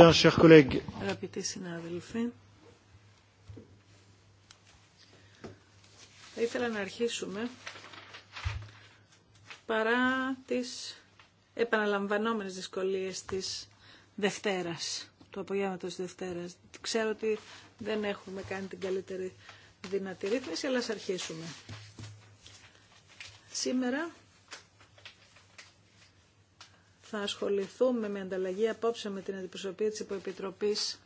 Αγαπητοί συνάδελφοι, θα ήθελα να αρχίσουμε παρά τις επαναλαμβανόμενες δυσκολίες της Δευτέρας, του απογεύματος της Δευτέρας. Ξέρω ότι δεν έχουμε κάνει την καλύτερη δυνατή ρύθμιση, αλλά ας αρχίσουμε. Σήμερα θα ασχοληθούμε με ανταλλαγή απόψε με την αντιπροσωπεία της Υποεπιτροπής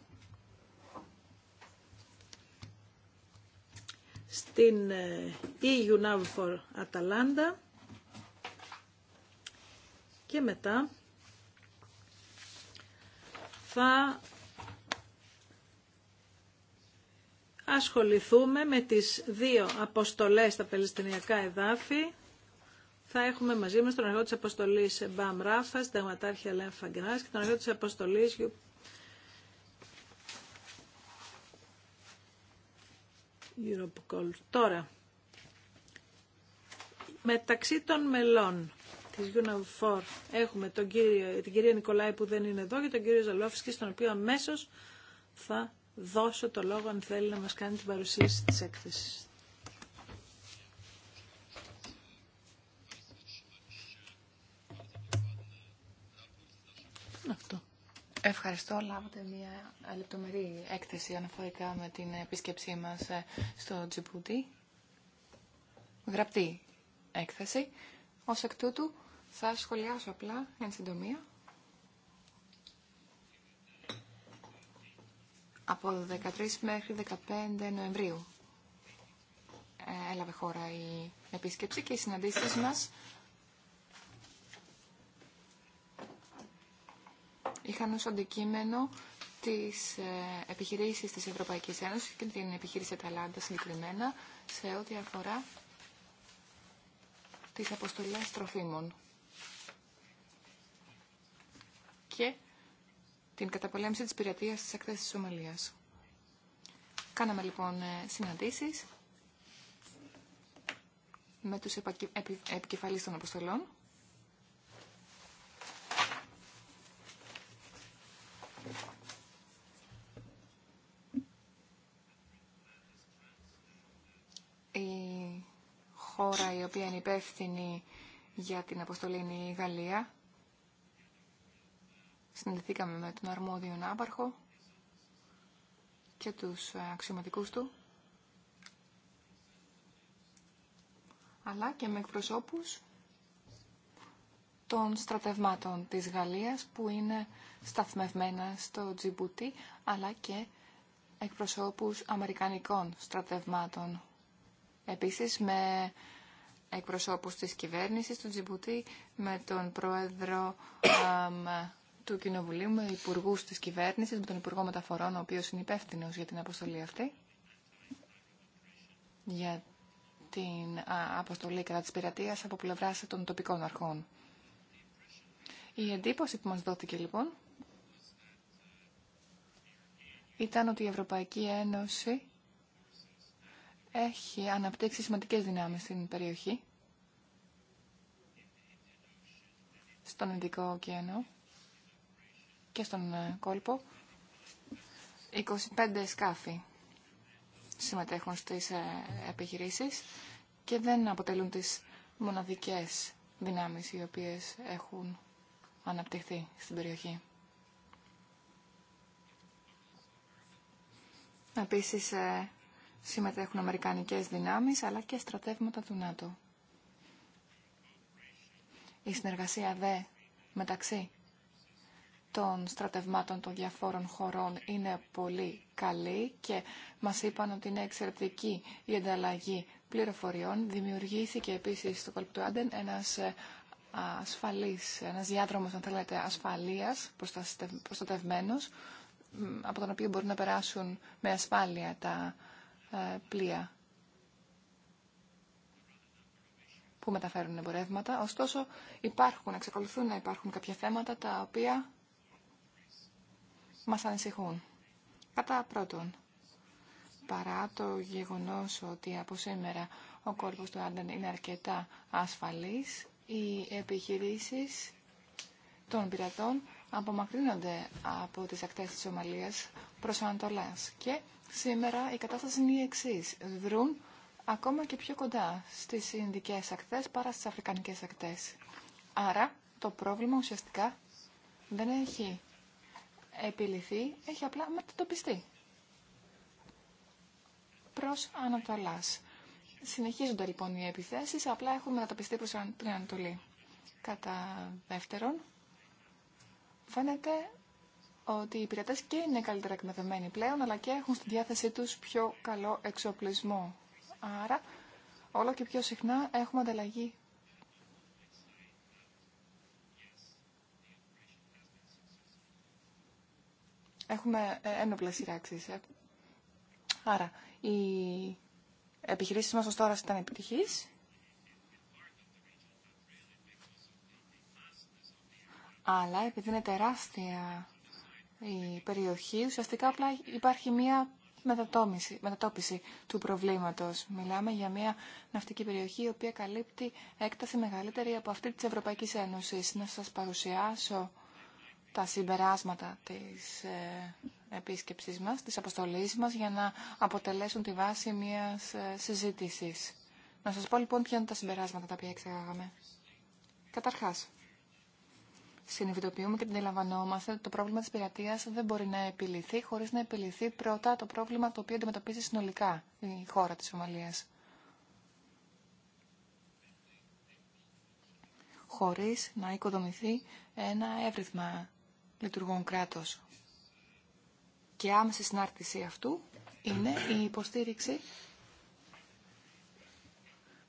στην ε, EU Now for Atalanta και μετά θα ασχοληθούμε με τις δύο αποστολές στα Παλαιστινιακά εδάφη θα έχουμε μαζί μας τον εργό της αποστολής Μπαμ Ράφα, συνταγματάρχη Αλέα Φαγκράς και τον εργό της αποστολής Γιουροπούκολ. Τώρα, μεταξύ των μελών της unav έχουμε τον κύριο, την κυρία Νικολάη που δεν είναι εδώ και τον κύριο Ζαλόφσκι, στον οποίο αμέσω θα δώσω το λόγο αν θέλει να μας κάνει την παρουσίαση της έκθεσης. Αυτό. Ευχαριστώ. Λάβατε μια λεπτομερή έκθεση αναφορικά με την επίσκεψή μας ε, στο Τζιπούτι. Γραπτή έκθεση. Ως εκ τούτου θα σχολιάσω απλά εν συντομία. Από 13 μέχρι 15 Νοεμβρίου ε, έλαβε χώρα η επίσκεψη και οι συναντήσεις μας είχαν ως αντικείμενο τις ε, επιχειρήσεις της Ευρωπαϊκής Ένωσης και την επιχείρηση Αταλάντα συγκεκριμένα σε ό,τι αφορά τις αποστολές τροφίμων και την καταπολέμηση της πειρατείας στις ακτές της Σομαλίας. Κάναμε λοιπόν ε, συναντήσεις με τους επικεφαλείς των αποστολών χώρα η οποία είναι υπεύθυνη για την αποστολή είναι η Γαλλία. Συνδεθήκαμε με τον αρμόδιο άπαρχο και τους ε, αξιωματικούς του, αλλά και με εκπροσώπους των στρατευμάτων της Γαλλίας που είναι σταθμευμένα στο Τζιμπουτί, αλλά και εκπροσώπους αμερικανικών στρατευμάτων Επίσης με εκπροσώπους της κυβέρνησης του Τζιμπουτή, με τον πρόεδρο του Κοινοβουλίου, με υπουργούς της κυβέρνησης, με τον Υπουργό Μεταφορών, ο οποίος είναι υπεύθυνο για την αποστολή αυτή, για την αποστολή κατά της πειρατείας από πλευρά των τοπικών αρχών. Η εντύπωση που μας δόθηκε λοιπόν ήταν ότι η Ευρωπαϊκή Ένωση έχει αναπτύξει σημαντικές δυνάμεις στην περιοχή, στον Ινδικό ωκεανό και στον ε, κόλπο. 25 σκάφη συμμετέχουν στις ε, επιχειρήσεις και δεν αποτελούν τις μοναδικές δυνάμεις οι οποίες έχουν αναπτυχθεί στην περιοχή. Επίσης, ε, συμμετέχουν αμερικανικές δυνάμεις αλλά και στρατεύματα του ΝΑΤΟ. Η συνεργασία δε μεταξύ των στρατευμάτων των διαφόρων χωρών είναι πολύ καλή και μας είπαν ότι είναι εξαιρετική η ανταλλαγή πληροφοριών. Δημιουργήθηκε επίσης στο κόλπο του Άντεν ένας ε, ασφαλής, ένας διάδρομος αν θέλετε ασφαλείας προστατευμένος από τον οποίο μπορούν να περάσουν με ασφάλεια τα ε, πλοία που μεταφέρουν εμπορεύματα. Ωστόσο, υπάρχουν, εξακολουθούν να υπάρχουν κάποια θέματα τα οποία μας ανησυχούν. Κατά πρώτον, παρά το γεγονός ότι από σήμερα ο κόλπος του Άντεν είναι αρκετά ασφαλής, οι επιχειρήσεις των πειρατών απομακρύνονται από τις ακτές της Σομαλίας προς Ανατολάς. Και σήμερα η κατάσταση είναι η εξή. Βρουν ακόμα και πιο κοντά στις Ινδικές ακτές παρά στις Αφρικανικές ακτές. Άρα το πρόβλημα ουσιαστικά δεν έχει επιληθεί, έχει απλά μετατοπιστεί προς Ανατολάς. Συνεχίζονται λοιπόν οι επιθέσεις, απλά έχουμε μετατοπιστεί προς την Ανατολή. Κατά δεύτερον, φαίνεται ότι οι πειρατές και είναι καλύτερα εκμεταλλευμένοι πλέον, αλλά και έχουν στη διάθεσή τους πιο καλό εξοπλισμό. Άρα, όλο και πιο συχνά έχουμε ανταλλαγή Έχουμε ε, ένοπλε σειράξει. Ε. Άρα, οι επιχειρήσει μας ως τώρα ήταν επιτυχής. Αλλά επειδή είναι τεράστια η περιοχή, ουσιαστικά απλά υπάρχει μία μετατόπιση του προβλήματος. Μιλάμε για μια ναυτική περιοχή η οποία καλύπτει έκταση μεγαλύτερη από αυτή της Ευρωπαϊκής Ένωσης. Να σας παρουσιάσω τα συμπεράσματα της ε, επίσκεψής μας, της αποστολής μας, για να αποτελέσουν τη βάση μιας ε, συζήτησης. Να σας πω λοιπόν ποια είναι τα συμπεράσματα τα οποία εξεγάγαμε. Καταρχάς, συνειδητοποιούμε και την αντιλαμβανόμαστε ότι το πρόβλημα της πειρατείας δεν μπορεί να επιληθεί χωρίς να επιληθεί πρώτα το πρόβλημα το οποίο αντιμετωπίζει συνολικά η χώρα της Σομαλίας. χωρίς να οικοδομηθεί ένα εύρυθμα λειτουργών κράτος. Και άμεση συνάρτηση αυτού είναι η υποστήριξη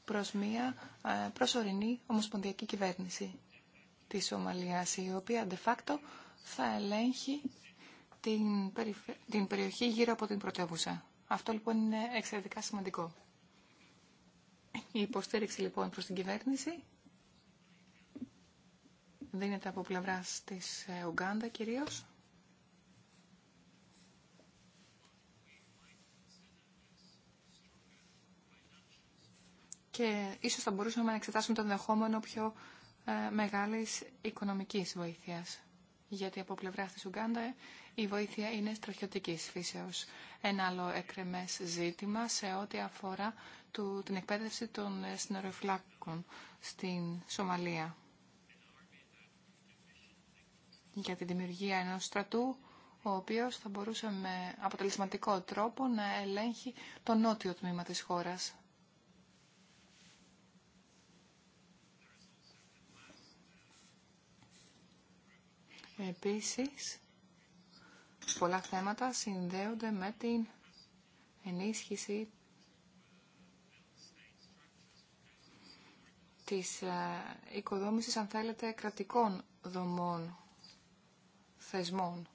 προς μία ε, προσωρινή ομοσπονδιακή κυβέρνηση της Σομαλίας, η οποία de facto θα ελέγχει την, την περιοχή γύρω από την πρωτεύουσα. Αυτό λοιπόν είναι εξαιρετικά σημαντικό. Η υποστήριξη λοιπόν προς την κυβέρνηση δίνεται από πλευράς της ε, Ουγκάντα κυρίως. Και ίσως θα μπορούσαμε να εξετάσουμε το ενδεχόμενο πιο ε, μεγάλης οικονομικής βοήθειας. Γιατί από πλευρά της Ουγκάντα η βοήθεια είναι στρατιωτικής φύσεως. Ένα άλλο εκρεμές ζήτημα σε ό,τι αφορά του, την εκπαίδευση των ε, συνοριοφυλάκων στην Σομαλία. Για τη δημιουργία ενός στρατού, ο οποίος θα μπορούσε με αποτελεσματικό τρόπο να ελέγχει το νότιο τμήμα της χώρας Επίσης, πολλά θέματα συνδέονται με την ενίσχυση της ε, οικοδόμησης, αν θέλετε, κρατικών δομών, θεσμών.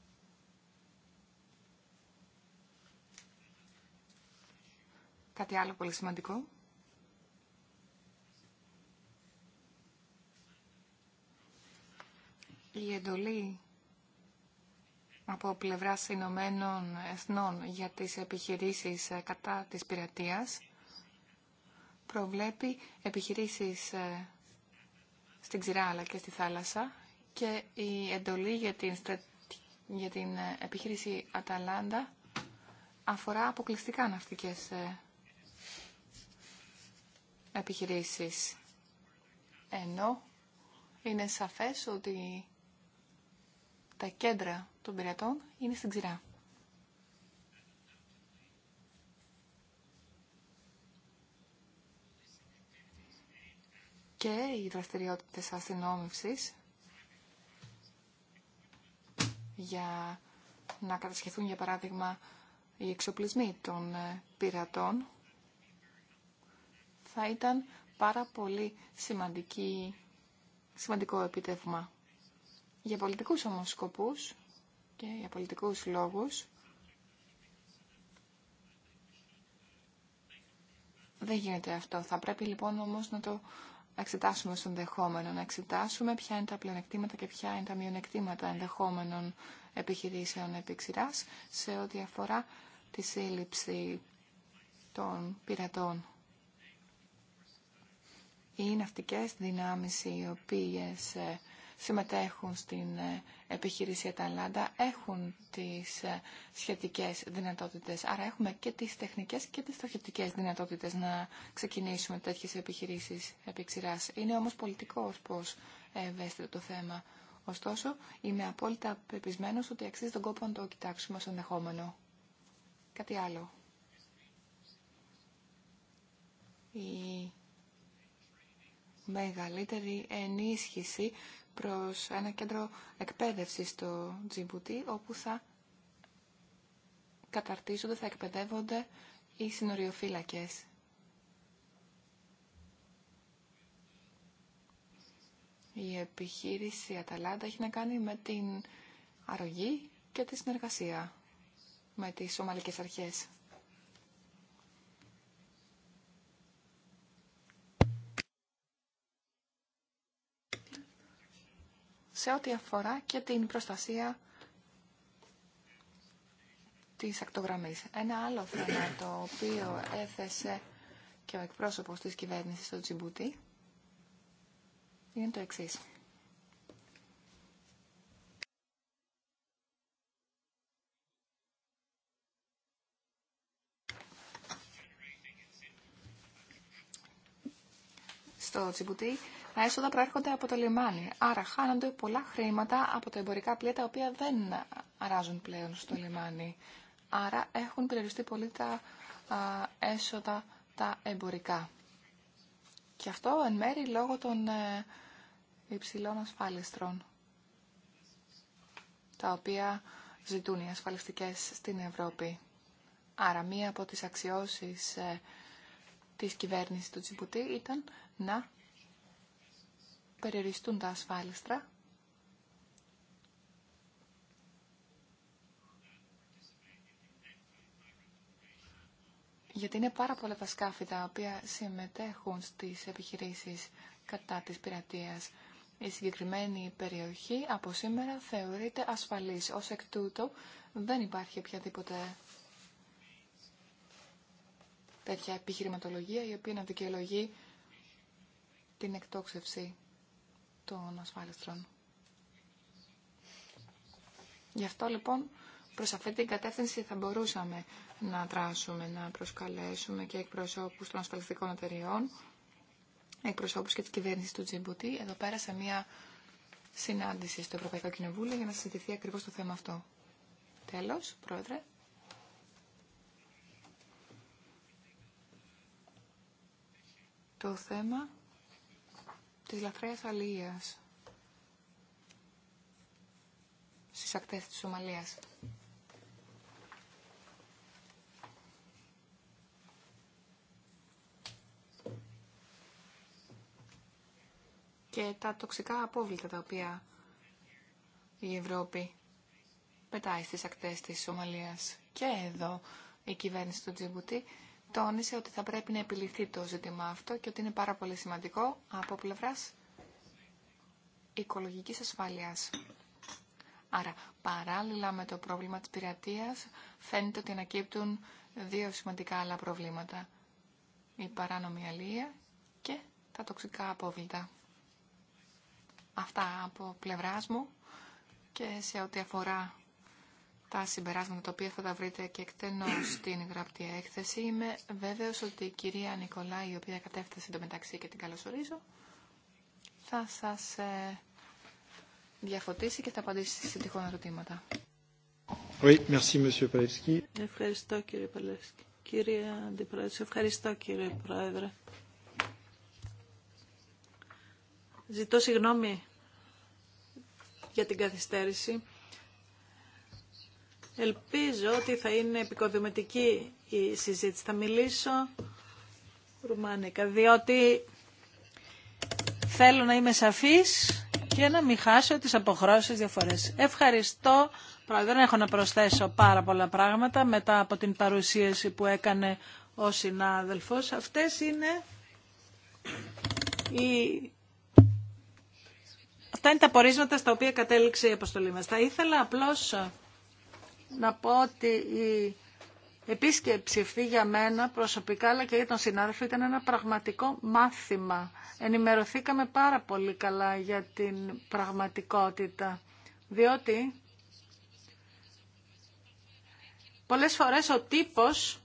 Κάτι άλλο πολύ σημαντικό. η εντολή από πλευρά Ηνωμένων Εθνών για τις επιχειρήσεις ε, κατά της πειρατείας προβλέπει επιχειρήσεις ε, στην ξηρά αλλά και στη θάλασσα και η εντολή για την, για την ε, επιχείρηση Αταλάντα αφορά αποκλειστικά ναυτικές επιχειρήσεις. Ενώ είναι σαφές ότι τα κέντρα των πειρατών είναι στην ξηρά. Και οι δραστηριότητες αστυνόμευσης για να κατασχεθούν για παράδειγμα οι εξοπλισμοί των ε, πειρατών θα ήταν πάρα πολύ σημαντική, σημαντικό επιτεύγμα. Για πολιτικούς όμως σκοπούς και για πολιτικούς λόγους δεν γίνεται αυτό. Θα πρέπει λοιπόν όμως να το εξετάσουμε στον δεχόμενο, να εξετάσουμε ποια είναι τα πλεονεκτήματα και ποια είναι τα μειονεκτήματα ενδεχόμενων επιχειρήσεων επί ξηράς, σε ό,τι αφορά τη σύλληψη των πειρατών. Οι ναυτικές δυνάμεις οι οποίες ε, συμμετέχουν στην ε, επιχείρηση Αταλάντα έχουν τις ε, σχετικές δυνατότητες. Άρα έχουμε και τις τεχνικές και τις στοχευτικές δυνατότητες να ξεκινήσουμε τέτοιες επιχειρήσεις επί ξηράς. Είναι όμως πολιτικός πώς ευαίσθητο το θέμα. Ωστόσο, είμαι απόλυτα πεπισμένος ότι αξίζει τον κόπο να το κοιτάξουμε ως ενδεχόμενο. Κάτι άλλο. Η μεγαλύτερη ενίσχυση προς ένα κέντρο εκπαίδευσης στο Τζιμπουτί, όπου θα καταρτίζονται, θα εκπαιδεύονται οι συνοριοφύλακες. Η επιχείρηση Αταλάντα έχει να κάνει με την αρρωγή και τη συνεργασία με τις Σομαλικές Αρχές. σε ό,τι αφορά και την προστασία της ακτογραμμής. Ένα άλλο θέμα το οποίο έθεσε και ο εκπρόσωπος της κυβέρνησης στο Τσιμπούτι είναι το εξής. Στο Τσιμπουτί τα έσοδα προέρχονται από το λιμάνι, άρα χάνονται πολλά χρήματα από τα εμπορικά πλοία τα οποία δεν αράζουν πλέον στο λιμάνι. Άρα έχουν περιοριστεί πολύ τα έσοδα τα εμπορικά. Και αυτό εν μέρη λόγω των ε, υψηλών ασφάλιστρων, τα οποία ζητούν οι ασφαλιστικές στην Ευρώπη. Άρα μία από τις αξιώσεις ε, της κυβέρνησης του Τσιμπουτή ήταν να περιοριστούν τα ασφάλιστρα. Γιατί είναι πάρα πολλά τα σκάφη τα οποία συμμετέχουν στις επιχειρήσεις κατά της πειρατείας. Η συγκεκριμένη περιοχή από σήμερα θεωρείται ασφαλής. Ως εκ τούτου δεν υπάρχει οποιαδήποτε τέτοια επιχειρηματολογία η οποία να δικαιολογεί την εκτόξευση των ασφάλιστρων. Γι' αυτό λοιπόν προς αυτή την κατεύθυνση θα μπορούσαμε να δράσουμε, να προσκαλέσουμε και εκπροσώπους των ασφαλιστικών εταιριών, εκπροσώπους και της κυβέρνησης του Τζιμπουτή, εδώ πέρα σε μια συνάντηση στο Ευρωπαϊκό Κοινοβούλιο για να συζητηθεί ακριβώς το θέμα αυτό. Τέλος, Πρόεδρε. Το θέμα της λαθρέας αλίας στις ακτές της Σομαλίας. Και τα τοξικά απόβλητα τα οποία η Ευρώπη πετάει στις ακτές της Σομαλίας. Και εδώ η κυβέρνηση του Τζιμπουτή τόνισε ότι θα πρέπει να επιληθεί το ζήτημα αυτό και ότι είναι πάρα πολύ σημαντικό από πλευράς οικολογικής ασφάλειας. Άρα, παράλληλα με το πρόβλημα της πειρατείας, φαίνεται ότι ανακύπτουν δύο σημαντικά άλλα προβλήματα. Η παράνομη αλία και τα τοξικά απόβλητα. Αυτά από πλευράς μου και σε ό,τι αφορά τα συμπεράσματα τα οποία θα τα βρείτε και εκτενώς στην γραπτή έκθεση. Είμαι βέβαιος ότι η κυρία Νικολάη, η οποία κατέφτασε το μεταξύ και την καλωσορίζω, θα σας ε, διαφωτίσει και θα απαντήσει σε τυχόν ερωτήματα. Oui, merci, Ευχαριστώ κύριε Παλεύσκη. Κύριε Αντιπρόεδρε, ευχαριστώ κύριε Πρόεδρε. Ζητώ συγγνώμη για την καθυστέρηση. Ελπίζω ότι θα είναι επικοδομητική η συζήτηση. Θα μιλήσω ρουμάνικα, διότι θέλω να είμαι σαφής και να μην χάσω τις αποχρώσεις διαφορές. Ευχαριστώ. Δεν έχω να προσθέσω πάρα πολλά πράγματα μετά από την παρουσίαση που έκανε ο συνάδελφος. Αυτές είναι οι... Αυτά είναι τα πορίσματα στα οποία κατέληξε η αποστολή μας. Θα ήθελα απλώς να πω ότι η επίσκεψη αυτή για μένα προσωπικά αλλά και για τον συνάδελφο ήταν ένα πραγματικό μάθημα. Ενημερωθήκαμε πάρα πολύ καλά για την πραγματικότητα, διότι πολλές φορές ο τύπος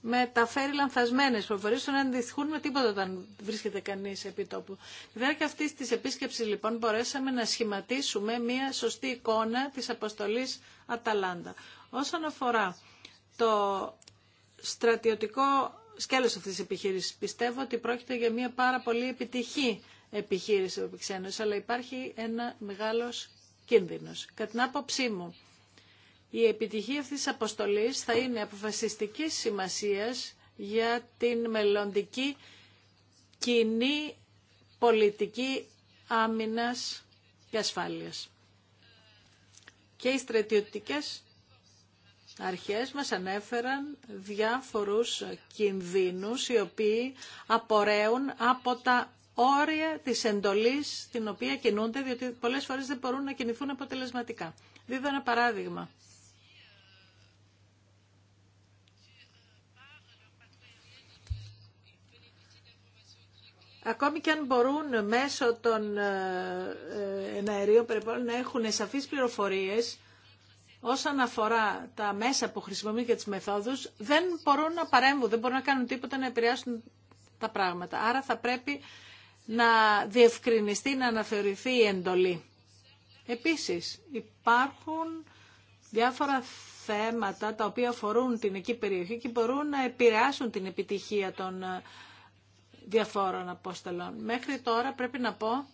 μεταφέρει λανθασμένες προφορίες που να αντιστοιχούν με τίποτα όταν βρίσκεται κανείς επί τόπου. Βέβαια διάρκεια αυτή τη επίσκεψη λοιπόν μπορέσαμε να σχηματίσουμε μια σωστή εικόνα της αποστολής Αταλάντα. Όσον αφορά το στρατιωτικό σκέλος αυτής της επιχείρησης, πιστεύω ότι πρόκειται για μια πάρα πολύ επιτυχή επιχείρηση του αλλά υπάρχει ένα μεγάλος κίνδυνος. Κατά την άποψή μου, η επιτυχία αυτής της αποστολής θα είναι αποφασιστικής σημασίας για την μελλοντική κοινή πολιτική άμυνας και ασφάλειας. Και οι στρατιωτικές αρχές μας ανέφεραν διάφορους κινδύνους οι οποίοι απορρέουν από τα όρια της εντολής την οποία κινούνται, διότι πολλές φορές δεν μπορούν να κινηθούν αποτελεσματικά. Δίδω ένα παράδειγμα. ακόμη και αν μπορούν μέσω των εναερίων ε, περιπτώσεων να έχουν σαφείς πληροφορίες όσον αφορά τα μέσα που χρησιμοποιούν και τις μεθόδους, δεν μπορούν να παρέμβουν, δεν μπορούν να κάνουν τίποτα να επηρεάσουν τα πράγματα. Άρα θα πρέπει να διευκρινιστεί, να αναθεωρηθεί η εντολή. Επίσης, υπάρχουν διάφορα θέματα τα οποία αφορούν την εκεί περιοχή και μπορούν να επηρεάσουν την επιτυχία των ε, διαφόρων αποστολών. Μέχρι τώρα πρέπει να πω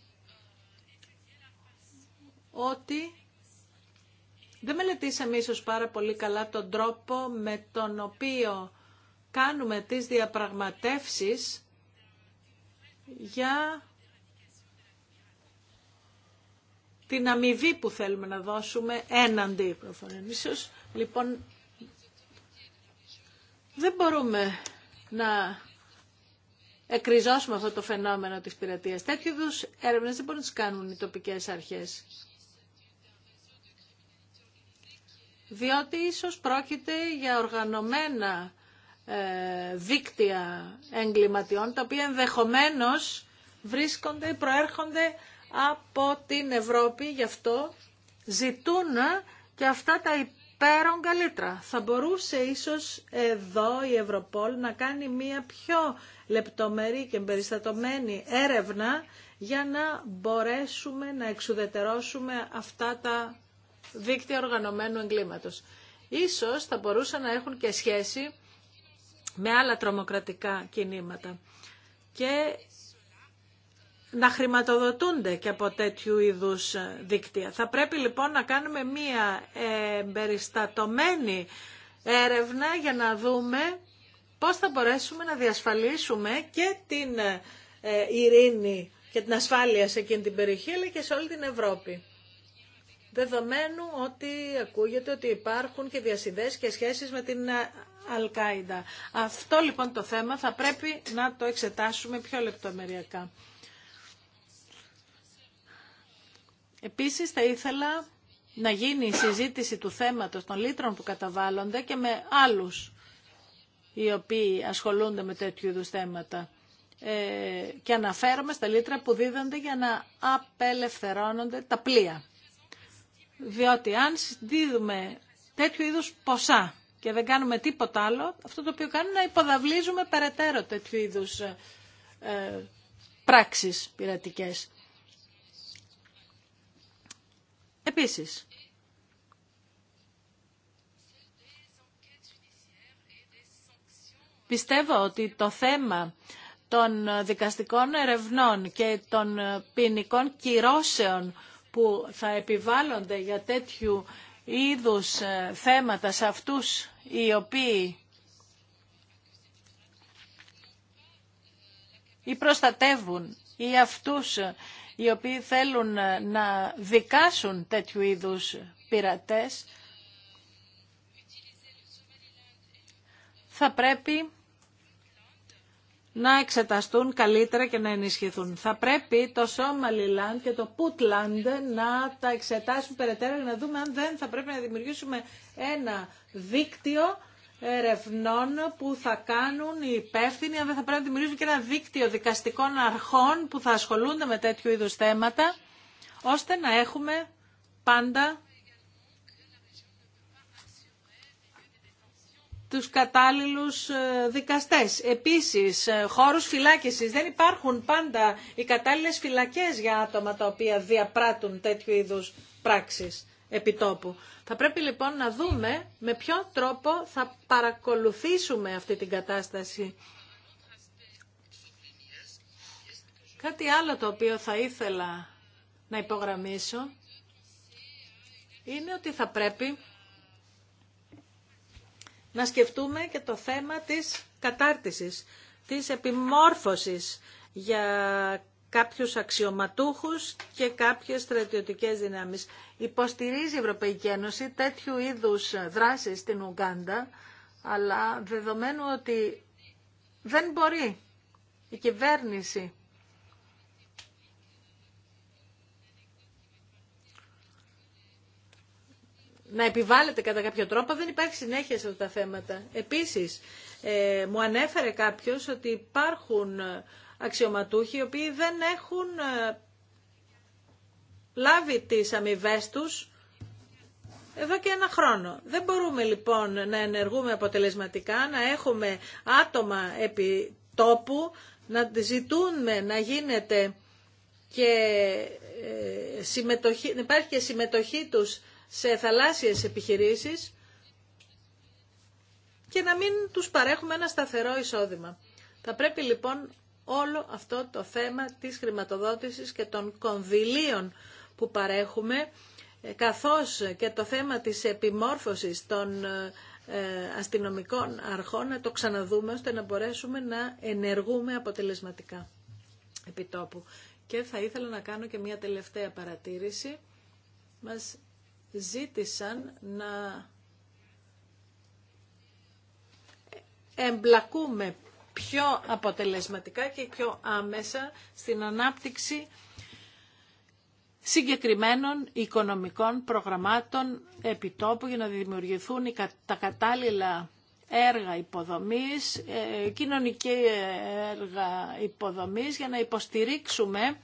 ότι δεν μελετήσαμε ίσως πάρα πολύ καλά τον τρόπο με τον οποίο κάνουμε τις διαπραγματεύσεις για την αμοιβή που θέλουμε να δώσουμε έναντι προφορέ. Ίσως, λοιπόν, δεν μπορούμε να εκριζώσουμε αυτό το φαινόμενο της πειρατείας. Τέτοιου είδου έρευνες δεν μπορούν να τις κάνουν οι τοπικές αρχές. Διότι ίσως πρόκειται για οργανωμένα ε, δίκτυα εγκληματιών, τα οποία ενδεχομένως βρίσκονται, προέρχονται από την Ευρώπη, γι' αυτό ζητούν και αυτά τα υπέρον καλύτερα. Θα μπορούσε ίσως εδώ η Ευρωπόλ να κάνει μία πιο λεπτομερή και περιστατωμένη έρευνα για να μπορέσουμε να εξουδετερώσουμε αυτά τα δίκτυα οργανωμένου εγκλήματος. Ίσως θα μπορούσαν να έχουν και σχέση με άλλα τρομοκρατικά κινήματα και να χρηματοδοτούνται και από τέτοιου είδους δίκτυα. Θα πρέπει λοιπόν να κάνουμε μία εμπεριστατωμένη έρευνα για να δούμε πώς θα μπορέσουμε να διασφαλίσουμε και την ε, ε, ειρήνη και την ασφάλεια σε εκείνη την περιοχή, αλλά και σε όλη την Ευρώπη. Δεδομένου ότι ακούγεται ότι υπάρχουν και διασυνδέσεις και σχέσεις με την ε, Αλκάιδα, Αυτό λοιπόν το θέμα θα πρέπει να το εξετάσουμε πιο λεπτομεριακά. Επίσης θα ήθελα να γίνει η συζήτηση του θέματος των λύτρων που καταβάλλονται και με άλλους οι οποίοι ασχολούνται με τέτοιου είδους θέματα. Ε, και αναφέρομαι στα λίτρα που δίδονται για να απελευθερώνονται τα πλοία. Διότι αν δίδουμε τέτοιου είδους ποσά και δεν κάνουμε τίποτα άλλο, αυτό το οποίο κάνουμε είναι να υποδαβλίζουμε περαιτέρω τέτοιου είδους ε, ε, πράξεις πειρατικές. Επίσης, Πιστεύω ότι το θέμα των δικαστικών ερευνών και των ποινικών κυρώσεων που θα επιβάλλονται για τέτοιου είδους ε, θέματα σε αυτούς οι οποίοι ή προστατεύουν ή αυτούς ε, οι οποίοι θέλουν ε, να δικάσουν τέτοιου είδους πειρατές θα πρέπει να εξεταστούν καλύτερα και να ενισχυθούν. Θα πρέπει το Λαντ και το Πούτλαντ να τα εξετάσουν περαιτέρω για να δούμε αν δεν θα πρέπει να δημιουργήσουμε ένα δίκτυο ερευνών που θα κάνουν οι υπεύθυνοι, αν δεν θα πρέπει να δημιουργήσουμε και ένα δίκτυο δικαστικών αρχών που θα ασχολούνται με τέτοιου είδους θέματα, ώστε να έχουμε πάντα τους κατάλληλους ε, δικαστές. Επίσης, ε, χώρους φυλάκισης. Δεν υπάρχουν πάντα οι κατάλληλες φυλακές για άτομα τα οποία διαπράττουν τέτοιου είδους πράξεις επιτόπου. Θα πρέπει λοιπόν να δούμε με ποιο τρόπο θα παρακολουθήσουμε αυτή την κατάσταση. Κάτι άλλο το οποίο θα ήθελα να υπογραμμίσω είναι ότι θα πρέπει να σκεφτούμε και το θέμα της κατάρτισης, της επιμόρφωσης για κάποιους αξιωματούχους και κάποιες στρατιωτικές δυνάμεις. Υποστηρίζει η Ευρωπαϊκή Ένωση τέτοιου είδους δράσεις στην Ουγκάντα, αλλά δεδομένου ότι δεν μπορεί η κυβέρνηση να επιβάλλεται κατά κάποιο τρόπο, δεν υπάρχει συνέχεια σε αυτά τα θέματα. Επίσης, ε, μου ανέφερε κάποιος ότι υπάρχουν ε, αξιωματούχοι οι οποίοι δεν έχουν ε, λάβει τις αμοιβέ τους εδώ και ένα χρόνο. Δεν μπορούμε λοιπόν να ενεργούμε αποτελεσματικά, να έχουμε άτομα επί τόπου, να ζητούμε να γίνεται και ε, συμμετοχή, να υπάρχει και συμμετοχή τους σε θαλάσσιες επιχειρήσεις και να μην τους παρέχουμε ένα σταθερό εισόδημα. Θα πρέπει λοιπόν όλο αυτό το θέμα της χρηματοδότησης και των κονδυλίων που παρέχουμε, ε, καθώς και το θέμα της επιμόρφωσης των ε, ε, αστυνομικών αρχών, να το ξαναδούμε ώστε να μπορέσουμε να ενεργούμε αποτελεσματικά επιτόπου. Και θα ήθελα να κάνω και μια τελευταία παρατήρηση. Μας ζήτησαν να εμπλακούμε πιο αποτελεσματικά και πιο άμεσα στην ανάπτυξη συγκεκριμένων οικονομικών προγραμμάτων επιτόπου για να δημιουργηθούν τα κατάλληλα έργα υποδομής, ε, κοινωνική ε, έργα υποδομής για να υποστηρίξουμε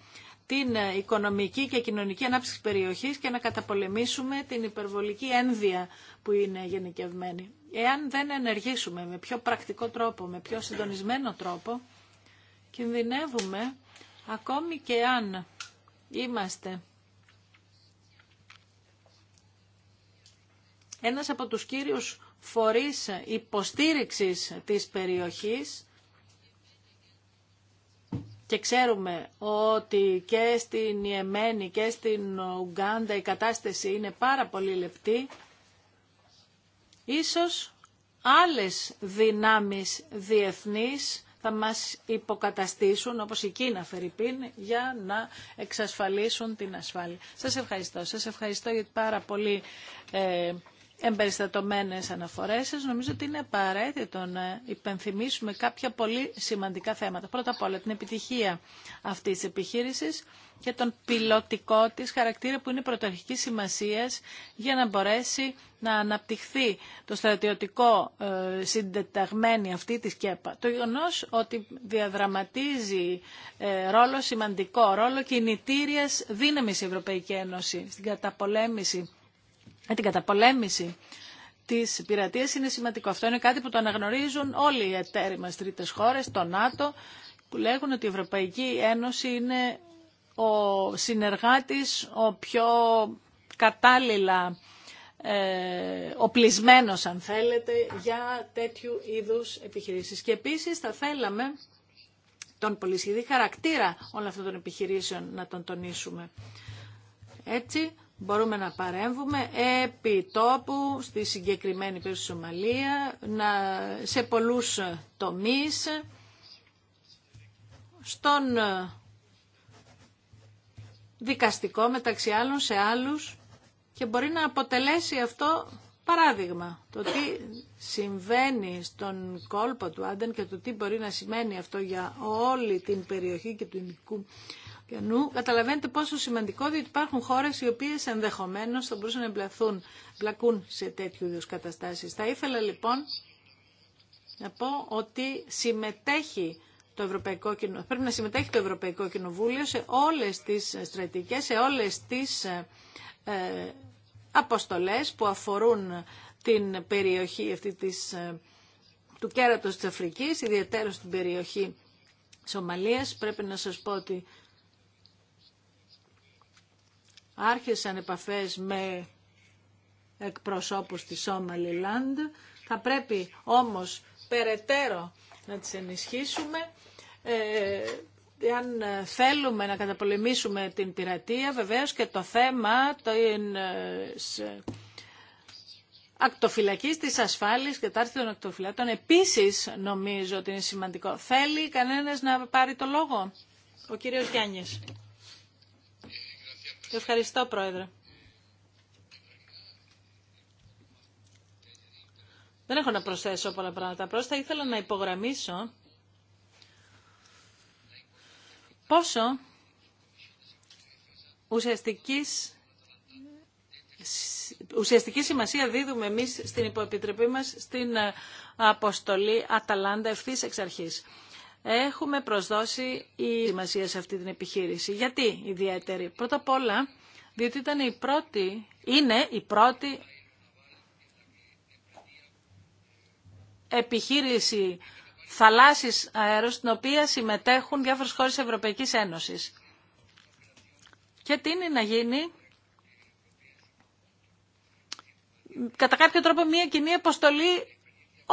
την οικονομική και κοινωνική ανάπτυξη της περιοχής και να καταπολεμήσουμε την υπερβολική ένδυα που είναι γενικευμένη. Εάν δεν ενεργήσουμε με πιο πρακτικό τρόπο, με πιο συντονισμένο τρόπο, κινδυνεύουμε ακόμη και αν είμαστε ένας από τους κύριους φορείς υποστήριξης της περιοχής και ξέρουμε ότι και στην Ιεμένη και στην Ουγκάντα η κατάσταση είναι πάρα πολύ λεπτή. Ίσως άλλες δυνάμεις διεθνείς θα μας υποκαταστήσουν, όπως η Κίνα Φερρυπίν, για να εξασφαλίσουν την ασφάλεια. Σας ευχαριστώ. Σας ευχαριστώ γιατί πάρα πολύ ε, εμπεριστατωμένες αναφορές σας, νομίζω ότι είναι απαραίτητο να υπενθυμίσουμε κάποια πολύ σημαντικά θέματα. Πρώτα απ' όλα την επιτυχία αυτής της επιχείρησης και τον πιλωτικό της χαρακτήρα που είναι πρωταρχική σημασίας για να μπορέσει να αναπτυχθεί το στρατιωτικό ε, συντεταγμένη αυτή της ΚΕΠΑ. Το γεγονό ότι διαδραματίζει ε, ρόλο σημαντικό, ρόλο κινητήριας δύναμης Ευρωπαϊκή Ένωση στην καταπολέμηση με την καταπολέμηση της πειρατεία είναι σημαντικό. Αυτό είναι κάτι που το αναγνωρίζουν όλοι οι εταίροι μα τρίτες χώρες, το ΝΑΤΟ, που λέγουν ότι η Ευρωπαϊκή Ένωση είναι ο συνεργάτης, ο πιο κατάλληλα ε, οπλισμένος αν θέλετε για τέτοιου είδους επιχειρήσεις. Και επίσης θα θέλαμε τον πολυσχεδή χαρακτήρα όλων αυτών των επιχειρήσεων να τον τονίσουμε. Έτσι μπορούμε να παρέμβουμε επί τόπου στη συγκεκριμένη περίπτωση Σομαλία, να, σε πολλούς τομείς, στον δικαστικό μεταξύ άλλων σε άλλους και μπορεί να αποτελέσει αυτό παράδειγμα το τι συμβαίνει στον κόλπο του Άντεν και το τι μπορεί να σημαίνει αυτό για όλη την περιοχή και του ειδικού και νου, καταλαβαίνετε πόσο σημαντικό διότι υπάρχουν χώρες οι οποίες ενδεχομένως θα μπορούσαν να εμπλακούν μπλακούν σε τέτοιου είδους καταστάσεις. Θα ήθελα λοιπόν να πω ότι συμμετέχει το Ευρωπαϊκό Κοινο... πρέπει να συμμετέχει το Ευρωπαϊκό Κοινοβούλιο σε όλες τις στρατηγικές, σε όλες τις ε, ε αποστολές που αφορούν την περιοχή αυτή της, ε, του κέρατος της Αφρικής, ιδιαίτερα στην περιοχή Σομαλίας. Πρέπει να σας πω ότι άρχισαν επαφές με εκπροσώπους της Somaliland. Θα πρέπει όμως περαιτέρω να τις ενισχύσουμε. αν ε, θέλουμε να καταπολεμήσουμε την πειρατεία, βεβαίως και το θέμα το ε, ακτοφυλακής της ασφάλειας και τάρτη των ακτοφυλάτων επίσης νομίζω ότι είναι σημαντικό. Θέλει κανένας να πάρει το λόγο. Ο κύριος Γιάννης. Ευχαριστώ, Πρόεδρε. Δεν έχω να προσθέσω πολλά πράγματα. Απλώς θα ήθελα να υπογραμμίσω πόσο ουσιαστικής ουσιαστική σημασία δίδουμε εμείς στην υποεπιτροπή μας στην ε, αποστολή Αταλάντα ευθύς εξ αρχής έχουμε προσδώσει η σημασία σε αυτή την επιχείρηση. Γιατί ιδιαίτερη. Πρώτα απ' όλα, διότι ήταν η πρώτη, είναι η πρώτη επιχείρηση θαλάσσης αέρος, στην οποία συμμετέχουν διάφορες χώρες Ευρωπαϊκής Ένωσης. Και τι είναι να γίνει κατά κάποιο τρόπο μια κοινή αποστολή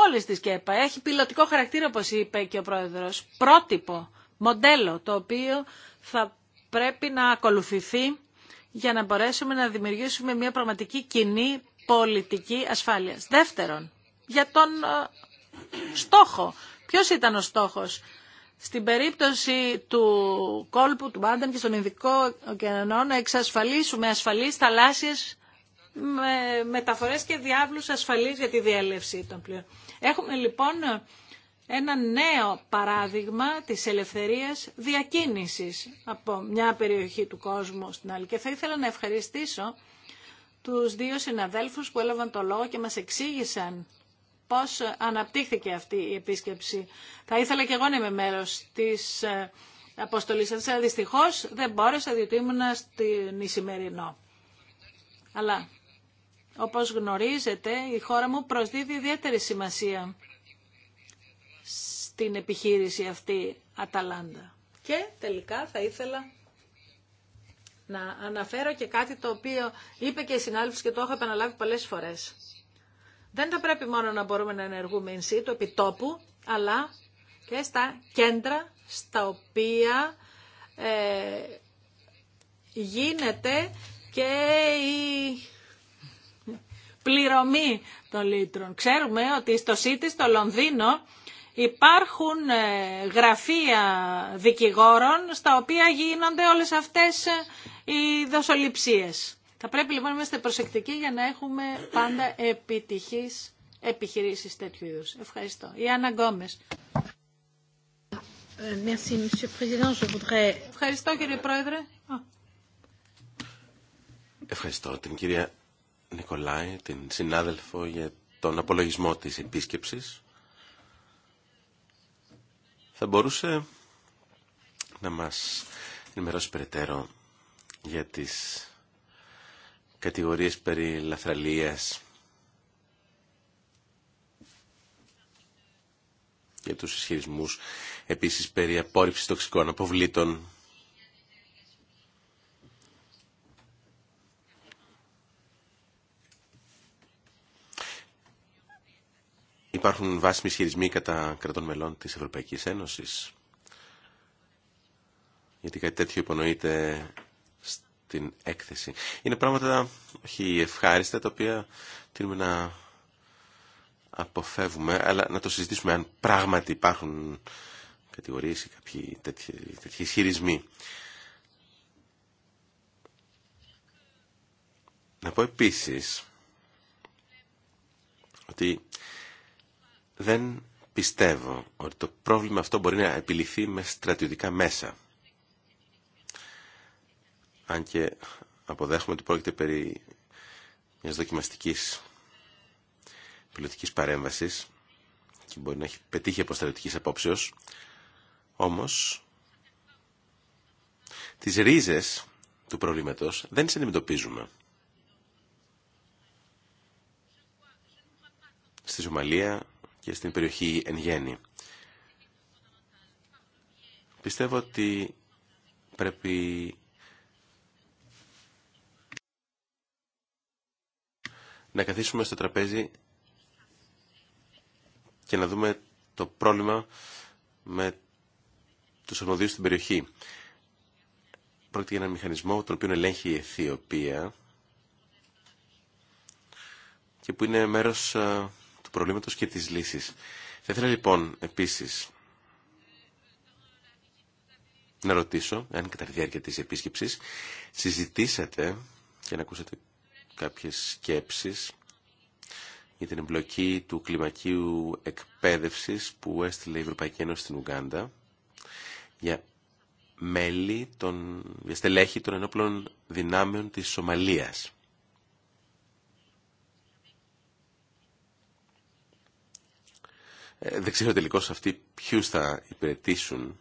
όλης της ΚΕΠΑ. Έχει πιλωτικό χαρακτήρα, όπως είπε και ο Πρόεδρος, πρότυπο, μοντέλο, το οποίο θα πρέπει να ακολουθηθεί για να μπορέσουμε να δημιουργήσουμε μια πραγματική κοινή πολιτική ασφάλειας. Δεύτερον, για τον ε, στόχο. Ποιο ήταν ο στόχος. Στην περίπτωση του κόλπου του Μπάνταν και στον ειδικό ωκεανό να εξασφαλίσουμε ασφαλείς θαλάσσιες με μεταφορές και διάβλους ασφαλείς για τη διέλευση των πλοίων. Έχουμε λοιπόν ένα νέο παράδειγμα της ελευθερίας διακίνησης από μια περιοχή του κόσμου στην άλλη. Και θα ήθελα να ευχαριστήσω τους δύο συναδέλφους που έλαβαν το λόγο και μας εξήγησαν πώς αναπτύχθηκε αυτή η επίσκεψη. Θα ήθελα και εγώ να είμαι μέρος της ε, αποστολής σας, αλλά δυστυχώς δεν μπόρεσα διότι ήμουνα στην Ισημερινό. Αλλά όπως γνωρίζετε, η χώρα μου προσδίδει ιδιαίτερη σημασία στην επιχείρηση αυτή Αταλάντα. Και τελικά θα ήθελα να αναφέρω και κάτι το οποίο είπε και η συνάδελφος και το έχω επαναλάβει πολλές φορές. Δεν θα πρέπει μόνο να μπορούμε να ενεργούμε in του επί αλλά και στα κέντρα στα οποία ε, γίνεται και η πληρωμή των λίτρων. Ξέρουμε ότι στο ΣΥΤΙ, στο Λονδίνο, υπάρχουν ε, γραφεία δικηγόρων στα οποία γίνονται όλες αυτές ε, οι δοσοληψίες. Θα πρέπει λοιπόν να είμαστε προσεκτικοί για να έχουμε πάντα επιτυχείς επιχειρήσεις τέτοιου είδους. Ευχαριστώ. Η Άννα Γκόμες. Ε, Ευχαριστώ κύριε Πρόεδρε. Ευχαριστώ την κυρία Νικολάη, την συνάδελφο για τον απολογισμό της επίσκεψης. Θα μπορούσε να μας ενημερώσει περαιτέρω για τις κατηγορίες περί λαθραλίας για τους ισχυρισμούς επίσης περί απόρριψης τοξικών αποβλήτων Υπάρχουν βάσιμοι ισχυρισμοί κατά κρατών μελών της Ευρωπαϊκής Ένωσης. Γιατί κάτι τέτοιο υπονοείται στην έκθεση. Είναι πράγματα όχι ευχάριστα, τα οποία θέλουμε να αποφεύγουμε, αλλά να το συζητήσουμε αν πράγματι υπάρχουν κατηγορίες ή κάποιοι τέτοιοι, τέτοιοι ισχυρισμοί. Να πω επίσης ότι δεν πιστεύω ότι το πρόβλημα αυτό μπορεί να επιληθεί με στρατιωτικά μέσα. Αν και αποδέχομαι ότι πρόκειται περί μιας δοκιμαστικής πιλωτικής παρέμβασης και μπορεί να έχει πετύχει από στρατιωτικής απόψεως, όμως τις ρίζες του προβλήματος δεν τις αντιμετωπίζουμε. Στη Σομαλία και στην περιοχή εν γέννη. Πιστεύω ότι πρέπει να καθίσουμε στο τραπέζι και να δούμε το πρόβλημα με τους αρμοδίους στην περιοχή. Πρόκειται για έναν μηχανισμό τον οποίο ελέγχει η Αιθιοπία και που είναι μέρος ε, προβλήματος και τις λύσεις. Θα ήθελα λοιπόν επίσης να ρωτήσω, αν κατά τη διάρκεια της επίσκεψης συζητήσατε και να ακούσατε κάποιες σκέψεις για την εμπλοκή του κλιμακίου εκπαίδευσης που έστειλε η Ευρωπαϊκή Ένωση στην Ουγγάντα για μέλη των, για στελέχη των ενόπλων δυνάμεων της Σομαλίας. Ε, δεν ξέρω τελικώ αυτοί ποιου θα υπηρετήσουν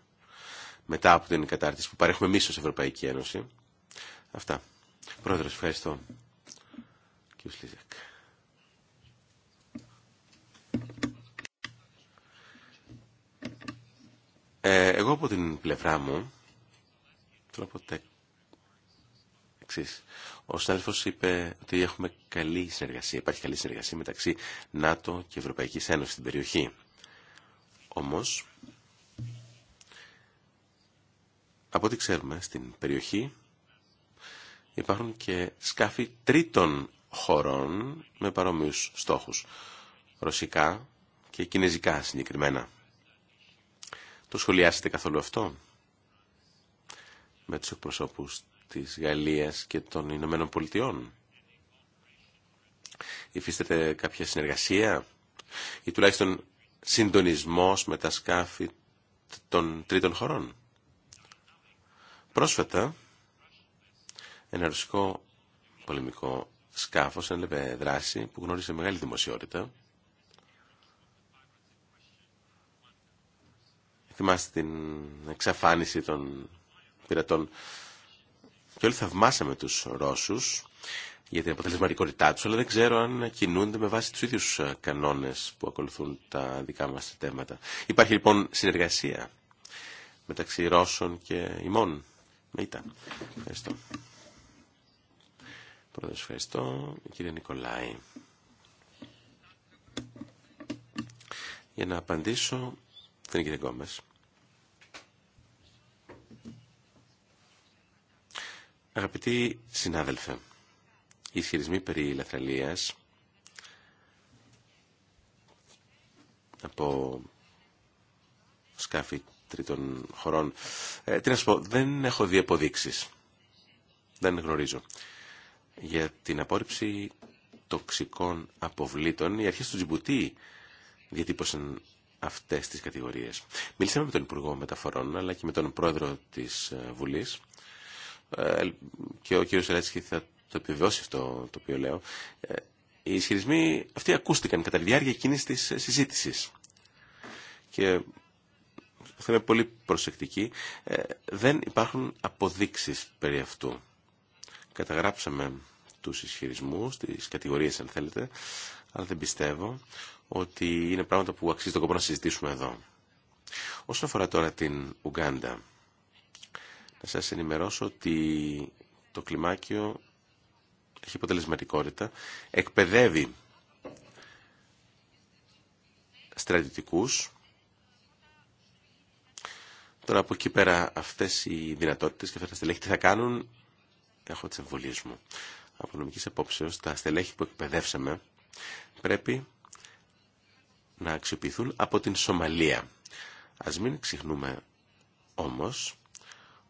μετά από την κατάρτιση που παρέχουμε εμεί ω Ευρωπαϊκή Ένωση. Αυτά. Πρόεδρος, ευχαριστώ. Σλίζακ. Ε, εγώ από την πλευρά μου Ο συνάδελφος είπε ότι έχουμε καλή συνεργασία, υπάρχει καλή συνεργασία μεταξύ ΝΑΤΟ και Ευρωπαϊκής Ένωσης στην περιοχή. Όμως, από ό,τι ξέρουμε, στην περιοχή υπάρχουν και σκάφη τρίτων χωρών με παρόμοιους στόχους. Ρωσικά και κινέζικα συγκεκριμένα. Το σχολιάσετε καθόλου αυτό με τους εκπροσώπους της Γαλλίας και των Ηνωμένων Πολιτειών. Υφίσταται κάποια συνεργασία ή τουλάχιστον συντονισμός με τα σκάφη των τρίτων χωρών. Πρόσφατα, ένα ρωσικό πολεμικό σκάφος έλεπε δράση που γνώρισε μεγάλη δημοσιότητα. Θυμάστε την εξαφάνιση των πειρατών και όλοι θαυμάσαμε τους Ρώσους για την αποτελεσματικότητά του, αλλά δεν ξέρω αν κινούνται με βάση του ίδιου ε, κανόνες που ακολουθούν τα δικά μας θέματα. Υπάρχει λοιπόν συνεργασία μεταξύ Ρώσων και ημών. Ήταν. Ευχαριστώ. σα ευχαριστώ. Κύριε Νικολάη. Για να απαντήσω, δεν είναι κύριε Γκόμες. Αγαπητοί συνάδελφε, οι ισχυρισμοί περί λαθραλίας από σκάφη τρίτων χωρών. Ε, τι να σου πω, δεν έχω δει αποδείξεις. Δεν γνωρίζω. Για την απόρριψη τοξικών αποβλήτων, οι αρχές του Τζιμπουτή διατύπωσαν αυτές τις κατηγορίες. Μίλησαμε με τον Υπουργό Μεταφορών, αλλά και με τον Πρόεδρο της ε, Βουλής ε, και ο κ. Σελέτσικη θα το επιβεβαιώσει αυτό το οποίο λέω, ε, οι ισχυρισμοί αυτοί ακούστηκαν κατά τη διάρκεια εκείνη τη ε, συζήτησης. Και θα είμαι πολύ προσεκτική, δεν υπάρχουν αποδείξεις περί αυτού. Καταγράψαμε τους ισχυρισμού, τις κατηγορίες αν θέλετε, αλλά δεν πιστεύω ότι είναι πράγματα που αξίζει το κόπο να συζητήσουμε εδώ. Όσον αφορά τώρα την Ουγγάντα να σας ενημερώσω ότι το κλιμάκιο έχει αποτελεσματικότητα, εκπαιδεύει στρατιωτικούς. Τώρα από εκεί πέρα αυτές οι δυνατότητες και αυτά τα στελέχη τι θα κάνουν, έχω τις εμβολίες μου. Από νομικής απόψεως, τα στελέχη που εκπαιδεύσαμε πρέπει να αξιοποιηθούν από την Σομαλία. Ας μην ξεχνούμε όμως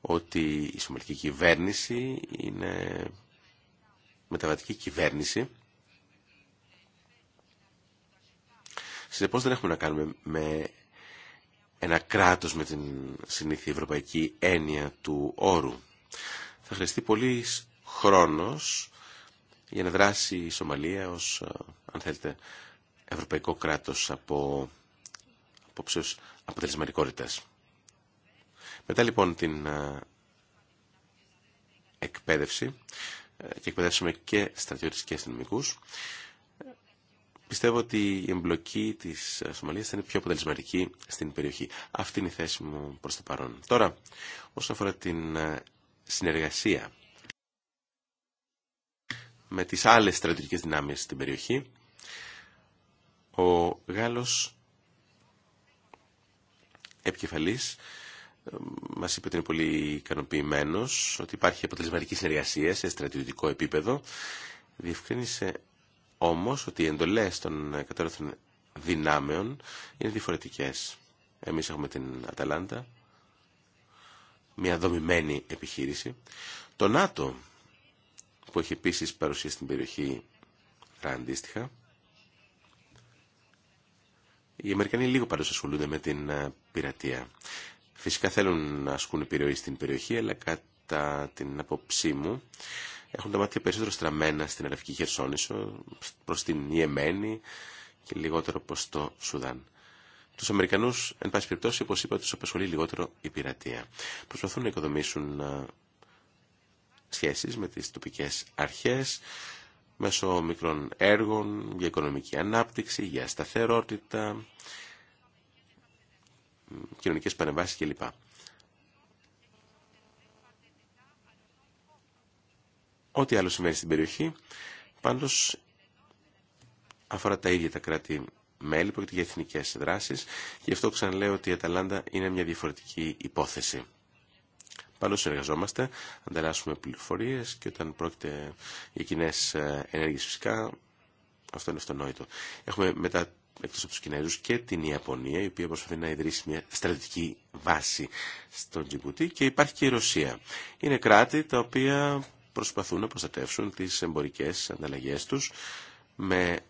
ότι η Σομαλική κυβέρνηση είναι μεταβατική κυβέρνηση. Συνεπώς δεν έχουμε να κάνουμε με ένα κράτος με την συνήθεια ευρωπαϊκή έννοια του όρου. Θα χρειαστεί πολύ χρόνος για να δράσει η Σομαλία ως, ε, αν θέλετε, ευρωπαϊκό κράτος από απόψεως αποτελεσματικότητας. Μετά λοιπόν την ε, εκπαίδευση ε, και εκπαιδεύσουμε και στρατιώτες και αστυνομικού. Πιστεύω ότι η εμπλοκή της ε, Σομαλίας θα είναι πιο αποτελεσματική στην περιοχή. Αυτή είναι η θέση μου προς το παρόν. Τώρα, όσον αφορά την συνεργασία με τις άλλες στρατιωτικές δυνάμεις στην περιοχή, ο Γάλλος επικεφαλής μας είπε ότι είναι πολύ ικανοποιημένο ότι υπάρχει αποτελεσματική συνεργασία σε στρατιωτικό επίπεδο. Διευκρίνησε όμως ότι οι εντολές των κατέρωθων δυνάμεων είναι διαφορετικές. Εμείς έχουμε την Αταλάντα, μια δομημένη επιχείρηση. Το ΝΑΤΟ, που έχει επίσης παρουσία στην περιοχή αντίστοιχα, οι Αμερικανοί λίγο πάντως ασχολούνται με την ε, πειρατεία. Φυσικά θέλουν να ασκούν επιρροή στην περιοχή, αλλά κατά την απόψή μου έχουν τα μάτια περισσότερο στραμμένα στην Αραβική Χερσόνησο, προς την Ιεμένη και λιγότερο προς το Σουδάν. Τους Αμερικανούς, εν πάση περιπτώσει, όπω είπα, του απασχολεί λιγότερο η πειρατεία. Προσπαθούν να οικοδομήσουν ε, σχέσεις με τι τοπικέ αρχέ, μέσω μικρών έργων για οικονομική ανάπτυξη, για σταθερότητα, κοινωνικές παρεμβάσεις κλπ. Ό,τι άλλο συμβαίνει στην περιοχή, πάντως αφορά τα ίδια τα κράτη μέλη, πρόκειται για εθνικέ δράσει. Γι' αυτό ξαναλέω ότι η Αταλάντα είναι μια διαφορετική υπόθεση. Πάντω συνεργαζόμαστε, ανταλλάσσουμε πληροφορίε και όταν πρόκειται για κοινέ ε, ενέργειε φυσικά, αυτό είναι αυτονόητο. Έχουμε μετά εκτός από τους Κινέζους και την Ιαπωνία, η οποία προσπαθεί να ιδρύσει μια στρατηγική βάση στον Τζιμπουτί και υπάρχει και η Ρωσία. Είναι κράτη τα οποία προσπαθούν να προστατεύσουν τις εμπορικές ανταλλαγές τους με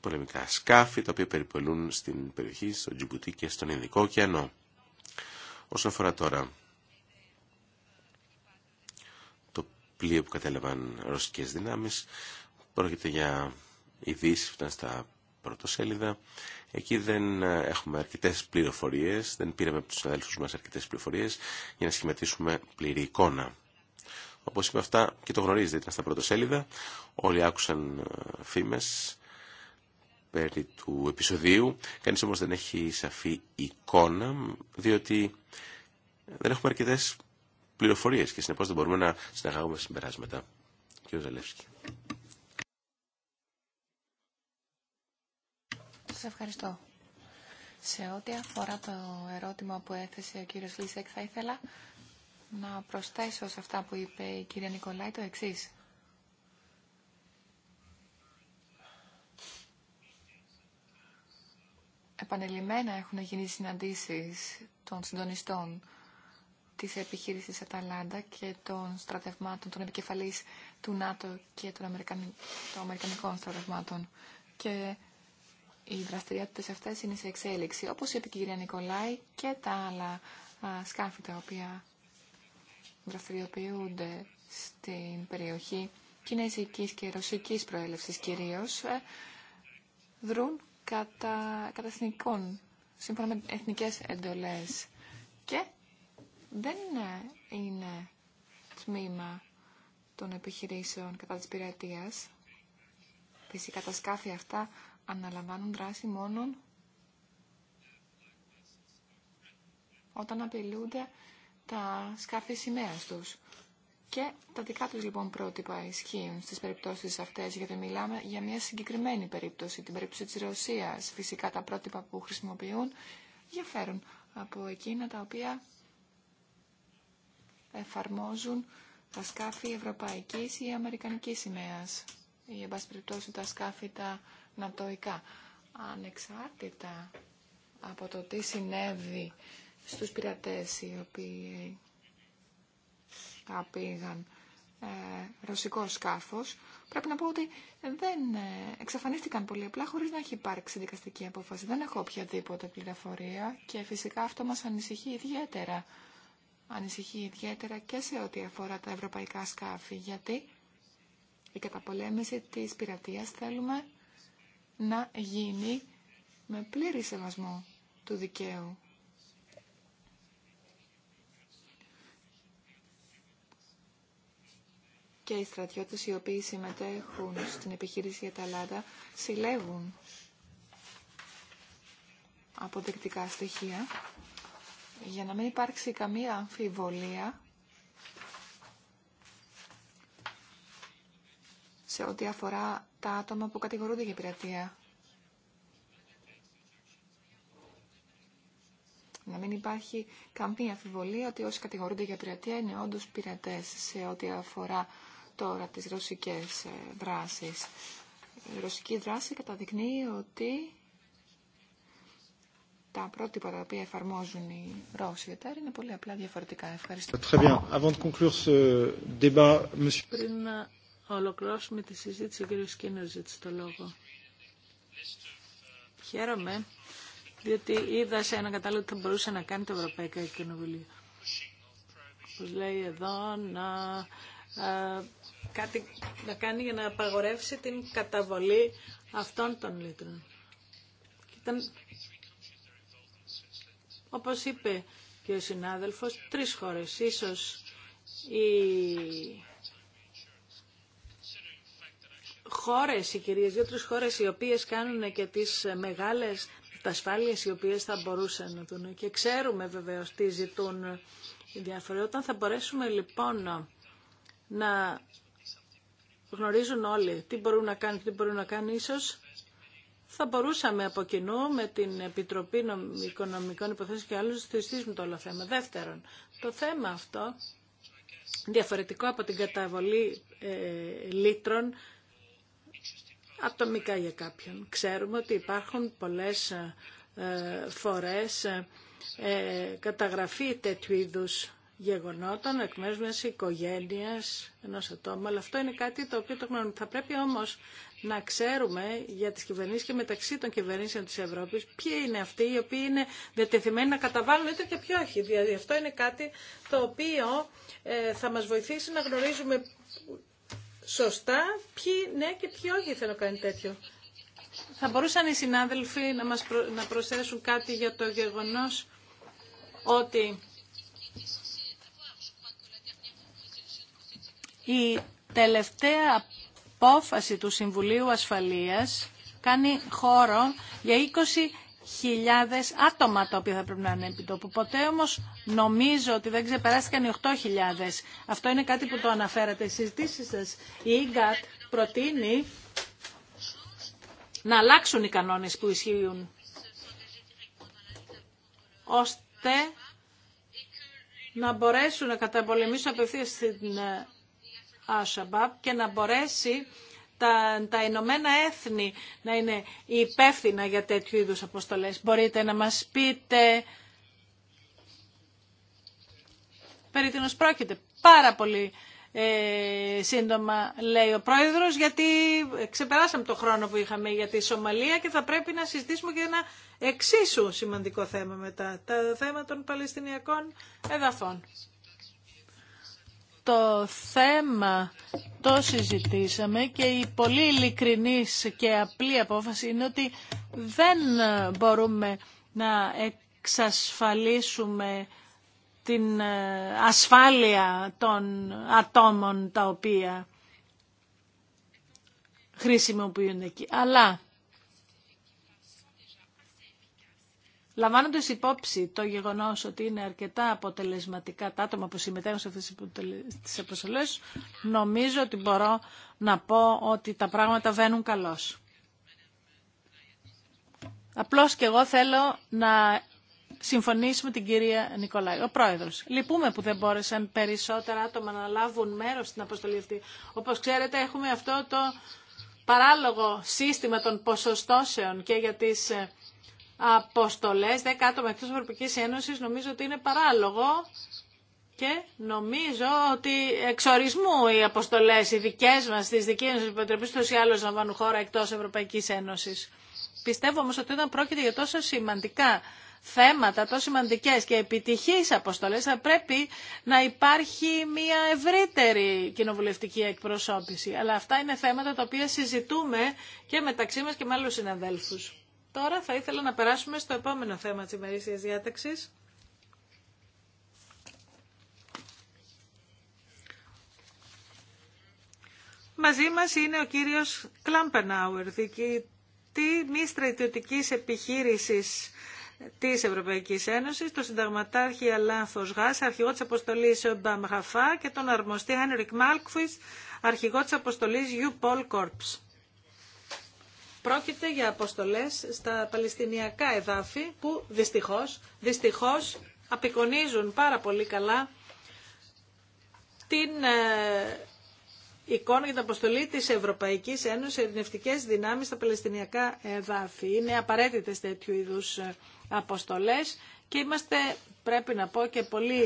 πολεμικά σκάφη τα οποία περιπολούν στην περιοχή, στον Τζιμπουτί και στον Ινδικό ωκεανό. Όσον αφορά τώρα το πλοίο που κατέλαβαν ρωσικές δυνάμεις, πρόκειται για ειδήσει που ήταν στα πρωτοσέλιδα. Εκεί δεν ε, έχουμε αρκετέ πληροφορίε. δεν πήραμε από του συναδέλφου μα αρκετέ πληροφορίε για να σχηματίσουμε πλήρη εικόνα. Όπω είπα αυτά και το γνωρίζετε, ήταν στα πρωτοσέλιδα. Όλοι άκουσαν ε, φήμε περί του επεισοδίου. Κανεί όμω δεν έχει σαφή εικόνα, διότι δεν έχουμε αρκετέ πληροφορίε και συνεπώ δεν μπορούμε να συναγάγουμε συμπεράσματα. Κύριο Ζαλεύσκη. Σας ευχαριστώ. Σε ό,τι αφορά το ερώτημα που έθεσε ο κύριος Λίσεκ, θα ήθελα να προσθέσω σε αυτά που είπε η κυρία Νικολάη το εξής. Επανελειμμένα έχουν γίνει συναντήσεις των συντονιστών της επιχείρησης Αταλάντα και των στρατευμάτων, των επικεφαλής του ΝΑΤΟ και των Αμερικανικών στρατευμάτων. Και οι δραστηριότητε αυτές είναι σε εξέλιξη, όπως είπε και η κυρία Νικολάη και τα άλλα σκάφη τα οποία δραστηριοποιούνται στην περιοχή κινέζικης και ρωσικής προέλευσης κυρίως, ε, δρούν κατά, κατά εθνικών, σύμφωνα με εθνικές εντολές και δεν είναι τμήμα των επιχειρήσεων κατά της πειρατείας. Φυσικά τα σκάφη αυτά αναλαμβάνουν δράση μόνον όταν απειλούνται τα σκάφη σημαίας τους. Και τα δικά τους λοιπόν πρότυπα ισχύουν στις περιπτώσεις αυτές, γιατί μιλάμε για μια συγκεκριμένη περίπτωση, την περίπτωση της Ρωσίας. Φυσικά τα πρότυπα που χρησιμοποιούν διαφέρουν από εκείνα τα οποία εφαρμόζουν τα σκάφη ευρωπαϊκής ή αμερικανικής σημαίας. Ή, εν πάση περιπτώσει, τα σκάφη τα νατοϊκά. Ανεξάρτητα από το τι συνέβη στους πειρατές οι οποίοι απήγαν ε, ρωσικό σκάφος, πρέπει να πω ότι δεν ε, εξαφανίστηκαν πολύ απλά χωρίς να έχει υπάρξει δικαστική απόφαση. Δεν έχω οποιαδήποτε πληροφορία και φυσικά αυτό μας ανησυχεί ιδιαίτερα. Ανησυχεί ιδιαίτερα και σε ό,τι αφορά τα ευρωπαϊκά σκάφη, γιατί η καταπολέμηση της πειρατείας θέλουμε να γίνει με πλήρη σεβασμό του δικαίου. Και οι στρατιώτες οι οποίοι συμμετέχουν στην επιχείρηση Ελλάδα συλλέγουν αποδεκτικά στοιχεία για να μην υπάρξει καμία αμφιβολία σε ό,τι αφορά τα άτομα που κατηγορούνται για πειρατεία. Να μην υπάρχει καμία αμφιβολία ότι όσοι κατηγορούνται για πειρατεία είναι όντως πειρατές σε ό,τι αφορά τώρα τις ρωσικές ε, δράσεις. Η ρωσική δράση καταδεικνύει ότι τα πρότυπα τα οποία εφαρμόζουν οι Ρώσοι εταίροι είναι πολύ απλά διαφορετικά. Ευχαριστώ. Πριν ολοκληρώσουμε τη συζήτηση. Ο κύριος Σκίνερ ζήτησε το λόγο. Χαίρομαι, διότι είδα σε ένα κατάλληλο ότι θα μπορούσε να κάνει το Ευρωπαϊκό Κοινοβουλίο. Όπως λέει εδώ, να, κάτι, να κάνει για να απαγορεύσει την καταβολή αυτών των λίτρων. ήταν, όπως είπε και ο συνάδελφος, τρεις χώρες. Ίσως η χώρες, οι κυρίες, δύο-τρεις χώρες οι οποίες κάνουν και τις μεγάλες τα ασφάλειες οι οποίες θα μπορούσαν να δουν. Και ξέρουμε βεβαίως τι ζητούν οι διάφοροι. Όταν θα μπορέσουμε λοιπόν να γνωρίζουν όλοι τι μπορούν να κάνουν και τι μπορούν να κάνουν ίσως, θα μπορούσαμε από κοινού με την Επιτροπή Οικονομικών Υποθέσεων και άλλους να το όλο θέμα. Δεύτερον, το θέμα αυτό διαφορετικό από την καταβολή ε, λίτρων ατομικά για κάποιον. Ξέρουμε ότι υπάρχουν πολλές ε, φορές ε, ε, καταγραφή τέτοιου είδους γεγονότων εκ μέρους μιας οικογένειας ενός ατόμου. Αλλά αυτό είναι κάτι το οποίο το γνωρίζουμε. Θα πρέπει όμως να ξέρουμε για τις κυβερνήσεις και μεταξύ των κυβερνήσεων της Ευρώπης ποιοι είναι αυτοί οι οποίοι είναι διατεθειμένοι να καταβάλουν είτε και ποιοι όχι. Δηλαδή αυτό είναι κάτι το οποίο θα μας βοηθήσει να γνωρίζουμε σωστά ποιοι ναι και ποιοι όχι θέλω κάνει τέτοιο. Θα μπορούσαν οι συνάδελφοι να μας να προσθέσουν κάτι για το γεγονός ότι η τελευταία απόφαση του Συμβουλίου Ασφαλείας κάνει χώρο για 20 χιλιάδες άτομα τα οποία θα πρέπει να είναι επιτόπου. Ποτέ όμως νομίζω ότι δεν ξεπεράστηκαν οι 8.000. Αυτό είναι κάτι που το αναφέρατε στις συζητήσεις σας. Η ΙΓΚΑΤ προτείνει να αλλάξουν οι κανόνες που ισχύουν ώστε να μπορέσουν να καταπολεμήσουν απευθείας την Ασαμπάπ ε, και να μπορέσει τα, τα Ηνωμένα Έθνη να είναι υπεύθυνα για τέτοιου είδους αποστολές. Μπορείτε να μας πείτε περί τίνος πρόκειται. Πάρα πολύ ε, σύντομα λέει ο Πρόεδρος γιατί ξεπεράσαμε το χρόνο που είχαμε για τη Σομαλία και θα πρέπει να συζητήσουμε και ένα εξίσου σημαντικό θέμα μετά. Τα θέματα των Παλαιστινιακών εδαφών το θέμα το συζητήσαμε και η πολύ ειλικρινής και απλή απόφαση είναι ότι δεν μπορούμε να εξασφαλίσουμε την ε, ασφάλεια των ατόμων τα οποία χρησιμοποιούν εκεί. Αλλά Λαμβάνοντα υπόψη το γεγονό ότι είναι αρκετά αποτελεσματικά τα άτομα που συμμετέχουν σε αυτέ τι αποστολέ, νομίζω ότι μπορώ να πω ότι τα πράγματα βαίνουν καλώ. Απλώ και εγώ θέλω να συμφωνήσω με την κυρία Νικολάη, ο πρόεδρο. Λυπούμε που δεν μπόρεσαν περισσότερα άτομα να λάβουν μέρο στην αποστολή αυτή. Όπω ξέρετε, έχουμε αυτό το παράλογο σύστημα των ποσοστώσεων και για τις ε, αποστολές 10 άτομα εκτός Ευρωπαϊκής Ένωσης νομίζω ότι είναι παράλογο και νομίζω ότι εξορισμού οι αποστολές οι δικές μας, τις δικές μας επιτροπή του ή άλλως λαμβάνουν χώρα εκτός Ευρωπαϊκής Ένωσης. Πιστεύω όμως ότι όταν πρόκειται για τόσο σημαντικά θέματα, τόσο σημαντικές και επιτυχείς αποστολές, θα πρέπει να υπάρχει μια ευρύτερη κοινοβουλευτική εκπροσώπηση. Αλλά αυτά είναι θέματα τα οποία συζητούμε και μεταξύ μας και με άλλου συναδέλφους. Τώρα θα ήθελα να περάσουμε στο επόμενο θέμα της ημερήσιας διάταξης. Μαζί μας είναι ο κύριος Κλάμπενάουερ, διοικητή μη στρατιωτικής επιχείρησης της Ευρωπαϊκής Ένωσης, το συνταγματάρχη Αλάνθος Γάς, αρχηγό της αποστολής Ομπαμ Γαφά και τον αρμοστή Χένρικ Μάλκφουις, αρχηγό της αποστολης Ιου Πολ Corps. Πρόκειται για αποστολές στα παλαιστινιακά εδάφη που δυστυχώς, δυστυχώς απεικονίζουν πάρα πολύ καλά την ε, εικόνα για την αποστολή της Ευρωπαϊκής Ένωσης Ειρηνευτικές Δυνάμεις στα Παλαιστινιακά εδάφη. Είναι απαραίτητες τέτοιου είδους ε, αποστολές και είμαστε, πρέπει να πω, και πολύ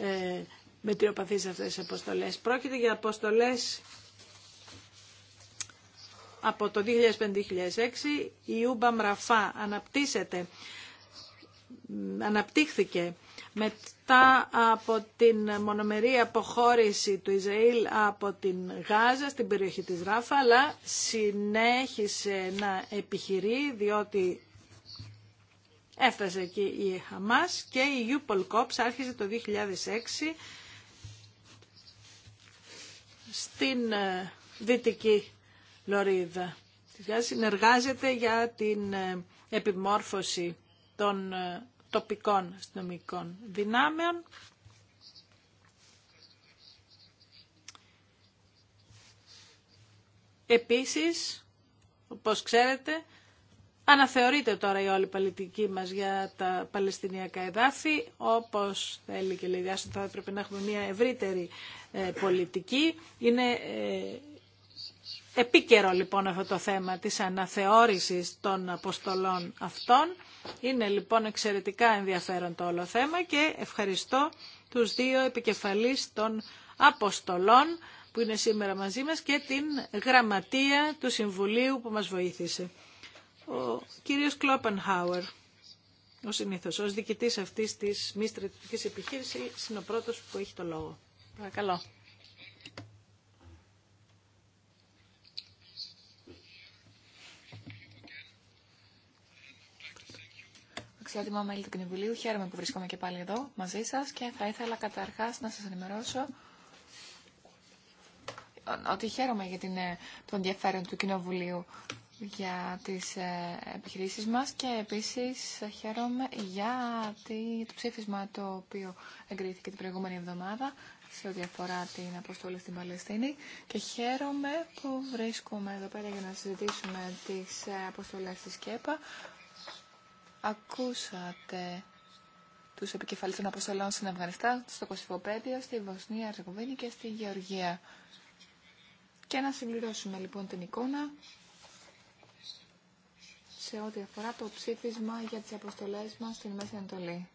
ε, μετριοπαθείς αυτές τις αποστολές. Πρόκειται για αποστολές από το 2005-2006 η Ούμπα Μραφά αναπτύσσεται, αναπτύχθηκε μετά από την μονομερή αποχώρηση του Ισραήλ από την Γάζα στην περιοχή της Ράφα, αλλά συνέχισε να επιχειρεί διότι έφτασε εκεί η Χαμάς και η Ιούπολ Κόψ άρχισε το 2006 στην ε, Δυτική Λωρίδα συνεργάζεται για την ε, επιμόρφωση των ε, τοπικών αστυνομικών δυνάμεων. Επίσης, όπως ξέρετε, αναθεωρείται τώρα η όλη πολιτική μας για τα Παλαιστινιακά εδάφη. Όπως θέλει και λέει θα έπρεπε να έχουμε μια ευρύτερη ε, πολιτική. Είναι Επίκαιρο λοιπόν αυτό το θέμα της αναθεώρησης των αποστολών αυτών. Είναι λοιπόν εξαιρετικά ενδιαφέρον το όλο θέμα και ευχαριστώ τους δύο επικεφαλείς των αποστολών που είναι σήμερα μαζί μας και την γραμματεία του Συμβουλίου που μας βοήθησε. Ο κύριος Κλόπενχάουερ, ο συνήθως, ως διοικητής αυτής της μη στρατιωτικής επιχείρησης, είναι ο πρώτος που έχει το λόγο. Παρακαλώ. Αξιότιμα μέλη του Κοινοβουλίου, χαίρομαι που βρίσκομαι και πάλι εδώ μαζί σα και θα ήθελα καταρχά να σα ενημερώσω ότι χαίρομαι για την, ε, το ενδιαφέρον του Κοινοβουλίου για τις ε, επιχειρήσεις μας και επίσης χαίρομαι για το ψήφισμα το οποίο εγκρίθηκε την προηγούμενη εβδομάδα σε ό,τι αφορά την αποστολή στην Παλαιστίνη και χαίρομαι που βρίσκομαι εδώ πέρα για να συζητήσουμε τις ε, αποστολές της ΚΕΠΑ Ακούσατε του επικεφαλής των αποστολών στην Αφγανιστάν, στο Κωσυφοπέδιο, στη Βοσνία, Αρζεγοβίνη και στη Γεωργία. Και να συμπληρώσουμε λοιπόν την εικόνα σε ό,τι αφορά το ψήφισμα για τις αποστολές μας στην Μέση Ανατολή.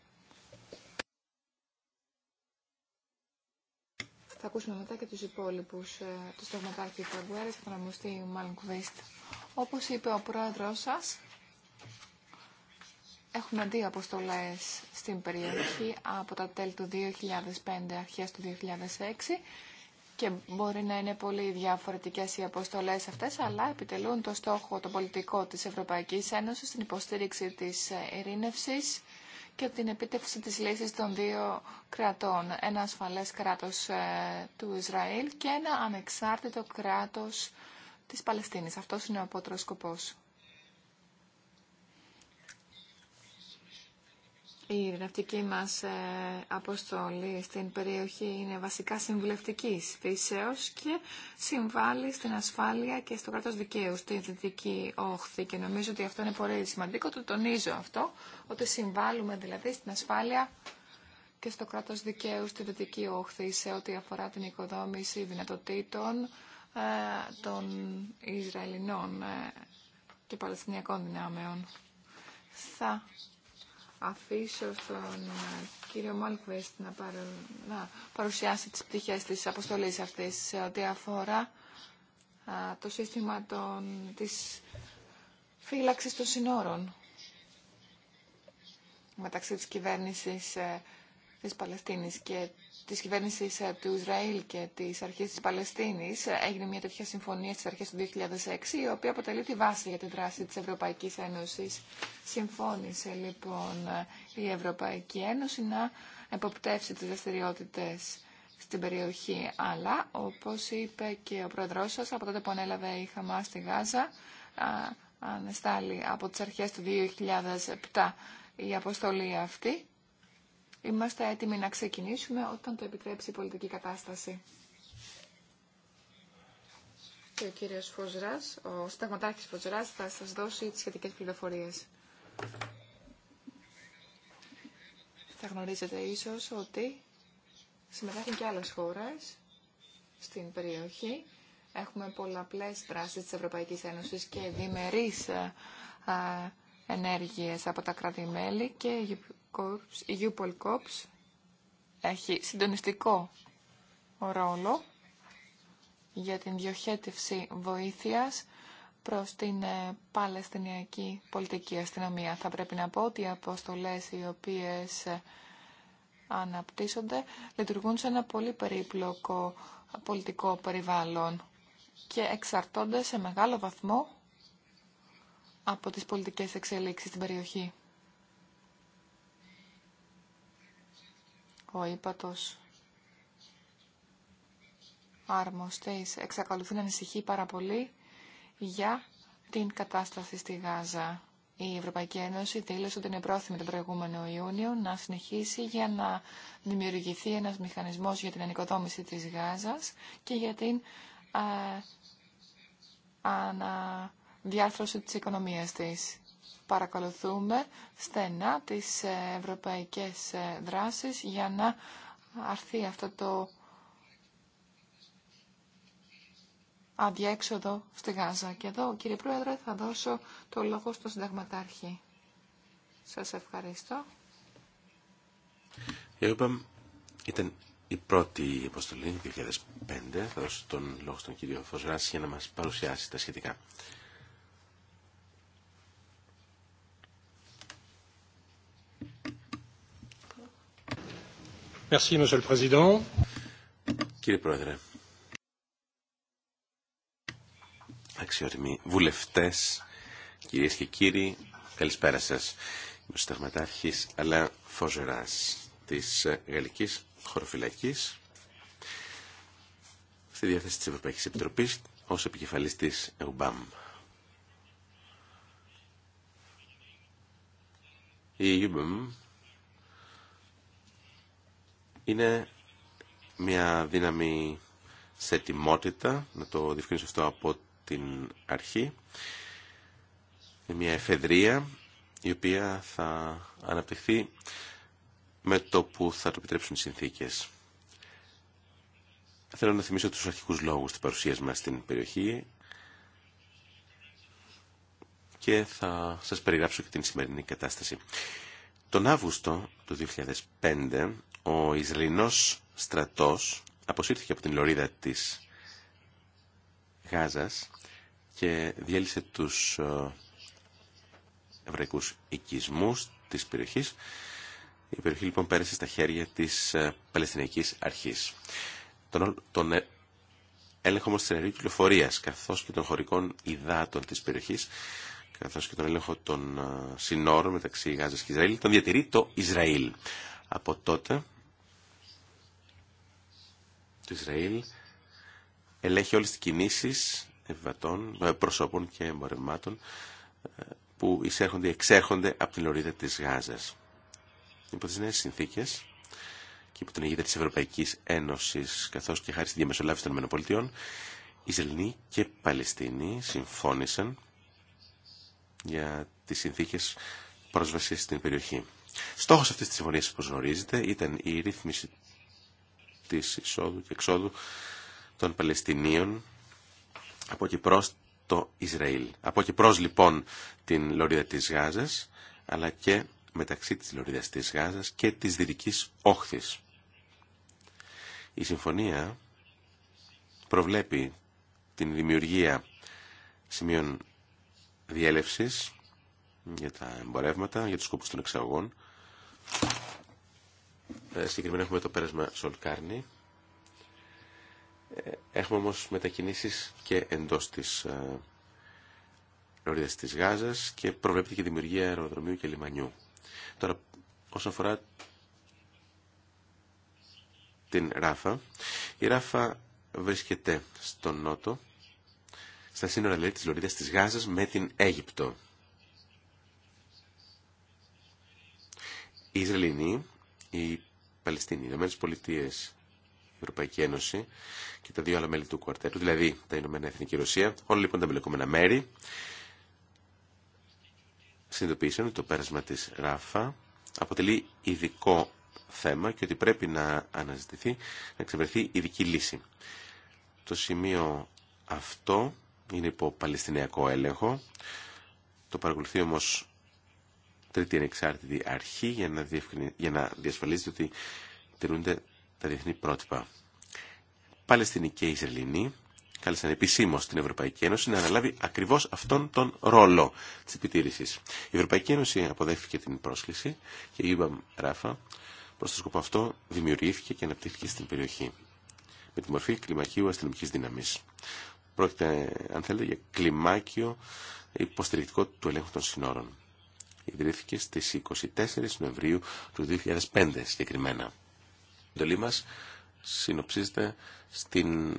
Θα ακούσουμε μετά και τους υπόλοιπους, ε, τους ταγματάρχη Φαγκουέρες και τον Αμμουστή Όπως είπε ο πρόεδρος σας, Έχουμε δύο αποστολές στην περιοχή από τα τέλη του 2005 αρχές του 2006 και μπορεί να είναι πολύ διαφορετικές οι αποστολές αυτές, αλλά επιτελούν το στόχο το πολιτικό της Ευρωπαϊκής Ένωσης, την υποστήριξη της ειρήνευσης και την επίτευξη της λύσης των δύο κρατών. Ένα ασφαλές κράτος ε, του Ισραήλ και ένα ανεξάρτητο κράτος της Παλαιστίνης. Αυτό είναι ο απότερος σκοπός. Η ειρηνευτική μας ε, αποστολή στην περιοχή είναι βασικά συμβουλευτική φύσεως και συμβάλλει στην ασφάλεια και στο κράτος δικαίου στη Δυτική Όχθη και νομίζω ότι αυτό είναι πολύ σημαντικό, το τονίζω αυτό, ότι συμβάλλουμε δηλαδή στην ασφάλεια και στο κράτος δικαίου στη Δυτική Όχθη σε ό,τι αφορά την οικοδόμηση δυνατοτήτων ε, των Ισραηλινών ε, και Παλαιστινιακών δυνάμεων. Θα αφήσω στον ε, κύριο Μόλκβεστ να, παρουσιάσει τις πτυχές της αποστολής αυτής σε ό,τι αφορά ε, το σύστημα των... της φύλαξης των συνόρων μεταξύ της κυβέρνησης ε, της Παλαιστίνης και της κυβέρνησης ε, του Ισραήλ και της αρχής της Παλαιστίνης ε, έγινε μια τέτοια συμφωνία στις αρχές του 2006 η οποία αποτελεί τη βάση για τη δράση της Ευρωπαϊκής Ένωσης. Συμφώνησε λοιπόν η Ευρωπαϊκή Ένωση να εποπτεύσει τις δραστηριότητε στην περιοχή. Αλλά όπως είπε και ο πρόεδρός σας από τότε που ανέλαβε η Χαμά στη Γάζα ανεστάλλει από τις αρχές του 2007 η αποστολή αυτή Είμαστε έτοιμοι να ξεκινήσουμε όταν το επιτρέψει η πολιτική κατάσταση. Και ο κύριος Φοζράς, ο συνταγματάρχης Φοζράς θα σας δώσει τις σχετικές πληροφορίες. Θα γνωρίζετε ίσως ότι συμμετέχουν και άλλες χώρες στην περιοχή. Έχουμε πολλαπλές δράσεις της Ευρωπαϊκής Ένωσης και διμερείς ε, ε, ενέργειες από τα κράτη-μέλη και COPS έχει συντονιστικό ρόλο για την διοχέτευση βοήθειας προς την ε, Παλαιστινιακή πολιτική αστυνομία. Θα πρέπει να πω ότι οι αποστολές οι οποίες ε, αναπτύσσονται λειτουργούν σε ένα πολύ περίπλοκο πολιτικό περιβάλλον και εξαρτώνται σε μεγάλο βαθμό από τις πολιτικές εξελίξεις στην περιοχή. ο ύπατος αρμοστής εξακολουθεί να ανησυχεί πάρα πολύ για την κατάσταση στη Γάζα. Η Ευρωπαϊκή Ένωση δήλωσε ότι είναι πρόθυμη τον προηγούμενο Ιούνιο να συνεχίσει για να δημιουργηθεί ένας μηχανισμός για την ανοικοδόμηση της Γάζας και για την ε, αναδιάρθρωση της οικονομίας της παρακολουθούμε στενά τις ε, ευρωπαϊκές ε, δράσεις για να αρθεί αυτό το αδιέξοδο στη Γάζα. Και εδώ, κύριε Πρόεδρε, θα δώσω το λόγο στον Συνταγματάρχη. Σας ευχαριστώ. Η ήταν η πρώτη αποστολή, 2005. Θα δώσω τον λόγο στον κύριο Φωσράση για να μας παρουσιάσει τα σχετικά. Merci, Monsieur le Président. Κύριε Πρόεδρε, αξιότιμοι βουλευτές, κυρίες και κύριοι, καλησπέρα σας. Είμαι ο αλλα Αλά Φοζεράς της Γαλλικής Χωροφυλακής στη διάθεση της Ευρωπαϊκής Επιτροπής ως επικεφαλής της ΕΟΜΠΑΜ. Η ΕΟΜΠΑΜ είναι μια δύναμη σε ετοιμότητα, να το διευκρινίσω αυτό από την αρχή. μια εφεδρεία η οποία θα αναπτυχθεί με το που θα το επιτρέψουν οι συνθήκες. Θέλω να θυμίσω τους αρχικούς λόγους της παρουσίας μας στην περιοχή και θα σας περιγράψω και την σημερινή κατάσταση. Τον Αύγουστο του 2005 ο Ισραηλινός στρατός αποσύρθηκε από την λωρίδα της Γάζας και διέλυσε τους ε, εβραϊκούς οικισμούς της περιοχής. Η περιοχή λοιπόν πέρασε στα χέρια της ε, Παλαιστινιακής Αρχής. Τον, τον ε, έλεγχο όμως της ενεργής καθώς και των χωρικών υδάτων της περιοχής καθώς και τον έλεγχο των συνόρων μεταξύ Γάζας και Ισραήλ τον διατηρεί το Ισραήλ. Από τότε του Ισραήλ ελέγχει όλες τις κινήσεις ε, προσώπων και εμπορευμάτων ε, που εισέρχονται ή εξέρχονται από την λωρίδα της Γάζας. Υπό τις νέες συνθήκες και υπό την αιγύδα της Ευρωπαϊκής Ένωσης καθώς και χάρη στη διαμεσολάβηση των ΗΠΑ οι Ισραηλοί και οι Παλαιστίνοι συμφώνησαν για τις συνθήκες πρόσβασης στην περιοχή. Στόχος αυτής της συμφωνίας, όπως γνωρίζετε, ήταν η ρύθμιση της εισόδου και εξόδου των Παλαιστινίων από και προς το Ισραήλ. Από και προς λοιπόν την λωρίδα της Γάζας αλλά και μεταξύ της λωρίδας της Γάζας και της Δυτικής Όχθης. Η συμφωνία προβλέπει την δημιουργία σημείων διέλευσης για τα εμπορεύματα, για τους σκοπούς των εξαγωγών ε, συγκεκριμένα έχουμε το πέρασμα Σολκάρνη. Ε, έχουμε όμως μετακινήσεις και εντός της λωρίδας ε, της Γάζας και προβλέπεται και δημιουργία αεροδρομίου και λιμανιού. Τώρα, όσον αφορά την Ράφα, η Ράφα βρίσκεται στον νότο, στα σύνορα δηλαδή της λωρίδας της Γάζας με την Αίγυπτο. Οι Ισραηλινοί η Παλαιστίνη, οι Ηνωμένε Πολιτείε, η Ευρωπαϊκή Ένωση και τα δύο άλλα μέλη του κουαρτέρου, δηλαδή τα Ηνωμένα Εθνική Ρωσία, όλα λοιπόν τα εμπλεκόμενα μέρη, συνειδητοποίησαν ότι το πέρασμα της ράφα αποτελεί ειδικό θέμα και ότι πρέπει να αναζητηθεί, να εξευρεθεί ειδική λύση. Το σημείο αυτό είναι υπό Παλαιστινιακό έλεγχο. Το παρακολουθεί όμως τρίτη ανεξάρτητη αρχή για να, για να διασφαλίζεται ότι τηρούνται τα διεθνή πρότυπα. Παλαιστινοί και Ισραηλινοί κάλεσαν επισήμω την Ευρωπαϊκή Ένωση να αναλάβει ακριβώ αυτόν τον ρόλο τη επιτήρηση. Η Ευρωπαϊκή Ένωση αποδέχθηκε την πρόσκληση και η Ιούμπαμ Ράφα προ το σκοπό αυτό δημιουργήθηκε και αναπτύχθηκε στην περιοχή με τη μορφή κλιμακίου αστυνομική δύναμη. Πρόκειται, αν θέλετε, για κλιμάκιο υποστηρικτικό του ελέγχου των συνόρων ιδρύθηκε στις 24 Νοεμβρίου του 2005 συγκεκριμένα. Η εντολή μας συνοψίζεται στην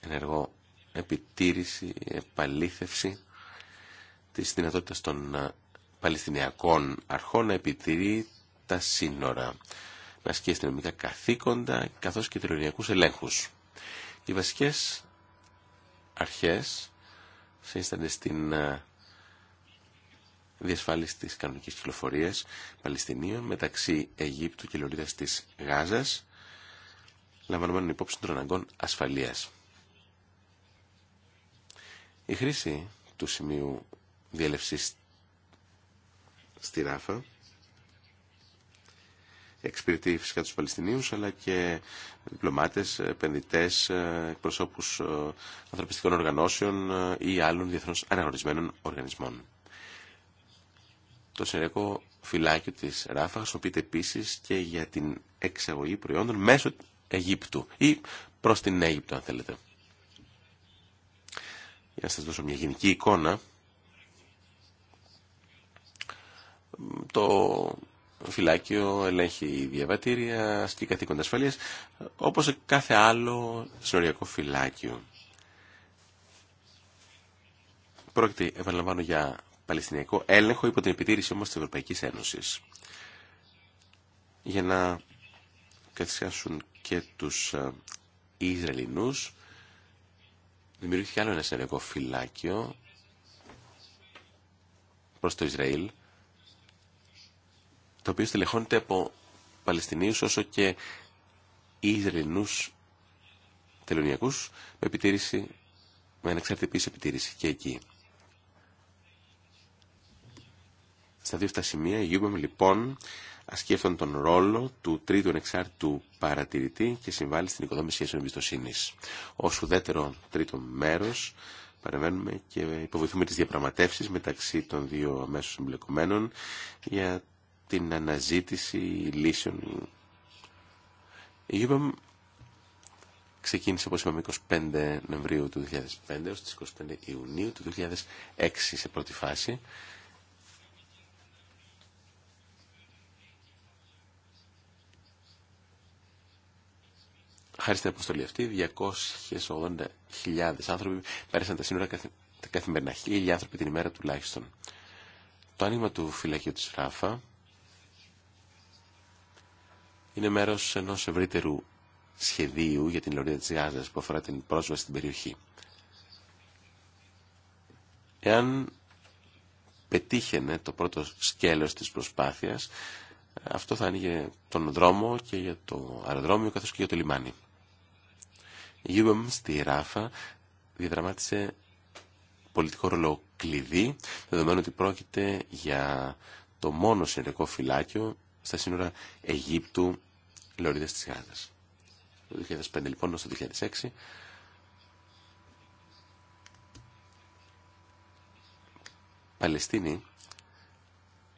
ενεργό επιτήρηση, επαλήθευση της δυνατότητας των Παλαιστινιακών αρχών να επιτηρεί τα σύνορα με ασκεί αστυνομικά καθήκοντα καθώς και τελωνιακούς ελέγχους. Οι βασικές αρχές σύστανται στην ε, διασφάλιση της κανονικής κυκλοφορίας Παλαιστινίων μεταξύ Αιγύπτου και Λωρίδας της Γάζας, λαμβανωμένων υπόψη των αναγκών ασφαλείας. Η χρήση του σημείου διέλευσης στη Ράφα εξυπηρετεί φυσικά τους Παλαιστινίους αλλά και διπλωμάτες, επενδυτές, εκπροσώπους ε, ανθρωπιστικών οργανώσεων ε, ή άλλων διεθνώς αναγνωρισμένων οργανισμών. Το συνολικό φυλάκιο της Ράφα χρησιμοποιείται επίση και για την εξαγωγή προϊόντων μέσω Αιγύπτου ή προς την Αίγυπτο αν θέλετε. Για να σας δώσω μια γενική εικόνα, το φυλάκιο ελέγχει διαβατήρια, ασκεί καθήκοντα ασφαλείας, όπως σε κάθε άλλο συνοριακό φυλάκιο. Πρόκειται, επαναλαμβάνω, για Παλαιστινιακό έλεγχο υπό την επιτήρηση όμως της Ευρωπαϊκής Ένωσης. Για να καθιάσουν και τους ε, Ισραηλινούς δημιουργήθηκε άλλο ένα σενεργό φυλάκιο προς το Ισραήλ το οποίο στελεχώνεται από Παλαιστινίους όσο και Ισραηλινούς τελωνιακούς με επιτήρηση με ανεξάρτητη επιτήρηση και εκεί. Στα δύο αυτά σημεία η UBM, λοιπόν ασκεί τον ρόλο του τρίτου ενεξάρτητου παρατηρητή και συμβάλλει στην οικοδόμηση σχέσεων εμπιστοσύνη. Ω ουδέτερο τρίτο μέρο παρεμβαίνουμε και υποβοηθούμε τι διαπραγματεύσει μεταξύ των δύο αμέσω εμπλεκομένων για την αναζήτηση λύσεων. Η UBM ξεκίνησε όπω είπαμε 25 Νοεμβρίου του 2005 έως τι 25 Ιουνίου του 2006 σε πρώτη φάση Χάρη στην αποστολή αυτή, 280.000 άνθρωποι πέρασαν τα σύνορα καθη... καθημερινά. Χίλιοι άνθρωποι την ημέρα τουλάχιστον. Το άνοιγμα του φυλακίου της Ράφα είναι μέρος ενός ευρύτερου σχεδίου για την Λωρίδα της Γάζας που αφορά την πρόσβαση στην περιοχή. Εάν πετύχαινε το πρώτο σκέλος της προσπάθειας, αυτό θα άνοιγε τον δρόμο και για το αεροδρόμιο καθώς και για το λιμάνι. Η στη Ράφα διαδραμάτισε πολιτικό ρόλο κλειδί, δεδομένου ότι πρόκειται για το μόνο συνεργό φυλάκιο στα σύνορα Αιγύπτου Λωρίδες της Γάζας. Το 2005 λοιπόν ως το 2006 Παλαιστίνοι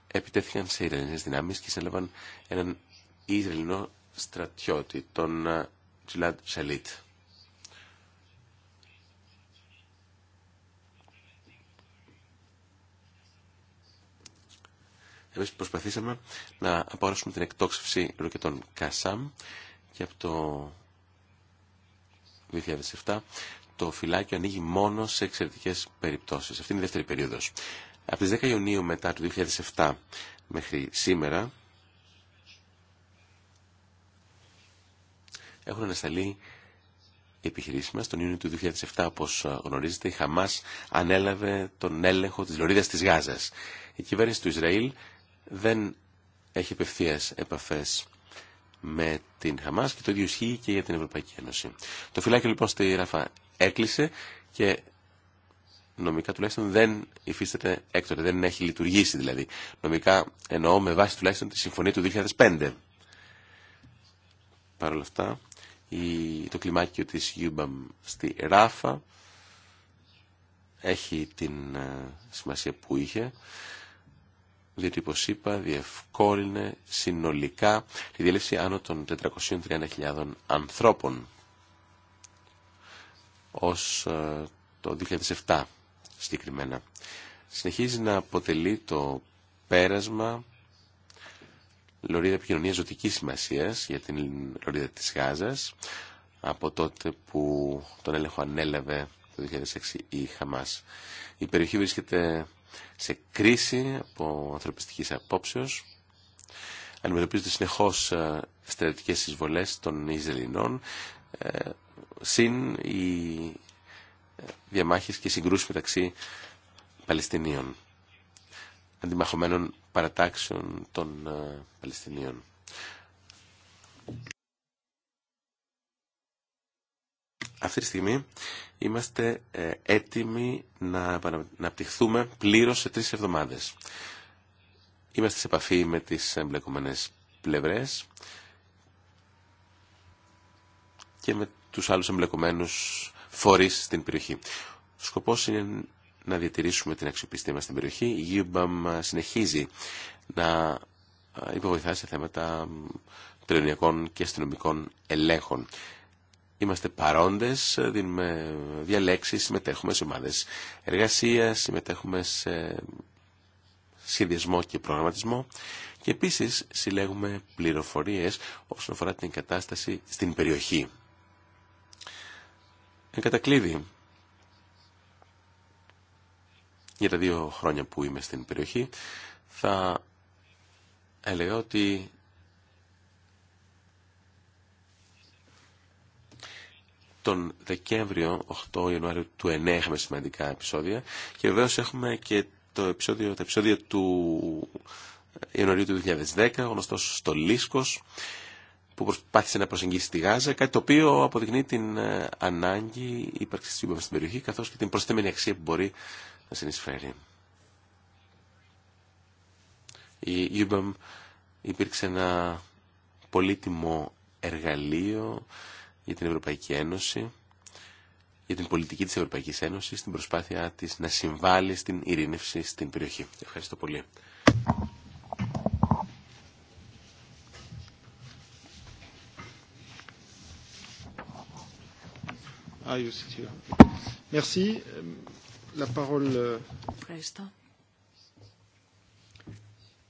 επιτέθηκαν σε Ιρανιές δυνάμεις και εισέλαβαν έναν Ισραηλινό στρατιώτη, τον ε, Τζιλάντ Σαλίτ. Εμείς προσπαθήσαμε να απαγορεύσουμε την εκτόξευση ροκετών Κασάμ και από το 2007 το φυλάκιο ανοίγει μόνο σε εξαιρετικές περιπτώσεις. Αυτή είναι η δεύτερη περίοδος. Από τις 10 Ιουνίου μετά του 2007 μέχρι σήμερα έχουν ανασταλεί οι επιχειρήσει μα. Τον Ιούνιο του 2007, όπω γνωρίζετε, η Χαμά ανέλαβε τον έλεγχο τη Λωρίδα τη Γάζα. Η κυβέρνηση του Ισραήλ δεν έχει απευθεία επαφές με την Χαμάς και το ίδιο ισχύει και για την Ευρωπαϊκή Ένωση. Το φυλάκιο λοιπόν στη Ραφά έκλεισε και νομικά τουλάχιστον δεν υφίσταται έκτοτε, δεν έχει λειτουργήσει δηλαδή. Νομικά εννοώ με βάση τουλάχιστον τη συμφωνία του 2005. Παρ' όλα αυτά, το κλιμάκιο της UBAM στη Ράφα έχει την ε, σημασία που είχε διότι όπω είπα διευκόλυνε συνολικά τη διέλευση άνω των 430.000 ανθρώπων ως ε, το 2007 συγκεκριμένα. Συνεχίζει να αποτελεί το πέρασμα λωρίδα επικοινωνία ζωτική σημασία για την λωρίδα της Γάζας από τότε που τον έλεγχο ανέλαβε το 2006 η Χαμάς. Η περιοχή βρίσκεται σε κρίση από ανθρωπιστικής απόψεως. Αντιμετωπίζονται συνεχώς ε, στρατιωτικές εισβολές των Ισραηλινών, ε, συν οι ε, διαμάχες και συγκρούσεις μεταξύ Παλαιστινίων, αντιμαχωμένων παρατάξεων των Παλαιστινίων. Αυτή τη στιγμή είμαστε ε, έτοιμοι να αναπτυχθούμε πλήρως σε τρεις εβδομάδες. Είμαστε σε επαφή με τις εμπλεκομένες πλευρές και με τους άλλους εμπλεκομένους φορείς στην περιοχή. Ο σκοπός είναι να διατηρήσουμε την αξιοπιστία μας στην περιοχή. Η Γιούμπαμ συνεχίζει να ε, υποβοηθά σε θέματα τριωνιακών και αστυνομικών ελέγχων. Είμαστε παρόντες, δίνουμε διαλέξεις, συμμετέχουμε σε ομάδες εργασίας, συμμετέχουμε σε σχεδιασμό και προγραμματισμό και επίσης συλλέγουμε πληροφορίες όσον αφορά την κατάσταση στην περιοχή. Εν για τα δύο χρόνια που είμαι στην περιοχή, θα έλεγα ότι τον Δεκέμβριο, 8 Ιανουάριου του 9 είχαμε σημαντικά επεισόδια και βεβαίω έχουμε και το επεισόδιο, τα επεισόδια του Ιανουαρίου του 2010, γνωστό στο Λίσκο, που προσπάθησε να προσεγγίσει τη Γάζα, κάτι το οποίο αποδεικνύει την ε, ανάγκη ύπαρξης της στην περιοχή, καθώς και την προσθέμενη αξία που μπορεί να συνεισφέρει. Η UBAM υπήρξε ένα πολύτιμο εργαλείο για την Ευρωπαϊκή Ένωση, για την πολιτική της Ευρωπαϊκής Ένωσης, στην προσπάθεια της να συμβάλλει στην ειρήνευση στην περιοχή. Ευχαριστώ πολύ. Ah, euh, Ευχαριστώ.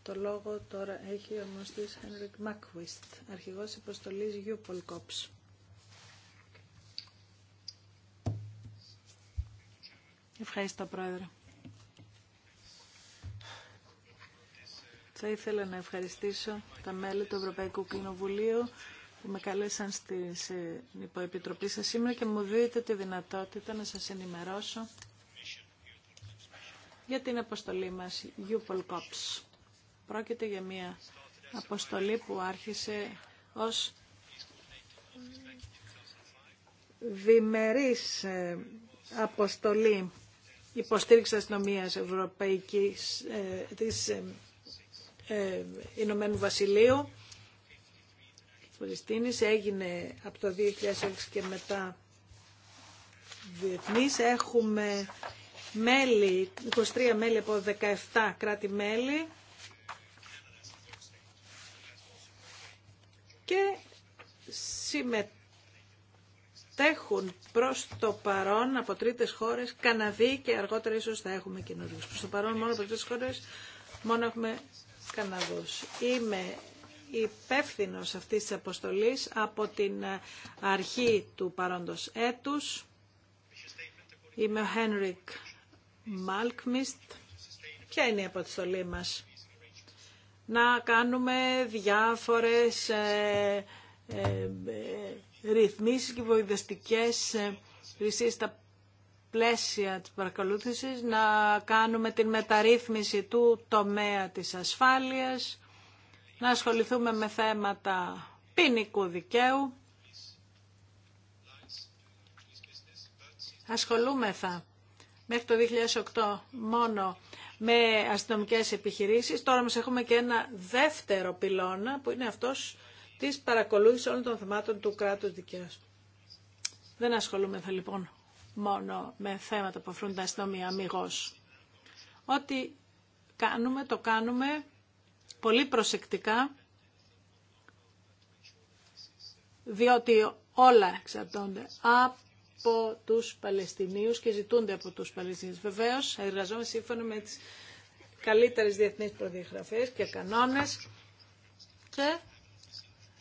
Το λόγο τώρα έχει ο γνωστής Henrik Μακουίστ, αρχηγός υποστολής Γιούπολ Ευχαριστώ, Πρόεδρε. Θα ήθελα να ευχαριστήσω τα μέλη του Ευρωπαϊκού Κοινοβουλίου που με καλέσαν ε, στην υποεπιτροπή σας σήμερα και μου δίνετε τη δυνατότητα να σας ενημερώσω για την αποστολή μας UPOL COPS. Πρόκειται για μια αποστολή που άρχισε ως διμερής ε, αποστολή υποστήριξη αστυνομία Ευρωπαϊκή ε, της ε, ε, Ηνωμένου Βασιλείου έγινε από το 2006 και μετά διεθνή. Έχουμε μέλη, 23 μέλη από 17 κράτη-μέλη και συμμετέχουν τέχουν προς το παρόν από τρίτες χώρες, Καναδί και αργότερα ίσως θα έχουμε καινούριους. Προς το παρόν μόνο από τρίτες χώρες, μόνο έχουμε Καναδούς. Είμαι υπεύθυνο αυτής της αποστολής από την αρχή του παρόντος έτους. Είμαι ο Χένρικ Μάλκμιστ. Ποια είναι η αποστολή μας. Να κάνουμε διάφορες ε, ε, ε, ρυθμίσεις και βοηδεστικέ ε, ρυσίες στα πλαίσια της παρακολούθησης, να κάνουμε την μεταρρύθμιση του τομέα της ασφάλειας, να ασχοληθούμε με θέματα ποινικού δικαίου. Ασχολούμεθα μέχρι το 2008 μόνο με αστυνομικές επιχειρήσεις. Τώρα μας έχουμε και ένα δεύτερο πυλώνα που είναι αυτός Τη παρακολούθηση όλων των θεμάτων του κράτους δικαίου. Δεν ασχολούμεθα λοιπόν μόνο με θέματα που αφορούν τα αστυνομία αμυγό. Ό,τι κάνουμε, το κάνουμε πολύ προσεκτικά, διότι όλα εξαρτώνται από τους Παλαιστινίους και ζητούνται από τους Παλαιστινίους. Βεβαίως, εργαζόμαστε σύμφωνα με τις καλύτερες διεθνείς προδιαγραφές και κανόνες και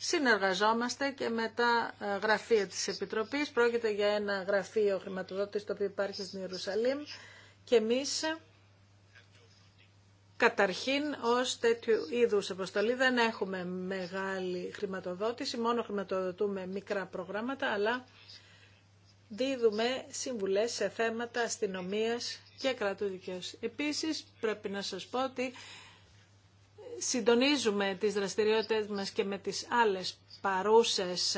συνεργαζόμαστε και με τα ε, γραφεία της Επιτροπής. Πρόκειται για ένα γραφείο χρηματοδότηση το οποίο υπάρχει στην Ιερουσαλήμ και εμείς ε, καταρχήν ως τέτοιου είδους αποστολή δεν έχουμε μεγάλη χρηματοδότηση, μόνο χρηματοδοτούμε μικρά προγράμματα, αλλά δίδουμε συμβουλές σε θέματα αστυνομίας και κράτου δικαίωση. Επίσης πρέπει να σας πω ότι συντονίζουμε τις δραστηριότητες μας και με τις άλλες παρούσες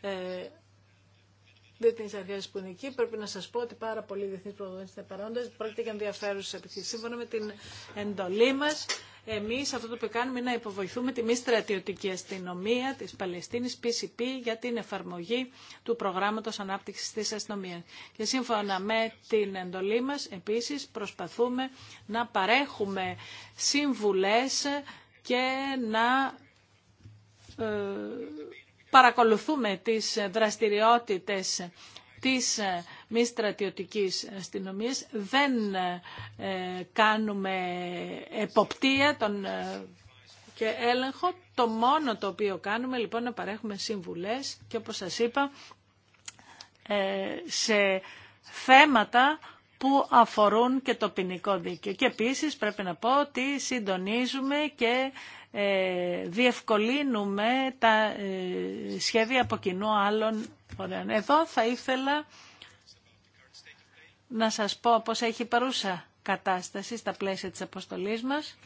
ε, διεθνείς αρχές που είναι εκεί. Πρέπει να σας πω ότι πάρα πολλοί διεθνείς προγραμματές είναι παρόντες. Πρόκειται για ενδιαφέρουσες επιχειρήσεις. Σύμφωνα με την εντολή μας, εμείς αυτό το που κάνουμε είναι να υποβοηθούμε τη μη στρατιωτική αστυνομία της Παλαιστίνης PCP για την εφαρμογή του προγράμματος ανάπτυξης της αστυνομίας. Και σύμφωνα με την εντολή μας επίσης προσπαθούμε να παρέχουμε συμβουλές και να ε, παρακολουθούμε τις δραστηριότητες της μη στρατιωτικής αστυνομίας. Δεν ε, κάνουμε εποπτεία των ε, και έλεγχο. Το μόνο το οποίο κάνουμε λοιπόν να παρέχουμε συμβουλές και όπως σας είπα ε, σε θέματα που αφορούν και το ποινικό δίκαιο. Και επίσης πρέπει να πω ότι συντονίζουμε και διευκολύνουμε τα σχέδια από κοινού άλλων φορέων. Εδώ θα ήθελα να σας πω πώς έχει παρούσα κατάσταση στα πλαίσια της αποστολής μας.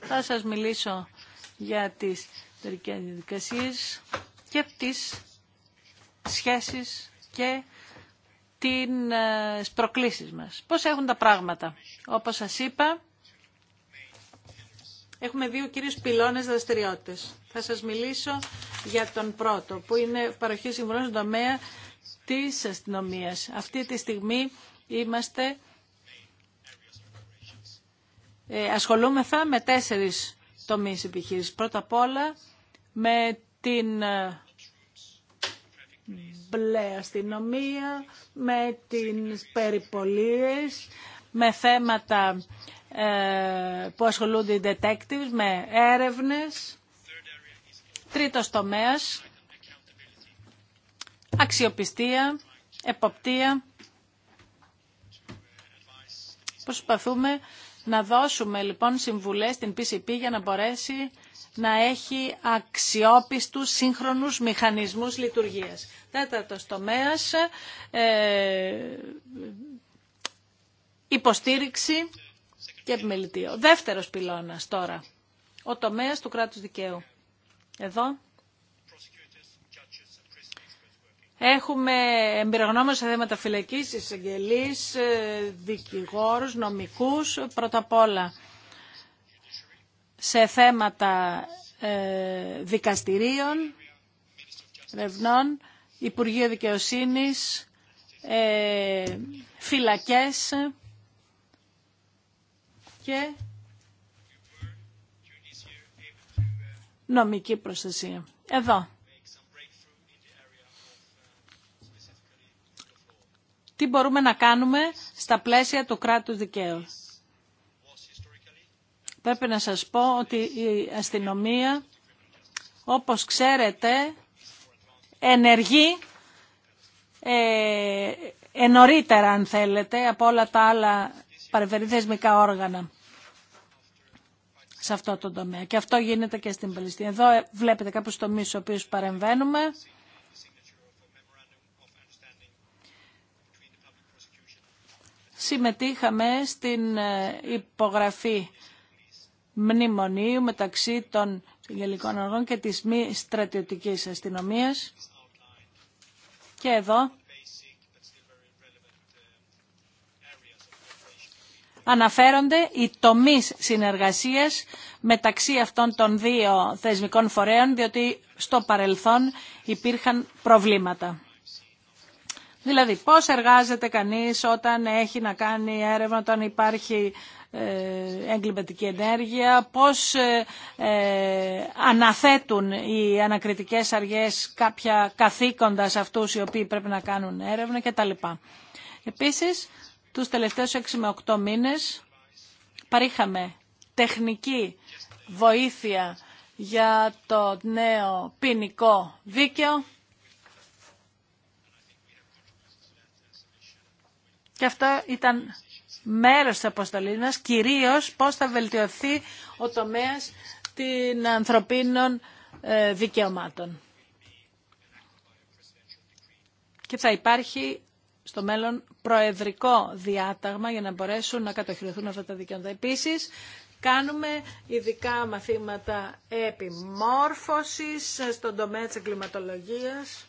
Θα σας μιλήσω για τις τερικές διαδικασίες και τις σχέσεις και την ε, προκλήσεις μας. Πώς έχουν τα πράγματα. Όπως σας είπα, έχουμε δύο κυρίους πυλώνες δραστηριότητες. Θα σας μιλήσω για τον πρώτο, που είναι παροχή συμβουλών στον τομέα της αστυνομίας. Αυτή τη στιγμή είμαστε, ε, ασχολούμεθα με τέσσερις τομείς επιχείρησης. Πρώτα απ' όλα με την ε, μπλε αστυνομία, με την περιπολίες, με θέματα ε, που ασχολούνται οι detectives, με έρευνες. Τρίτος τομέας αξιοπιστία, εποπτεία. Προσπαθούμε να δώσουμε λοιπόν συμβουλές στην PCP για να μπορέσει να έχει αξιόπιστους σύγχρονους μηχανισμούς λειτουργίας. Τέταρτος τομέας, ε, υποστήριξη και επιμελητή. δεύτερος πυλώνας τώρα, ο τομέας του κράτους δικαίου. Εδώ Έχουμε εμπειρογνώμες σε θέματα φυλακής, εισαγγελείς, ε, δικηγόρους, νομικούς, πρώτα απ' όλα σε θέματα ε, δικαστηρίων, ρευνών, Υπουργείο Δικαιοσύνης, ε, φυλακές και νομική προστασία. Εδώ τι μπορούμε να κάνουμε στα πλαίσια του κράτους δικαίου. Πρέπει να σας πω ότι η αστυνομία, όπως ξέρετε, ενεργεί ε, αν θέλετε, από όλα τα άλλα θεσμικά όργανα σε αυτό το τομέα. Και αυτό γίνεται και στην Παλαιστίνη. Εδώ ε, βλέπετε κάποιους τομείς στους οποίους παρεμβαίνουμε. συμμετείχαμε στην ε, υπογραφή μνημονίου μεταξύ των γελικών οργών και της μη στρατιωτικής αστυνομίας. Και εδώ αναφέρονται οι τομείς συνεργασίας μεταξύ αυτών των δύο θεσμικών φορέων, διότι στο παρελθόν υπήρχαν προβλήματα. Δηλαδή πώς εργάζεται κανείς όταν έχει να κάνει έρευνα, όταν υπάρχει ε, εγκληματική ενέργεια, πώς ε, ε, αναθέτουν οι ανακριτικές αργές κάποια καθήκοντα σε αυτούς οι οποίοι πρέπει να κάνουν έρευνα κτλ. Επίσης, τους τελευταίους 6 με 8 μήνες παρήχαμε τεχνική βοήθεια για το νέο ποινικό δίκαιο Και αυτό ήταν μέρος της αποστολής μας, κυρίως πώς θα βελτιωθεί ο τομέας των ανθρωπίνων ε, δικαιωμάτων. Και θα υπάρχει στο μέλλον προεδρικό διάταγμα για να μπορέσουν να κατοχυρωθούν αυτά τα δικαιώματα. Επίσης, κάνουμε ειδικά μαθήματα επιμόρφωσης στον τομέα της εγκληματολογίας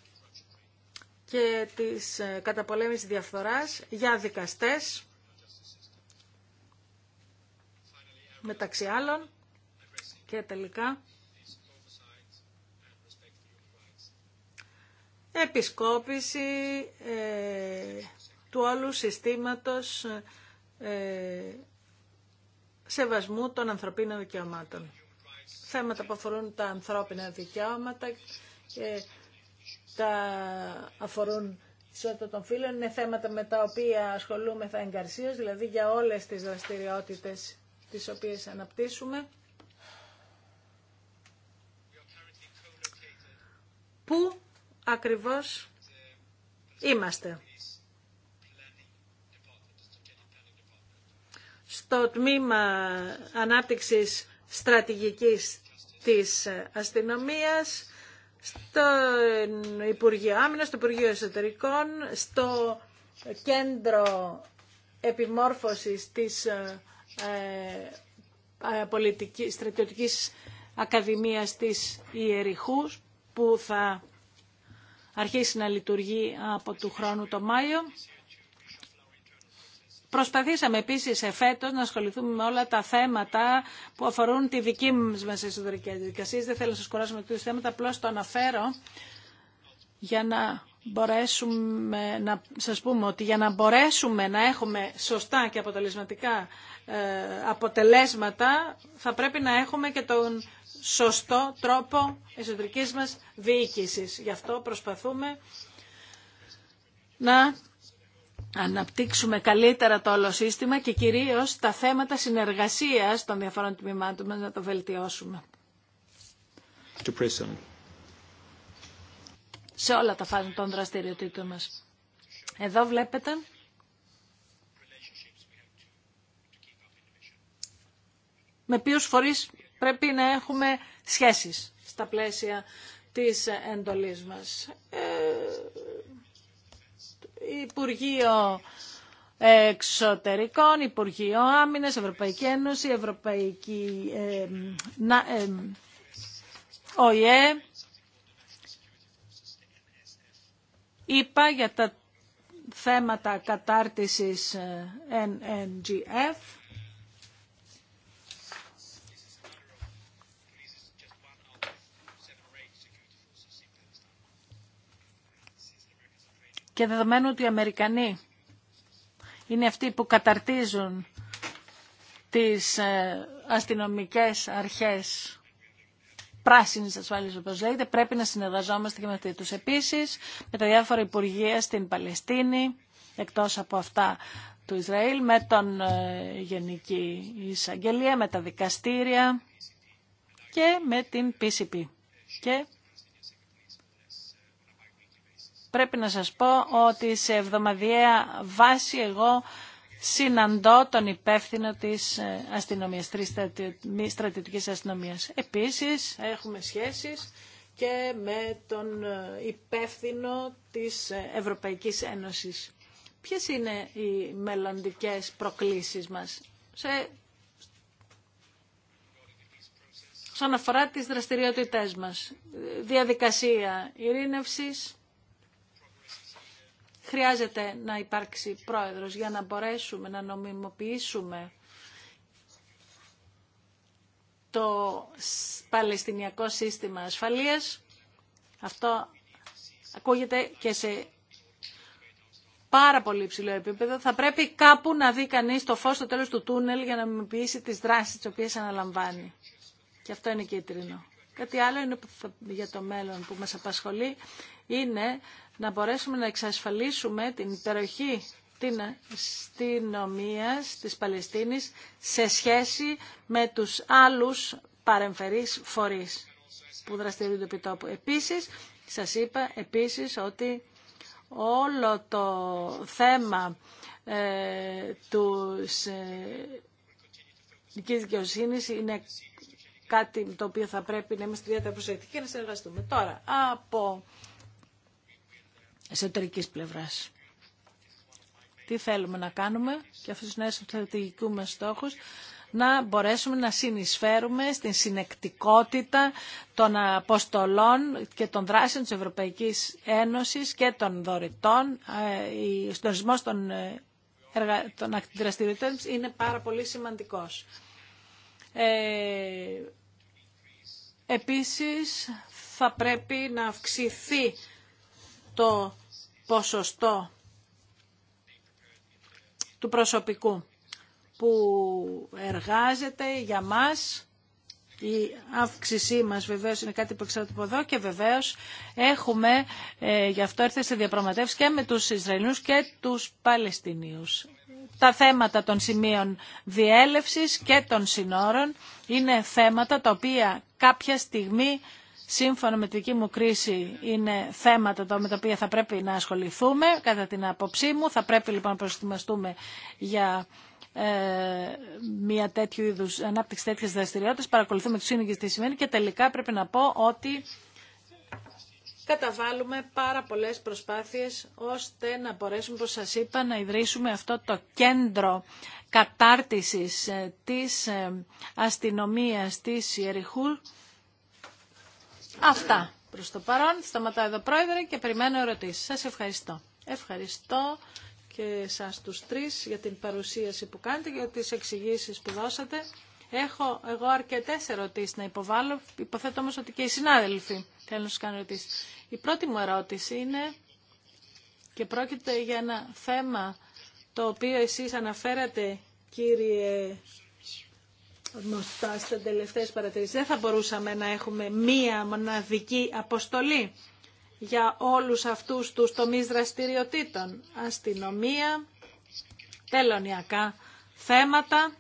και της ε, καταπολέμησης διαφθοράς για δικαστές, μεταξύ άλλων, και τελικά επισκόπηση ε, του όλου συστήματος ε, σεβασμού των ανθρωπίνων δικαιωμάτων. Θέματα που αφορούν τα ανθρώπινα δικαιώματα και ε, τα αφορούν ισότητα των φύλων. Είναι θέματα με τα οποία ασχολούμεθα εγκαρσίως, δηλαδή για όλες τις δραστηριότητες τις οποίες αναπτύσσουμε. Πού ακριβώς είμαστε. Στο τμήμα ανάπτυξης στρατηγικής της αστυνομίας, στο Υπουργείο Άμυνα, στο Υπουργείο Εσωτερικών, στο κέντρο επιμόρφωσης της ε, ε πολιτικής, στρατιωτικής ακαδημίας της Ιεριχούς που θα αρχίσει να λειτουργεί από του χρόνου το Μάιο. Προσπαθήσαμε επίσης εφέτος να ασχοληθούμε με όλα τα θέματα που αφορούν τη δική μα εσωτερική διαδικασία. Δεν θέλω να σα κουράσω με τέτοιου θέματα, απλώ το αναφέρω για να μπορέσουμε να πούμε ότι για να μπορέσουμε να έχουμε σωστά και αποτελεσματικά ε, αποτελέσματα θα πρέπει να έχουμε και τον σωστό τρόπο εσωτερικής μας διοίκησης. Γι' αυτό προσπαθούμε να αναπτύξουμε καλύτερα το όλο σύστημα και κυρίως τα θέματα συνεργασίας των διαφορών τμήματων να το βελτιώσουμε. Σε όλα τα φάσματα των δραστηριοτήτων μας. Εδώ βλέπετε με ποιους φορείς πρέπει να έχουμε σχέσεις στα πλαίσια της εντολής μας. Ε, Υπουργείο Εξωτερικών, Υπουργείο Άμυνας, Ευρωπαϊκή Ένωση, Ευρωπαϊκή ε, ε Είπα για τα θέματα κατάρτισης NNGF ε, Και δεδομένου ότι οι Αμερικανοί είναι αυτοί που καταρτίζουν τις ε, αστυνομικές αρχές πράσινη ασφάλεια, όπω λέγεται, πρέπει να συνεργαζόμαστε και με του. Επίση, με τα διάφορα υπουργεία στην Παλαιστίνη, εκτό από αυτά του Ισραήλ, με τον ε, Γενική Εισαγγελία, με τα δικαστήρια και με την PCP. Και πρέπει να σας πω ότι σε εβδομαδιαία βάση εγώ συναντώ τον υπεύθυνο της ε, αστυνομίας, της στρατιωτικής αστυνομίας. Επίσης έχουμε σχέσεις και με τον ε, υπεύθυνο της ε, Ευρωπαϊκής Ένωσης. Ποιες είναι οι μελλοντικές προκλήσεις μας σε... αναφορά αφορά τις δραστηριότητές μας, διαδικασία ειρήνευσης, χρειάζεται να υπάρξει πρόεδρος για να μπορέσουμε να νομιμοποιήσουμε το Παλαιστινιακό Σύστημα Ασφαλείας. Αυτό ακούγεται και σε πάρα πολύ υψηλό επίπεδο. Θα πρέπει κάπου να δει κανείς το φως στο τέλος του τούνελ για να νομιμοποιήσει τις δράσεις τις οποίες αναλαμβάνει. Και αυτό είναι κίτρινο. Κάτι άλλο είναι για το μέλλον που μας απασχολεί είναι να μπορέσουμε να εξασφαλίσουμε την υπεροχή την αστυνομία της Παλαιστίνης σε σχέση με τους άλλους παρεμφερείς φορείς που δραστηριούνται επί τόπου. Επίσης, σας είπα επίσης ότι όλο το θέμα ε, του ε, δικαιοσύνη είναι κάτι το οποίο θα πρέπει να είμαστε ιδιαίτερα προσεκτικοί και να συνεργαστούμε. Τώρα, από εσωτερικής πλευράς. Τι θέλουμε να κάνουμε και αυτούς τους νέους στρατηγικούς μας στόχους να μπορέσουμε να συνεισφέρουμε στην συνεκτικότητα των αποστολών και των δράσεων της Ευρωπαϊκής Ένωσης και των δωρητών. Ε, ο συντονισμός των, ε, των δραστηριοτήτων είναι πάρα πολύ σημαντικός. Ε... Επίσης, θα πρέπει να αυξηθεί το ποσοστό του προσωπικού που εργάζεται για μας. Η αύξησή μας βεβαίως είναι κάτι που εξαρτάται από εδώ και βεβαίως έχουμε, ε, γι' αυτό έρθει σε διαπραγματεύσεις και με τους Ισραηλινούς και τους Παλαιστινίους. Τα θέματα των σημείων διέλευσης και των συνόρων είναι θέματα τα οποία κάποια στιγμή σύμφωνα με τη δική μου κρίση είναι θέματα με τα οποία θα πρέπει να ασχοληθούμε κατά την άποψή μου. Θα πρέπει λοιπόν να προστιμαστούμε για ε, μια τέτοιου είδου ανάπτυξη τέτοιες δραστηριότητες. Παρακολουθούμε τους σύνεγγες τι σημαίνει και τελικά πρέπει να πω ότι καταβάλουμε πάρα πολλές προσπάθειες ώστε να μπορέσουμε, όπως σας είπα, να ιδρύσουμε αυτό το κέντρο κατάρτισης ε, της ε, αστυνομίας της Ιεριχούλ Αυτά προς το παρόν. Σταματάω εδώ πρόεδρε και περιμένω ερωτήσει. Σας ευχαριστώ. Ευχαριστώ και σας τους τρεις για την παρουσίαση που κάνετε και για τις εξηγήσεις που δώσατε. Έχω εγώ αρκετέ ερωτήσει να υποβάλω, υποθέτω όμω ότι και οι συνάδελφοι θέλουν να σα κάνουν ερωτήσει. Η πρώτη μου ερώτηση είναι και πρόκειται για ένα θέμα το οποίο εσείς αναφέρατε κύριε γνωστά στα τελευταίες παρατηρήσεις. Δεν θα μπορούσαμε να έχουμε μία μοναδική αποστολή για όλους αυτούς τους τομείς δραστηριοτήτων. Αστυνομία, τελωνιακά θέματα,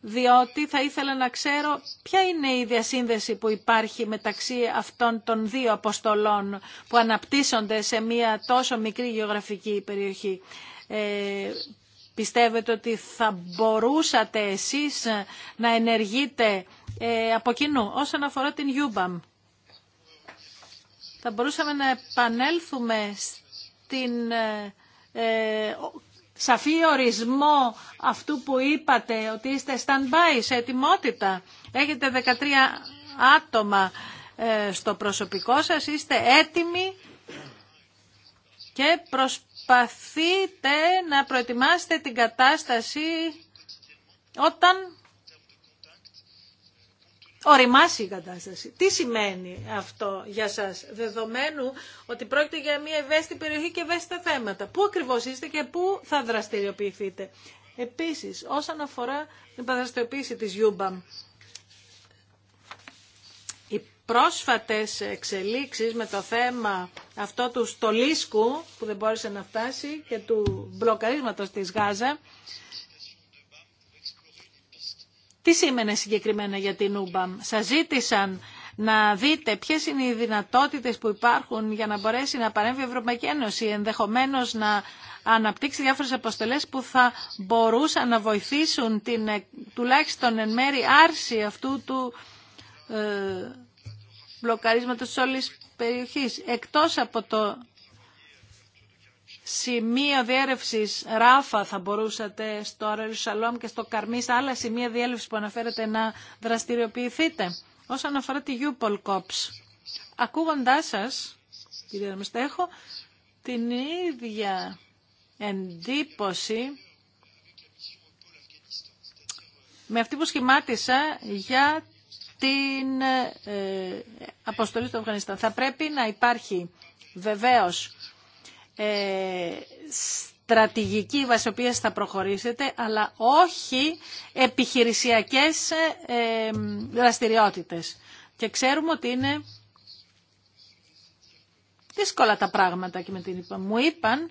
διότι θα ήθελα να ξέρω ποια είναι η διασύνδεση που υπάρχει μεταξύ αυτών των δύο αποστολών που αναπτύσσονται σε μία τόσο μικρή γεωγραφική περιοχή. Ε, Πιστεύετε ότι θα μπορούσατε εσείς να ενεργείτε ε, από κοινού όσον αφορά την UBAM. Θα μπορούσαμε να επανέλθουμε στην ε, ε, σαφή ορισμό αυτού που είπατε ότι είστε stand-by σε ετοιμότητα. Έχετε 13 άτομα στο προσωπικό σας, είστε έτοιμοι και προσπαθείτε προσπαθείτε να προετοιμάσετε την κατάσταση όταν οριμάσει η κατάσταση. Τι σημαίνει αυτό για σας, δεδομένου ότι πρόκειται για μια ευαίσθητη περιοχή και ευαίσθητα θέματα. Πού ακριβώς είστε και πού θα δραστηριοποιηθείτε. Επίσης, όσον αφορά την παραστηριοποίηση της UBAM, πρόσφατες εξελίξεις με το θέμα αυτό του στολίσκου που δεν μπόρεσε να φτάσει και του μπλοκαρίσματος της Γάζα. Τι σήμαινε συγκεκριμένα για την Ούμπαμ. Σας ζήτησαν να δείτε ποιες είναι οι δυνατότητες που υπάρχουν για να μπορέσει να παρέμβει η Ευρωπαϊκή Ένωση, ενδεχομένως να αναπτύξει διάφορες αποστολές που θα μπορούσαν να βοηθήσουν την ε, τουλάχιστον εν μέρη άρση αυτού του ε, μπλοκαρίσματος όλης περιοχής. Εκτός από το σημείο διέρευσης Ράφα θα μπορούσατε στο Αρελ και στο Καρμίς άλλα σημεία διέρευσης που αναφέρετε να δραστηριοποιηθείτε. Όσον αφορά τη Γιούπολ Κόψ, ακούγοντάς σας, κύριε Δαμιστέχο, την ίδια εντύπωση με αυτή που σχημάτισα για την ε, αποστολή του Αφγανιστάν. Θα πρέπει να υπάρχει βεβαίως ε, στρατηγική βάση στα θα προχωρήσετε, αλλά όχι επιχειρησιακές ε, δραστηριότητες. Και ξέρουμε ότι είναι δύσκολα τα πράγματα και με την είπα. Μου είπαν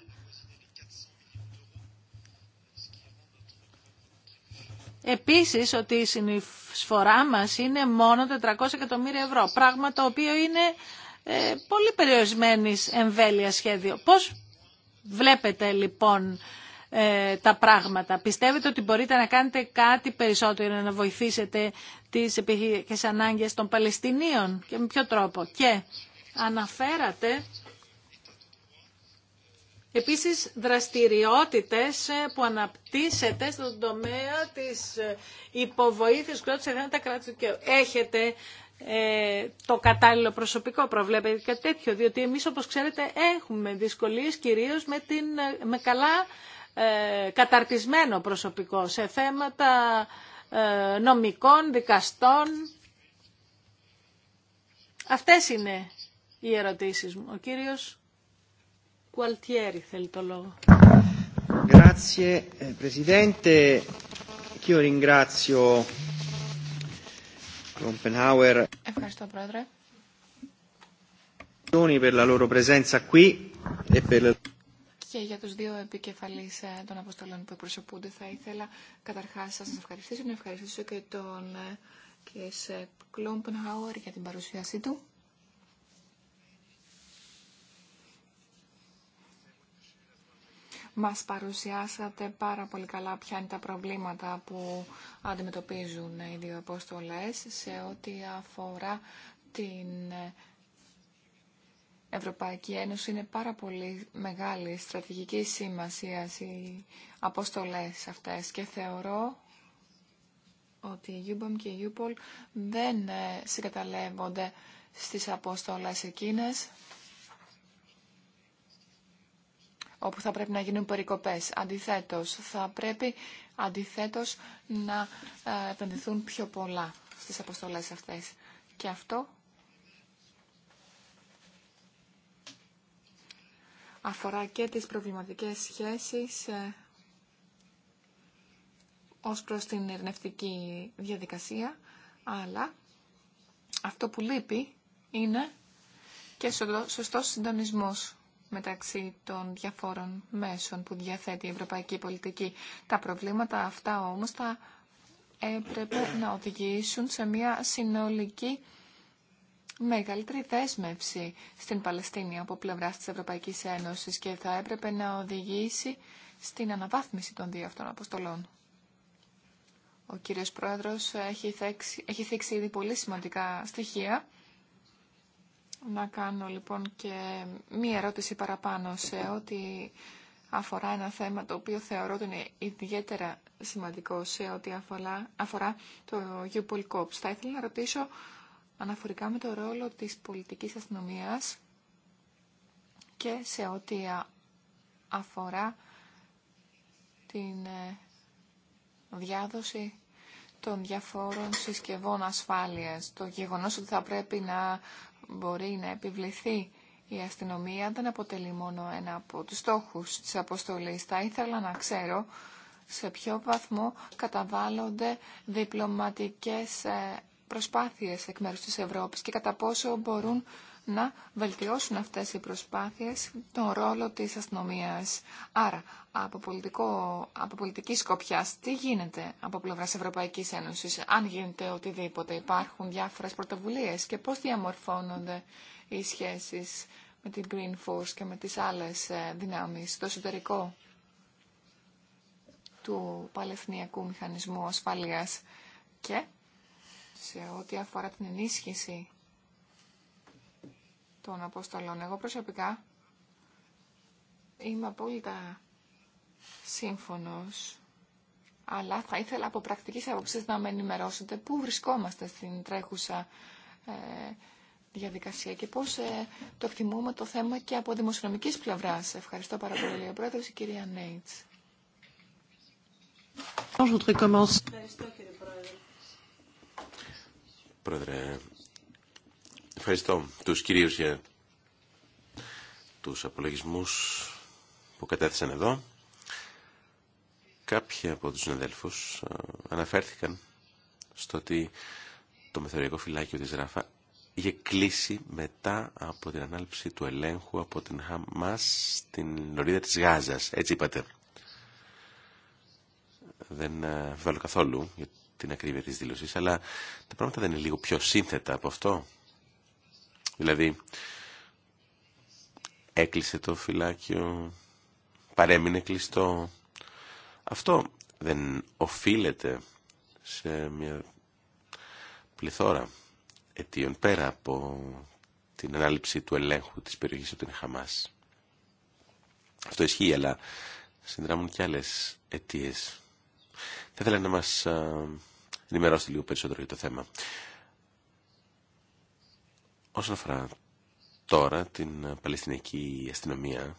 επίσης ότι η συνεισφορά μας είναι μόνο 400 εκατομμύρια ευρώ, πράγμα το οποίο είναι ε, πολύ περιορισμένης εμβέλεια σχέδιο. Πώς βλέπετε λοιπόν ε, τα πράγματα. Πιστεύετε ότι μπορείτε να κάνετε κάτι περισσότερο να βοηθήσετε τις επιχειρήσεις ανάγκες των Παλαιστινίων και με ποιο τρόπο. Και αναφέρατε Επίσης δραστηριότητες ε, που αναπτύσσετε στον τομέα της ε, υποβοήθειας κράτους σε τα κράτη δικαίου. Έχετε ε, το κατάλληλο προσωπικό προβλέπετε κάτι τέτοιο, διότι εμείς όπως ξέρετε έχουμε δυσκολίες κυρίως με, την, με καλά καταρτισμένο προσωπικό σε θέματα νομικών, δικαστών. Αυτές είναι οι ερωτήσεις μου. Ο κύριος Κουαλτιέρη θέλει το λόγο. Grazie eh, Presidente, io ringrazio Rompenhauer Ευχαριστώ Πρόεδρε. Per la loro presenza qui e per Και για τους δύο επικεφαλείς ε, των αποστολών που εκπροσωπούνται θα ήθελα καταρχάς να σας ευχαριστήσω, να ευχαριστήσω και τον ε, και σε Κλόμπενχάουερ για την παρουσίασή του. Μας παρουσιάσατε πάρα πολύ καλά ποια είναι τα προβλήματα που αντιμετωπίζουν οι δύο αποστολές σε ό,τι αφορά την Ευρωπαϊκή Ένωση είναι πάρα πολύ μεγάλη στρατηγική σημασία οι αποστολές αυτές και θεωρώ ότι η UBOM και η UPOL δεν ε, συγκαταλέγονται στις αποστολές εκείνες όπου θα πρέπει να γίνουν περικοπές. Αντιθέτως, θα πρέπει αντιθέτως να ε, επενδυθούν πιο πολλά στις αποστολές αυτές. Και αυτό αφορά και τις προβληματικές σχέσεις ε, ως προς την ερνευτική διαδικασία, αλλά αυτό που λείπει είναι και σωστός συντονισμός μεταξύ των διαφόρων μέσων που διαθέτει η ευρωπαϊκή πολιτική. Τα προβλήματα αυτά όμως θα έπρεπε να οδηγήσουν σε μια συνολική μεγαλύτερη δέσμευση στην Παλαιστίνη από πλευρά της Ευρωπαϊκής Ένωσης και θα έπρεπε να οδηγήσει στην αναβάθμιση των δύο αυτών αποστολών. Ο κύριος Πρόεδρος έχει θίξει, ήδη πολύ σημαντικά στοιχεία να κάνω λοιπόν και μία ερώτηση παραπάνω σε ό,τι αφορά ένα θέμα το οποίο θεωρώ ότι είναι ιδιαίτερα σημαντικό σε ό,τι αφορά, αφορά το γεωπολικό. Θα ήθελα να ρωτήσω αναφορικά με το ρόλο της πολιτικής αστυνομίας και σε ό,τι αφορά την ε, διάδοση των διαφόρων συσκευών ασφάλειας. Το γεγονός ότι θα πρέπει να μπορεί να επιβληθεί η αστυνομία δεν αποτελεί μόνο ένα από τους στόχους της αποστολής. Θα ήθελα να ξέρω σε ποιο βαθμό καταβάλλονται διπλωματικές ε, προσπάθειες εκ μέρους της Ευρώπης και κατά πόσο μπορούν να βελτιώσουν αυτές οι προσπάθειες τον ρόλο της αστυνομίας. Άρα, από, πολιτικό, από πολιτική σκοπιά, τι γίνεται από πλευράς Ευρωπαϊκής Ένωσης, αν γίνεται οτιδήποτε, υπάρχουν διάφορες πρωτοβουλίες και πώς διαμορφώνονται οι σχέσεις με την Green Force και με τις άλλες ε, δυνάμεις στο εσωτερικό του Παλαιθνιακού Μηχανισμού Ασφαλείας και σε ό,τι αφορά την ενίσχυση των αποστολών. Εγώ προσωπικά είμαι απόλυτα σύμφωνος, αλλά θα ήθελα από πρακτικής άποψης να με ενημερώσετε πού βρισκόμαστε στην τρέχουσα ε, διαδικασία και πώς ε, το εκτιμούμε το θέμα και από δημοσιονομικής πλευράς. Ευχαριστώ πάρα πολύ, ο Πρόεδρος, η κυρία Νέιτς. Ευχαριστώ, κύριε Πρόεδρε, Ευχαριστώ τους κυρίους για τους απολογισμούς που κατέθεσαν εδώ. Κάποιοι από τους συναδέλφους ε, αναφέρθηκαν στο ότι το μεθοριακό φυλάκιο της Ράφα είχε κλείσει μετά από την ανάλυψη του ελέγχου από την Χαμάς στην λωρίδα της Γάζας. Έτσι είπατε. Δεν ε, βάλω καθόλου για την ακρίβεια της δήλωσης, αλλά τα πράγματα δεν είναι λίγο πιο σύνθετα από αυτό. Δηλαδή, έκλεισε το φυλάκιο, παρέμεινε κλειστό. Αυτό δεν οφείλεται σε μια πληθώρα αιτίων πέρα από την ανάληψη του ελέγχου της περιοχής από την Χαμάς. Αυτό ισχύει, αλλά συνδράμουν και άλλες αιτίες. Θα ήθελα να μας ενημερώσετε λίγο περισσότερο για το θέμα. Όσον αφορά τώρα την Παλαιστινική αστυνομία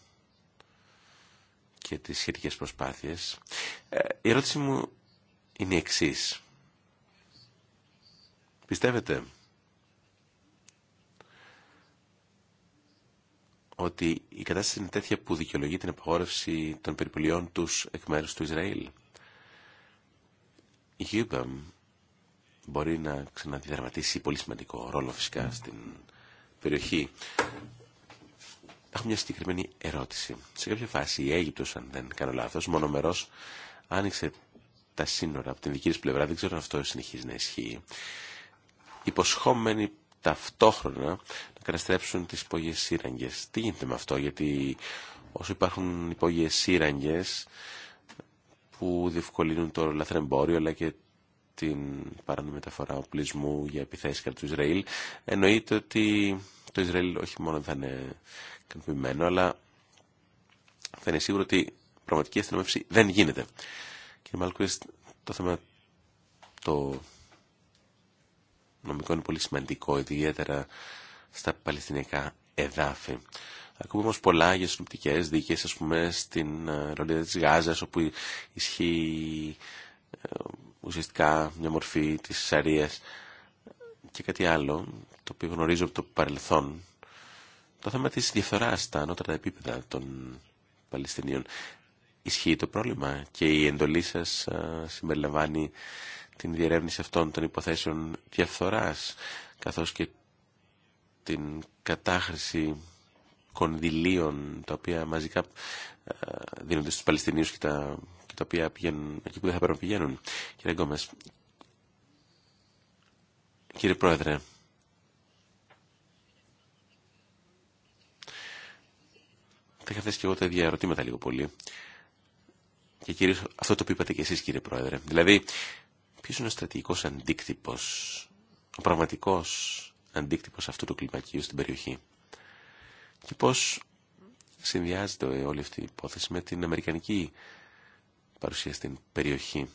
και τις σχετικές προσπάθειες, ε, η ερώτηση μου είναι η εξής. Πιστεύετε ότι η κατάσταση είναι τέτοια που δικαιολογεί την απαγόρευση των περιπολιών τους εκ μέρους του Ισραήλ. Η μπορεί να ξαναδιδραματίσει πολύ σημαντικό ρόλο φυσικά στην περιοχή. Έχω μια συγκεκριμένη ερώτηση. Σε κάποια φάση η Αίγυπτος, αν δεν κάνω λάθος, μονομερός άνοιξε τα σύνορα από την δική της πλευρά, δεν ξέρω αν αυτό συνεχίζει να ισχύει, υποσχόμενοι ταυτόχρονα να καταστρέψουν τις υπόγειες σύραγγες. Τι γίνεται με αυτό, γιατί όσο υπάρχουν υπόγειες σύραγγες που διευκολύνουν το λαθρεμπόριο αλλά και την παράνομη μεταφορά οπλισμού για επιθέσεις κατά του Ισραήλ, εννοείται ότι το Ισραήλ όχι μόνο θα είναι κανοποιημένο, αλλά θα είναι σίγουρο ότι πραγματική αστυνομεύση δεν γίνεται. Κύριε μάλκουε το θέμα το νομικό είναι πολύ σημαντικό, ιδιαίτερα στα παλαιστινιακά εδάφη. Ακούμε όμω πολλά για συνοπτικέ δικαιέ α πούμε, στην ε, ρολίδα τη Γάζα, όπου ισχύει ε, ουσιαστικά μια μορφή της σαρίας και κάτι άλλο το οποίο γνωρίζω από το παρελθόν το θέμα της διαφθοράς στα ανώτερα επίπεδα των Παλαιστινίων ισχύει το πρόβλημα και η εντολή σας συμπεριλαμβάνει την διερεύνηση αυτών των υποθέσεων διαφθοράς καθώς και την κατάχρηση κονδυλίων τα οποία μαζικά δίνονται στους Παλαιστινίους και τα και τα οποία πηγαίνουν εκεί που δεν θα πρέπει να πηγαίνουν. Κύριε Γκόμες, κύριε Πρόεδρε, θα είχα θέσει και εγώ τα ίδια ερωτήματα λίγο πολύ. Και κύριε, αυτό το που είπατε και εσείς κύριε Πρόεδρε. Δηλαδή, ποιος είναι ο στρατηγικός αντίκτυπος, ο πραγματικός αντίκτυπος αυτού του κλιμακίου στην περιοχή. Και πώς συνδυάζεται όλη αυτή η υπόθεση με την αμερικανική παρουσία στην περιοχή.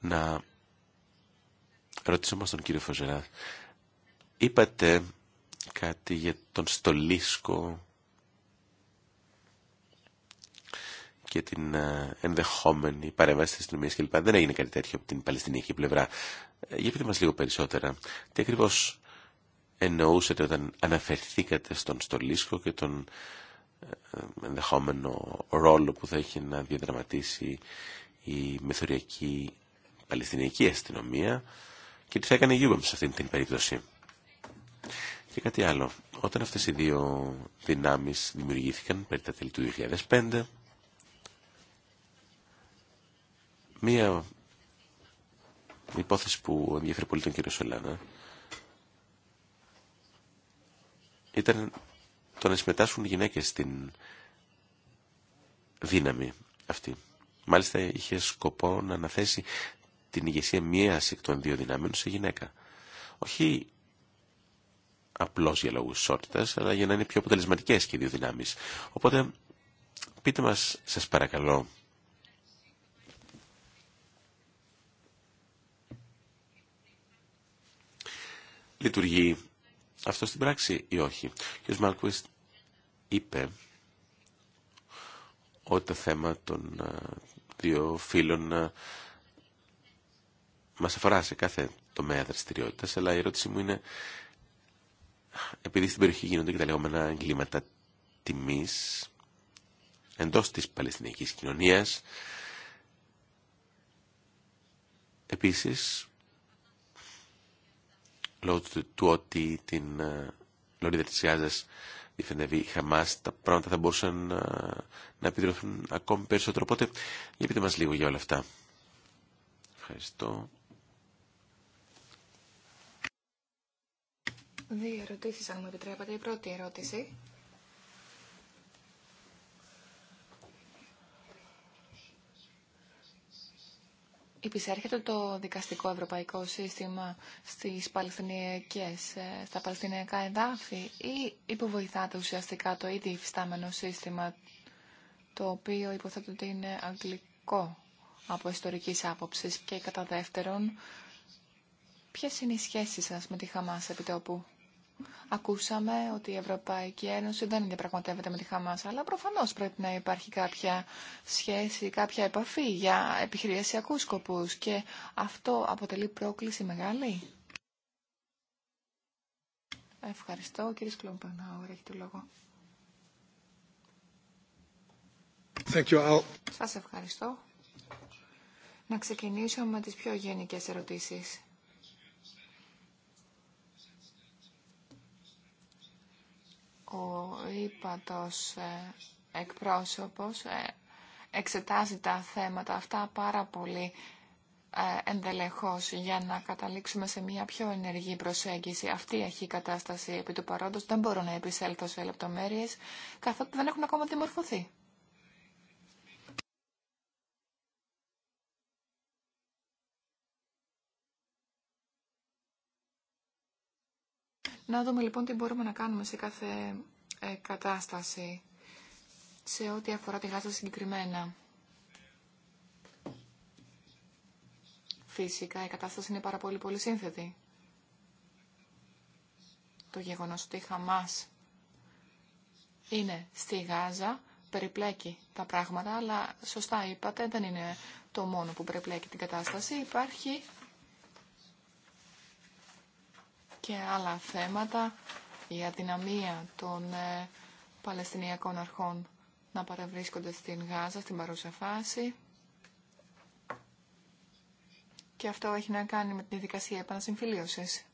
Να ρωτήσω μας τον κύριο Φωζερά. Είπατε κάτι για τον στολίσκο και την ε, ενδεχόμενη παρέμβαση της αστυνομίας κλπ. Δεν έγινε κάτι τέτοιο από την Παλαιστινιακή πλευρά. Ε, για πείτε μας λίγο περισσότερα. Τι ακριβώς εννοούσατε όταν αναφερθήκατε στον Στολίσκο και τον ε, ενδεχόμενο ρόλο που θα έχει να διαδραματίσει η μεθοριακή Παλαιστινιακή αστυνομία και τι θα έκανε η σε αυτήν την περίπτωση. Και κάτι άλλο. Όταν αυτές οι δύο δυνάμεις δημιουργήθηκαν περί τα τέλη του 2005, μία υπόθεση που ενδιαφέρει πολύ τον κύριο Σολάνα ήταν το να συμμετάσχουν γυναίκες στην δύναμη αυτή. Μάλιστα είχε σκοπό να αναθέσει την ηγεσία μίας εκ των δύο δυνάμεων σε γυναίκα. Όχι απλώς για λόγους ισότητας, αλλά για να είναι πιο αποτελεσματικές και οι δύο δυνάμεις. Οπότε πείτε μας, σας παρακαλώ, λειτουργεί αυτό στην πράξη ή όχι. Ο κ. Μάλκουιστ είπε ότι το θέμα των ε, δύο φίλων ε, μας αφορά σε κάθε τομέα δραστηριότητα, αλλά η ερώτηση μου είναι επειδή στην περιοχή γίνονται και τα λεγόμενα εγκλήματα τιμής εντός της Παλαιστινιακής κοινωνίας επίσης λόγω του ότι την ε, λωρίδα της Γάζας διφενεύει η Χαμάς, τα πράγματα θα μπορούσαν ε, να επιδροθούν ακόμη περισσότερο. Οπότε, λείπετε μας λίγο για όλα αυτά. Ευχαριστώ. Δύο ερωτήσεις, αν μου επιτρέπετε. Η πρώτη ερώτηση υπησέρχεται το δικαστικό ευρωπαϊκό σύστημα στις Παλαιστινιακές, ε, στα Παλαιστινιακά εδάφη ή υποβοηθάται ουσιαστικά το ήδη υφιστάμενο σύστημα το οποίο υποθέτω ότι είναι αγγλικό από ιστορικής άποψης και κατά δεύτερον ποιες είναι οι σχέσεις σας με τη Χαμάς επιτόπου. Ακούσαμε ότι η Ευρωπαϊκή Ένωση δεν διαπραγματεύεται με τη Χαμάς, αλλά προφανώς πρέπει να υπάρχει κάποια σχέση, κάποια επαφή για επιχειρησιακούς σκοπούς και αυτό αποτελεί πρόκληση μεγάλη. Ευχαριστώ. Κύριε Σκλομπανάουρ, έχει το λόγο. Thank you. Σας ευχαριστώ. Να ξεκινήσω με τις πιο γενικές ερωτήσεις. ο ύπατος ε, εκπρόσωπος ε, εξετάζει τα θέματα αυτά πάρα πολύ ε, ενδελεχώς για να καταλήξουμε σε μια πιο ενεργή προσέγγιση. Αυτή έχει η κατάσταση επί του παρόντος. Δεν μπορώ να επισέλθω σε λεπτομέρειες, καθότι δεν έχουν ακόμα δημορφωθεί. Να δούμε λοιπόν τι μπορούμε να κάνουμε σε κάθε ε, κατάσταση, σε ό,τι αφορά τη Γάζα συγκεκριμένα. Φυσικά η κατάσταση είναι πάρα πολύ πολύ σύνθετη. Το γεγονός ότι η Χαμάς είναι στη Γάζα περιπλέκει τα πράγματα, αλλά σωστά είπατε δεν είναι το μόνο που περιπλέκει την κατάσταση. Υπάρχει και άλλα θέματα, η αδυναμία των ε, Παλαιστινιακών αρχών να παρευρίσκονται στην Γάζα, στην παρούσα φάση. Και αυτό έχει να κάνει με την δικασία επανασυμφιλίωσης,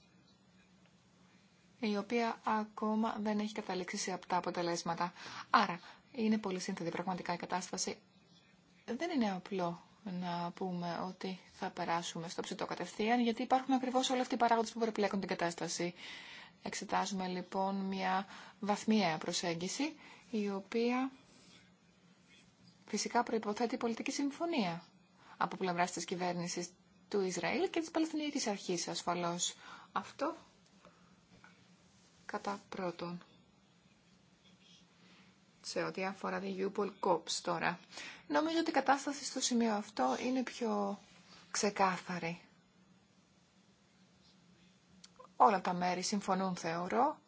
η οποία ακόμα δεν έχει καταλήξει σε αυτά αποτελέσματα. Άρα, είναι πολύ σύνθετη πραγματικά η κατάσταση. Δεν είναι απλό να πούμε ότι θα περάσουμε στο ψητό κατευθείαν, γιατί υπάρχουν ακριβώς όλοι αυτοί οι παράγοντες που περιπλέκουν την κατάσταση. Εξετάζουμε λοιπόν μια βαθμιαία προσέγγιση, η οποία φυσικά προϋποθέτει πολιτική συμφωνία από πλευρά της κυβέρνησης του Ισραήλ και της Παλαιστινιακής Αρχής ασφαλώ Αυτό κατά πρώτον σε ό,τι αφορά την Upol Cops τώρα. Νομίζω ότι η κατάσταση στο σημείο αυτό είναι πιο ξεκάθαρη. Όλα τα μέρη συμφωνούν, θεωρώ,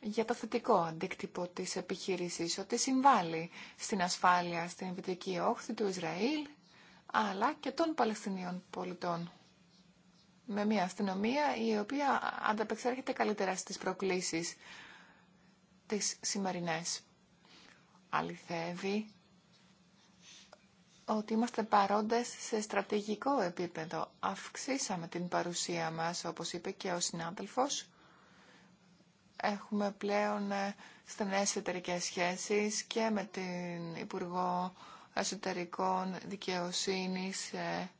για το θετικό αντίκτυπο της επιχείρησης, ότι συμβάλλει στην ασφάλεια στην Βυτική Όχθη του Ισραήλ, αλλά και των Παλαιστινίων πολιτών. Με μια αστυνομία η οποία ανταπεξέρχεται καλύτερα στις προκλήσεις τις σημερινές αληθεύει ότι είμαστε παρόντες σε στρατηγικό επίπεδο. Αυξήσαμε την παρουσία μας, όπως είπε και ο συνάδελφος. Έχουμε πλέον ε, στενές εταιρικέ σχέσεις και με την Υπουργό Εσωτερικών Δικαιοσύνης, ε,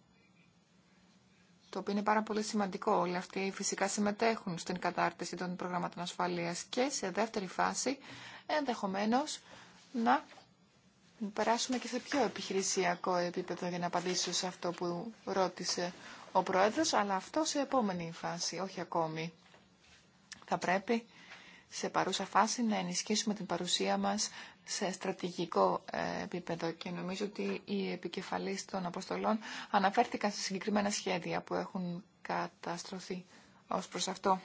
το οποίο είναι πάρα πολύ σημαντικό. Όλοι αυτοί φυσικά συμμετέχουν στην κατάρτιση των προγραμμάτων ασφαλείας και σε δεύτερη φάση ενδεχομένως να περάσουμε και σε πιο επιχειρησιακό επίπεδο για να απαντήσω σε αυτό που ρώτησε ο Πρόεδρος, αλλά αυτό σε επόμενη φάση, όχι ακόμη. Θα πρέπει σε παρούσα φάση να ενισχύσουμε την παρουσία μας σε στρατηγικό ε, επίπεδο και νομίζω ότι οι επικεφαλής των αποστολών αναφέρθηκαν σε συγκεκριμένα σχέδια που έχουν καταστρωθεί ως προς αυτό.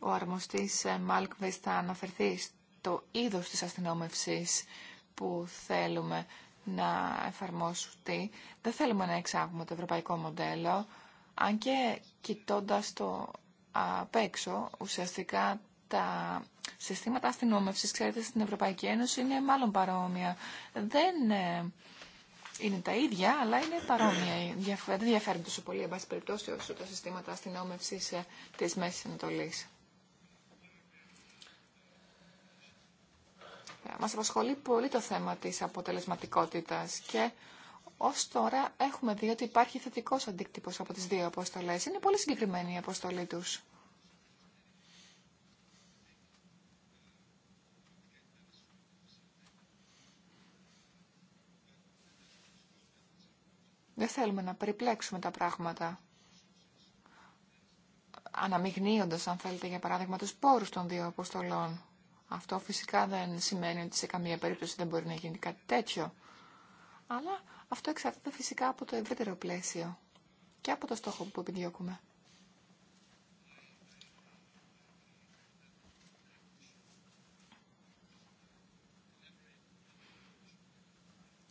Ο αρμοστής ε, Μάλκβες θα αναφερθεί στο είδος της αστυνόμευσης που θέλουμε να εφαρμόσουμε. Δεν θέλουμε να εξάγουμε το ευρωπαϊκό μοντέλο, αν και κοιτώντας το απ' έξω, ουσιαστικά τα συστήματα αστυνόμευσης, ξέρετε, στην Ευρωπαϊκή Ένωση είναι μάλλον παρόμοια. Δεν ε, είναι τα ίδια, αλλά είναι παρόμοια. Δεν διαφέρουν τόσο πολύ, εν πάση περιπτώσει, όσο τα συστήματα αστυνόμευσης ε, της Μέσης Ανατολής. Μας απασχολεί πολύ το θέμα της αποτελεσματικότητας και ως τώρα έχουμε δει ότι υπάρχει θετικός αντίκτυπος από τις δύο αποστολές. Είναι πολύ συγκεκριμένη η αποστολή τους. Δεν θέλουμε να περιπλέξουμε τα πράγματα. Αναμειγνύοντας, αν θέλετε, για παράδειγμα, τους πόρους των δύο αποστολών. Αυτό φυσικά δεν σημαίνει ότι σε καμία περίπτωση δεν μπορεί να γίνει κάτι τέτοιο. Αλλά αυτό εξαρτάται φυσικά από το ευρύτερο πλαίσιο και από το στόχο που επιδιώκουμε.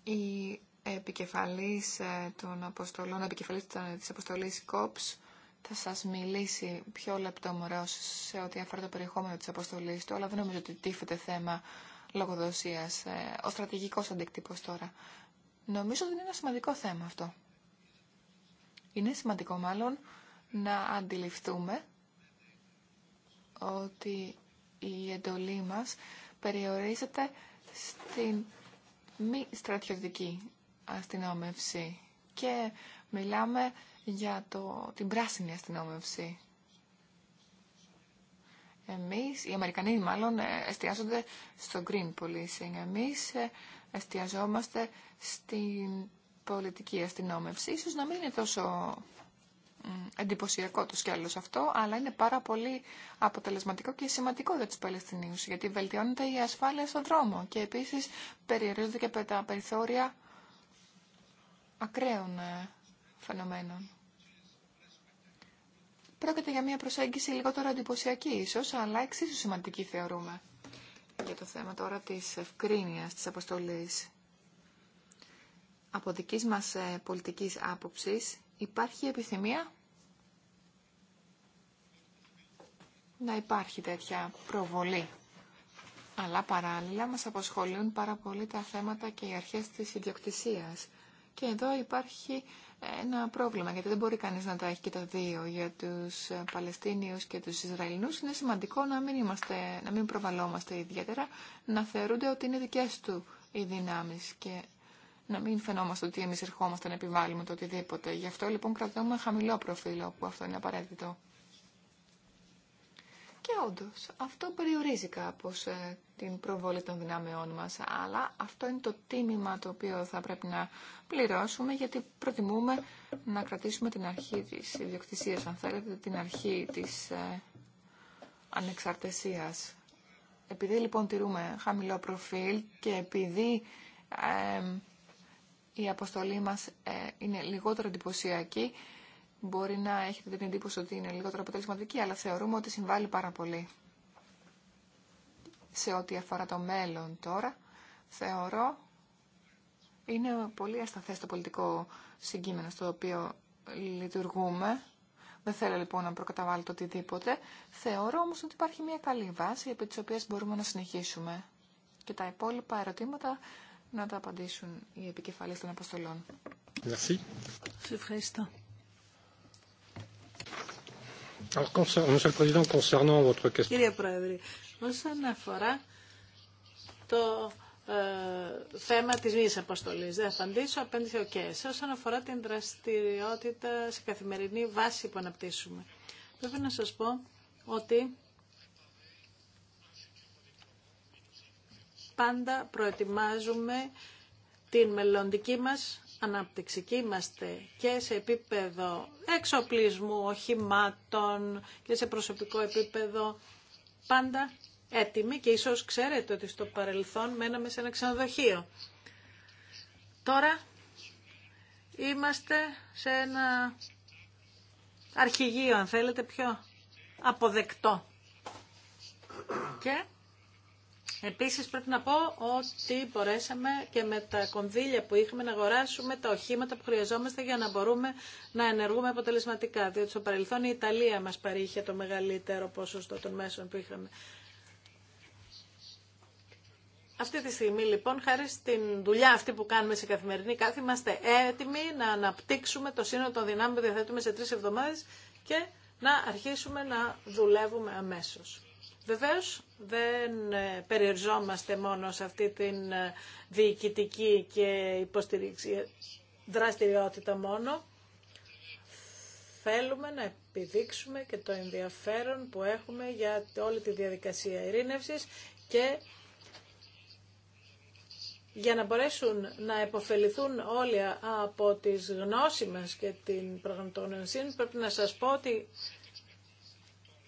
Η επικεφαλής ε, των αποστολών, επικεφαλής ε, της αποστολής COPS θα σας μιλήσει πιο μωρό... σε ό,τι αφορά το περιεχόμενο της αποστολής του, αλλά δεν νομίζω ότι τύφεται θέμα λογοδοσίας, ε, ο στρατηγικός αντικτύπος τώρα. Νομίζω ότι είναι ένα σημαντικό θέμα αυτό. Είναι σημαντικό μάλλον να αντιληφθούμε ότι η εντολή μας περιορίζεται στην μη στρατιωτική αστυνόμευση και μιλάμε για το, την πράσινη αστυνόμευση. Εμείς, οι Αμερικανοί μάλλον, ε, εστιάζονται στο green policing. Εμείς ε, εστιαζόμαστε στην πολιτική αστυνόμευση. Ίσως να μην είναι τόσο εντυπωσιακό το σκέλος αυτό, αλλά είναι πάρα πολύ αποτελεσματικό και σημαντικό για τους Παλαιστινίους, γιατί βελτιώνεται η ασφάλεια στον δρόμο και επίσης περιορίζονται και τα περιθώρια ακραίων ε, φαινομένων. Πρόκειται για μια προσέγγιση λιγότερο εντυπωσιακή ίσως, αλλά εξίσου σημαντική θεωρούμε για το θέμα τώρα της ευκρίνεια της αποστολή Από δική μας ε, πολιτικής άποψης υπάρχει επιθυμία να υπάρχει τέτοια προβολή. Αλλά παράλληλα μας αποσχολούν πάρα πολύ τα θέματα και οι αρχές της ιδιοκτησίας. Και εδώ υπάρχει ένα πρόβλημα, γιατί δεν μπορεί κανείς να τα έχει και τα δύο για τους Παλαιστίνιους και τους Ισραηλινούς. Είναι σημαντικό να μην, είμαστε, να μην προβαλόμαστε ιδιαίτερα, να θεωρούνται ότι είναι δικές του οι δυνάμεις και να μην φαινόμαστε ότι εμείς ερχόμαστε να επιβάλλουμε το οτιδήποτε. Γι' αυτό λοιπόν κρατούμε χαμηλό προφίλ όπου αυτό είναι απαραίτητο. Και όντω, αυτό περιορίζει κάπω ε, την προβολή των δυνάμεών μα. Αλλά αυτό είναι το τίμημα το οποίο θα πρέπει να πληρώσουμε, γιατί προτιμούμε να κρατήσουμε την αρχή τη ιδιοκτησία, αν θέλετε, την αρχή τη ε, ανεξαρτησία. Επειδή λοιπόν τηρούμε χαμηλό προφίλ και επειδή ε, η αποστολή μας είναι λιγότερο εντυπωσιακή, Μπορεί να έχετε την εντύπωση ότι είναι λιγότερο αποτελεσματική, αλλά θεωρούμε ότι συμβάλλει πάρα πολύ. Σε ό,τι αφορά το μέλλον τώρα, θεωρώ είναι πολύ ασταθές το πολιτικό συγκείμενο στο οποίο λειτουργούμε. Δεν θέλω λοιπόν να προκαταβάλω το οτιδήποτε. Θεωρώ όμως ότι υπάρχει μια καλή βάση επί της οποίας μπορούμε να συνεχίσουμε. Και τα υπόλοιπα ερωτήματα να τα απαντήσουν οι επικεφαλής των αποστολών. ευχαριστώ. Κύριε Πρόεδρε, όσον αφορά το ε, θέμα της μη αποστολής, δεν απαντήσω, απέντησε ο ΚΕΣ. Όσον αφορά την δραστηριότητα σε καθημερινή βάση που αναπτύσσουμε, πρέπει να σας πω ότι πάντα προετοιμάζουμε την μελλοντική μας ανάπτυξη και είμαστε και σε επίπεδο εξοπλισμού, οχημάτων και σε προσωπικό επίπεδο πάντα έτοιμοι και ίσως ξέρετε ότι στο παρελθόν μέναμε σε ένα ξενοδοχείο. Τώρα είμαστε σε ένα αρχηγείο, αν θέλετε, πιο αποδεκτό. Και Επίσης πρέπει να πω ότι μπορέσαμε και με τα κονδύλια που είχαμε να αγοράσουμε τα οχήματα που χρειαζόμαστε για να μπορούμε να ενεργούμε αποτελεσματικά. Διότι στο παρελθόν η Ιταλία μας παρήχε το μεγαλύτερο ποσοστό των μέσων που είχαμε. Αυτή τη στιγμή λοιπόν, χάρη στην δουλειά αυτή που κάνουμε σε καθημερινή κάθε, είμαστε έτοιμοι να αναπτύξουμε το σύνολο των δυνάμεων που διαθέτουμε σε τρει εβδομάδε και να αρχίσουμε να δουλεύουμε αμέσως. Βεβαίως δεν ε, περιοριζόμαστε μόνο σε αυτή την ε, διοικητική και υποστηρίξη ε, δραστηριότητα μόνο. Θέλουμε να επιδείξουμε και το ενδιαφέρον που έχουμε για όλη τη διαδικασία ειρήνευσης και για να μπορέσουν να επωφεληθούν όλοι από τις γνώσεις μας και την προγραμματογνωσία πρέπει να σας πω ότι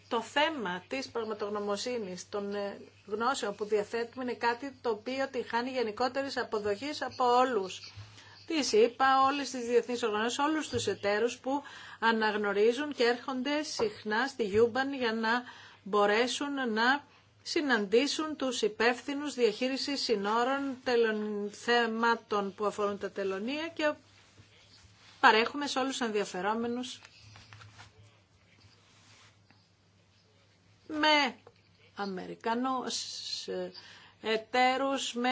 το θέμα της πραγματογνωμοσύνης των ε, γνώσεων που διαθέτουμε είναι κάτι το οποίο τη χάνει γενικότερης αποδοχής από όλους. Τι είπα, όλες τις διεθνείς οργανώσεις, όλους τους εταίρους που αναγνωρίζουν και έρχονται συχνά στη Γιούμπαν για να μπορέσουν να συναντήσουν τους υπεύθυνους διαχείρισης συνόρων τελων... θέματων που αφορούν τα τελωνία και παρέχουμε σε όλους του ενδιαφερόμενου. με Αμερικανούς ε, εταίρους, με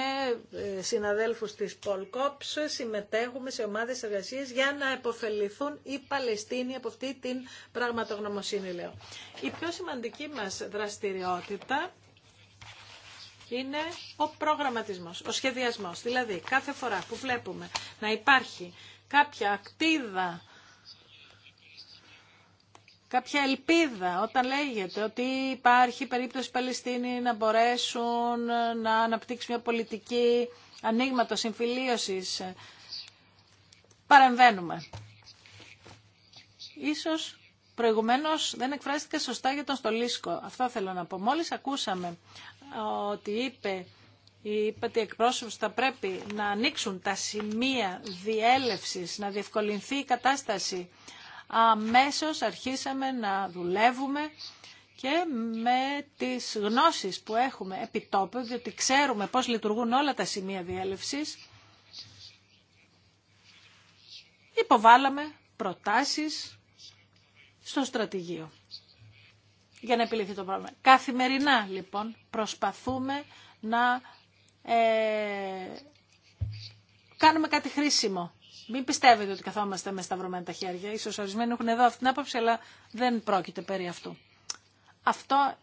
ε, συναδέλφους της Πολκόψ, συμμετέχουμε σε ομάδες εργασίας για να επωφεληθούν οι Παλαιστίνοι από αυτή την πραγματογνωμοσύνη, λέω. Η πιο σημαντική μας δραστηριότητα είναι ο προγραμματισμός, ο σχεδιασμός. Δηλαδή, κάθε φορά που βλέπουμε να υπάρχει κάποια ακτίδα κάποια ελπίδα όταν λέγεται ότι υπάρχει περίπτωση Παλαιστίνη να μπορέσουν να αναπτύξουν μια πολιτική ανοίγματο συμφιλίωσης. Παρεμβαίνουμε. Ίσως προηγουμένως δεν εκφράστηκε σωστά για τον Στολίσκο. Αυτό θέλω να πω. Μόλις ακούσαμε ότι είπε είπε ότι οι εκπρόσωποι θα πρέπει να ανοίξουν τα σημεία διέλευσης, να διευκολυνθεί η κατάσταση αμέσως αρχίσαμε να δουλεύουμε και με τις γνώσεις που έχουμε επί διότι ξέρουμε πώς λειτουργούν όλα τα σημεία διέλευσης, υποβάλαμε προτάσεις στο στρατηγείο για να επιληθεί το πρόβλημα. Καθημερινά, λοιπόν, προσπαθούμε να ε, κάνουμε κάτι χρήσιμο μην πιστεύετε ότι καθόμαστε με σταυρωμένα τα χέρια. Ίσως ορισμένοι έχουν εδώ αυτήν την άποψη, αλλά δεν πρόκειται περί αυτού. Αυτό,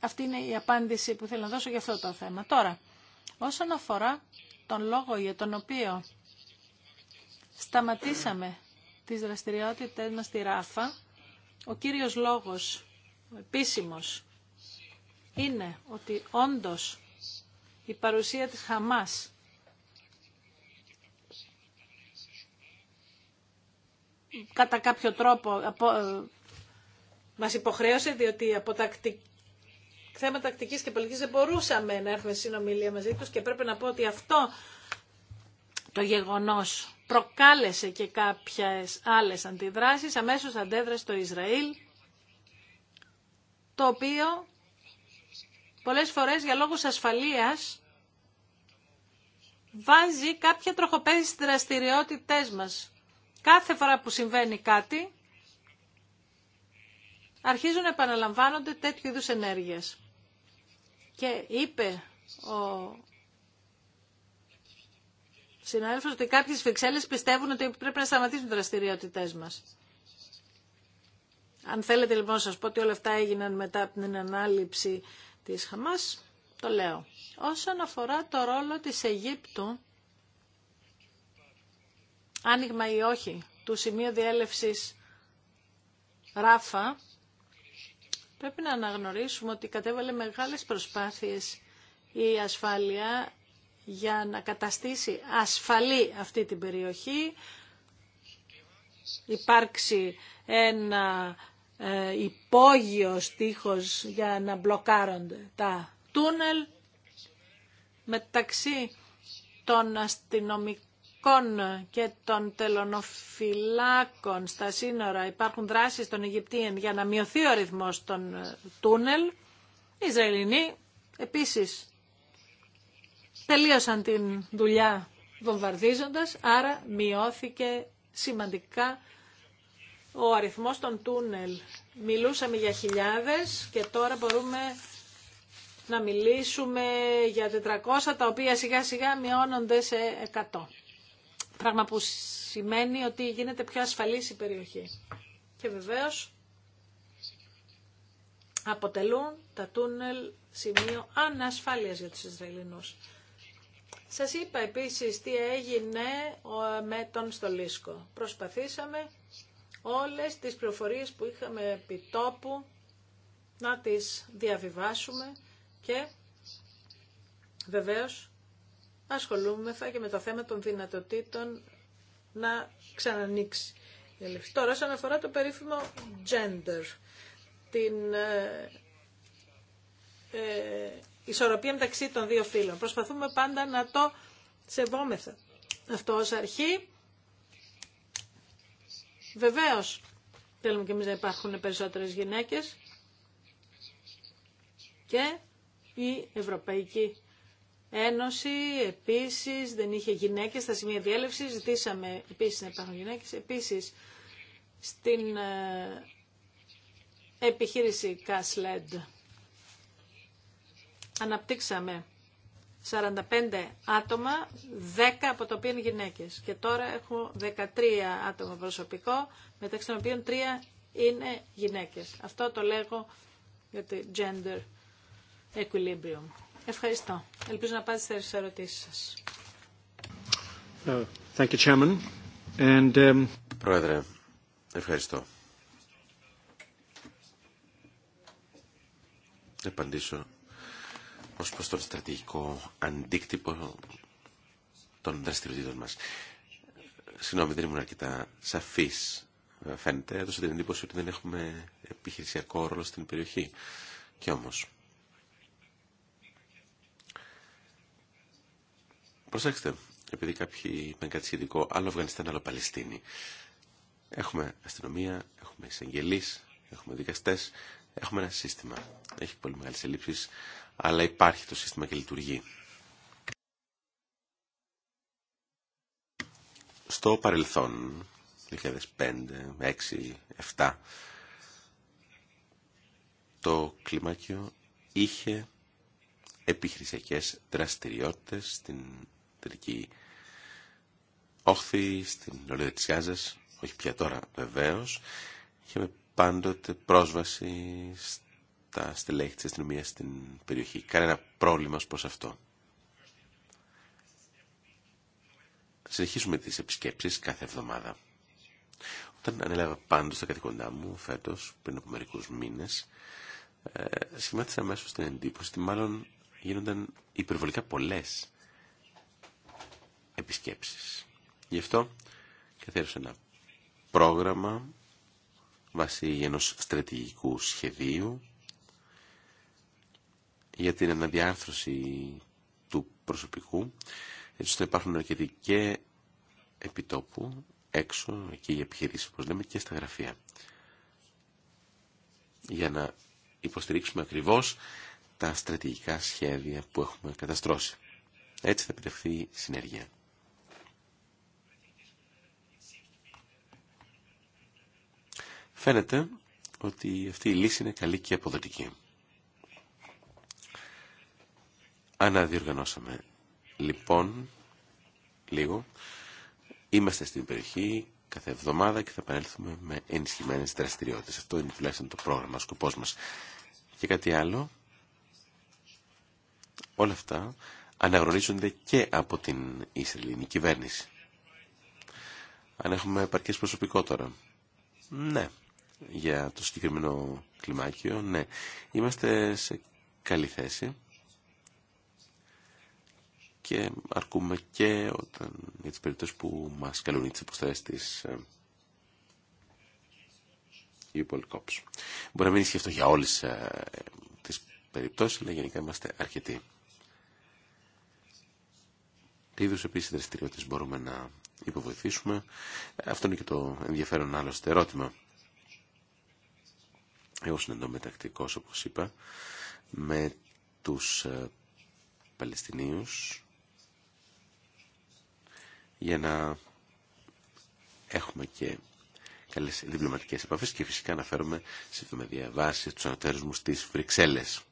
αυτή είναι η απάντηση που θέλω να δώσω για αυτό το θέμα. Τώρα, όσον αφορά τον λόγο για τον οποίο σταματήσαμε τις δραστηριότητες μας στη Ράφα, ο κύριος λόγος, ο επίσημος, είναι ότι όντως η παρουσία της Χαμάς κατά κάποιο τρόπο απο, ε, μας υποχρέωσε διότι από τα θέματα τακτικής και πολιτικής δεν μπορούσαμε να σε συνομιλία μαζί τους και πρέπει να πω ότι αυτό το γεγονός προκάλεσε και κάποιες άλλες αντιδράσεις, αμέσως αντέδρασε το Ισραήλ, το οποίο πολλές φορές για λόγους ασφαλείας βάζει κάποια τροχοπέδη στις δραστηριότητές μας. Κάθε φορά που συμβαίνει κάτι, αρχίζουν να επαναλαμβάνονται τέτοιου είδους ενέργειες. Και είπε ο συνάδελφος ότι κάποιες φιξέλες πιστεύουν ότι πρέπει να σταματήσουν οι δραστηριότητές μας. Αν θέλετε λοιπόν να σας πω ότι όλα αυτά έγιναν μετά από την ανάληψη της Χαμάς, το λέω. Όσον αφορά το ρόλο της Αιγύπτου άνοιγμα ή όχι του σημείου διέλευσης Ράφα, πρέπει να αναγνωρίσουμε ότι κατέβαλε μεγάλες προσπάθειες η ασφάλεια για να καταστήσει ασφαλή αυτή την περιοχή, υπάρξει ένα ε, υπόγειο στίχος για να μπλοκάρονται τα τούνελ μεταξύ των αστυνομικών και των τελωνοφυλάκων στα σύνορα υπάρχουν δράσεις των Αιγυπτίων για να μειωθεί ο ρυθμός των ε, τούνελ, οι Ισραηλινοί επίσης τελείωσαν την δουλειά βομβαρδίζοντας, άρα μειώθηκε σημαντικά ο αριθμός των τούνελ. Μιλούσαμε για χιλιάδες και τώρα μπορούμε να μιλήσουμε για 400, τα οποία σιγά σιγά μειώνονται σε 100. Πράγμα που σημαίνει ότι γίνεται πιο ασφαλής η περιοχή. Και βεβαίως αποτελούν τα τούνελ σημείο ανασφάλειας για τους Ισραηλινούς. Σας είπα επίσης τι έγινε με τον Στολίσκο. Προσπαθήσαμε όλες τις πληροφορίες που είχαμε επιτόπου να τις διαβιβάσουμε και βεβαίως ασχολούμεθα και με το θέμα των δυνατοτήτων να ξανανοίξει. Τώρα, όσον αφορά το περίφημο gender, την ε, ε, ισορροπία μεταξύ των δύο φύλων. Προσπαθούμε πάντα να το σεβόμεθα. Αυτό ως αρχή. Βεβαίως, θέλουμε και εμείς να υπάρχουν περισσότερες γυναίκες και η Ευρωπαϊκή Ένωση επίσης δεν είχε γυναίκες στα σημεία διέλευση. Ζητήσαμε επίσης να υπάρχουν γυναίκες. Επίσης στην ε, επιχείρηση κασλέντ. αναπτύξαμε 45 άτομα, 10 από τα οποία είναι γυναίκες. Και τώρα έχουμε 13 άτομα προσωπικό, μεταξύ των οποίων 3 είναι γυναίκες. Αυτό το λέγω για το gender equilibrium. Ευχαριστώ. Ελπίζω να πάτε στις ερωτήσεις σας. Ε, um, Πρόεδρε, ευχαριστώ. Επαντήσω ως προς τον στρατηγικό αντίκτυπο των δραστηριοτήτων μας. Συγγνώμη, δεν ήμουν αρκετά σαφής. Φαίνεται, έδωσε την εντύπωση ότι δεν έχουμε επιχειρησιακό ρόλο στην περιοχή. Και όμως, Προσέξτε, επειδή κάποιοι είπαν κάτι σχετικό, άλλο Αφγανιστάν, άλλο Παλαιστίνη. Έχουμε αστυνομία, έχουμε εισαγγελεί, έχουμε δικαστές, έχουμε ένα σύστημα. Έχει πολύ μεγάλε ελλείψει, αλλά υπάρχει το σύστημα και λειτουργεί. Στο παρελθόν, 2005, 2006, 2007, το κλιμάκιο είχε επιχειρησιακές δραστηριότητες στην τελική όχθη στην Λωρίδα της Γάζας, όχι πια τώρα βεβαίως. Είχαμε πάντοτε πρόσβαση στα στελέχη της αστυνομία στην περιοχή. Κανένα πρόβλημα ως προς αυτό. Συνεχίσουμε τις επισκέψεις κάθε εβδομάδα. Όταν ανέλαβα πάντως τα καθηκοντά μου φέτος, πριν από μερικούς μήνες, ε, σχημάτισα αμέσως την εντύπωση ότι μάλλον γίνονταν υπερβολικά πολλές Γι' αυτό καθέρωσε ένα πρόγραμμα βάσει ενός στρατηγικού σχεδίου για την αναδιάρθρωση του προσωπικού έτσι ώστε να υπάρχουν αρκετοί και επιτόπου έξω και οι επιχειρήσεις όπως λέμε και στα γραφεία για να υποστηρίξουμε ακριβώς τα στρατηγικά σχέδια που έχουμε καταστρώσει. Έτσι θα επιτευχθεί η συνεργεία. Φαίνεται ότι αυτή η λύση είναι καλή και αποδοτική. Αναδιοργανώσαμε λοιπόν λίγο. Είμαστε στην περιοχή κάθε εβδομάδα και θα επανέλθουμε με ενισχυμένες δραστηριότητες. Αυτό είναι τουλάχιστον το πρόγραμμα, ο σκοπός μας. Και κάτι άλλο, όλα αυτά αναγνωρίζονται και από την Ισραηλινή κυβέρνηση. Αν έχουμε επαρκε προσωπικό τώρα. Ναι, για το συγκεκριμένο κλιμάκιο. Ναι, είμαστε σε καλή θέση και αρκούμε και όταν, για τις περιπτώσεις που μας καλούν τις αποστολές της ε, Μπορεί να μην ισχύει αυτό για όλες ε, τις περιπτώσεις, αλλά γενικά είμαστε αρκετοί. Τι είδους επίσης δραστηριότητες μπορούμε να υποβοηθήσουμε. Αυτό είναι και το ενδιαφέρον άλλο ερώτημα. Εγώ συναντώ τακτικός, όπως είπα, με τους ε, Παλαιστινίους για να έχουμε και καλές διπλωματικές επαφές και φυσικά αναφέρομαι σε διαβάσεις τους του μου στις Βρυξέλλες.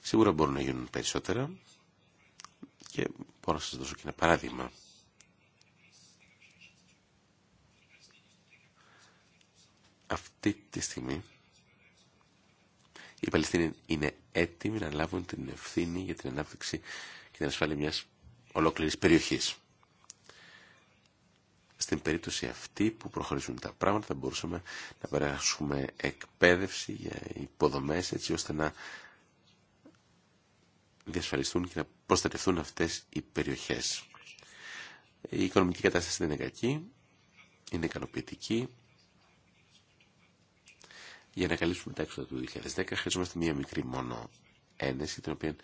Σίγουρα μπορούν να γίνουν περισσότερα και μπορώ να σας δώσω και ένα παράδειγμα. Αυτή τη στιγμή οι Παλαιστίνοι είναι έτοιμοι να λάβουν την ευθύνη για την ανάπτυξη και την ασφάλεια μιας ολόκληρης περιοχής. Στην περίπτωση αυτή που προχωρήσουν τα πράγματα θα μπορούσαμε να περάσουμε εκπαίδευση για υποδομές έτσι ώστε να διασφαλιστούν και να προστατευτούν αυτές οι περιοχές. Η οικονομική κατάσταση δεν είναι κακή, είναι ικανοποιητική. Για να καλύψουμε τα έξοδα του 2010 χρειαζόμαστε μία μικρή μόνο ένεση, την οποία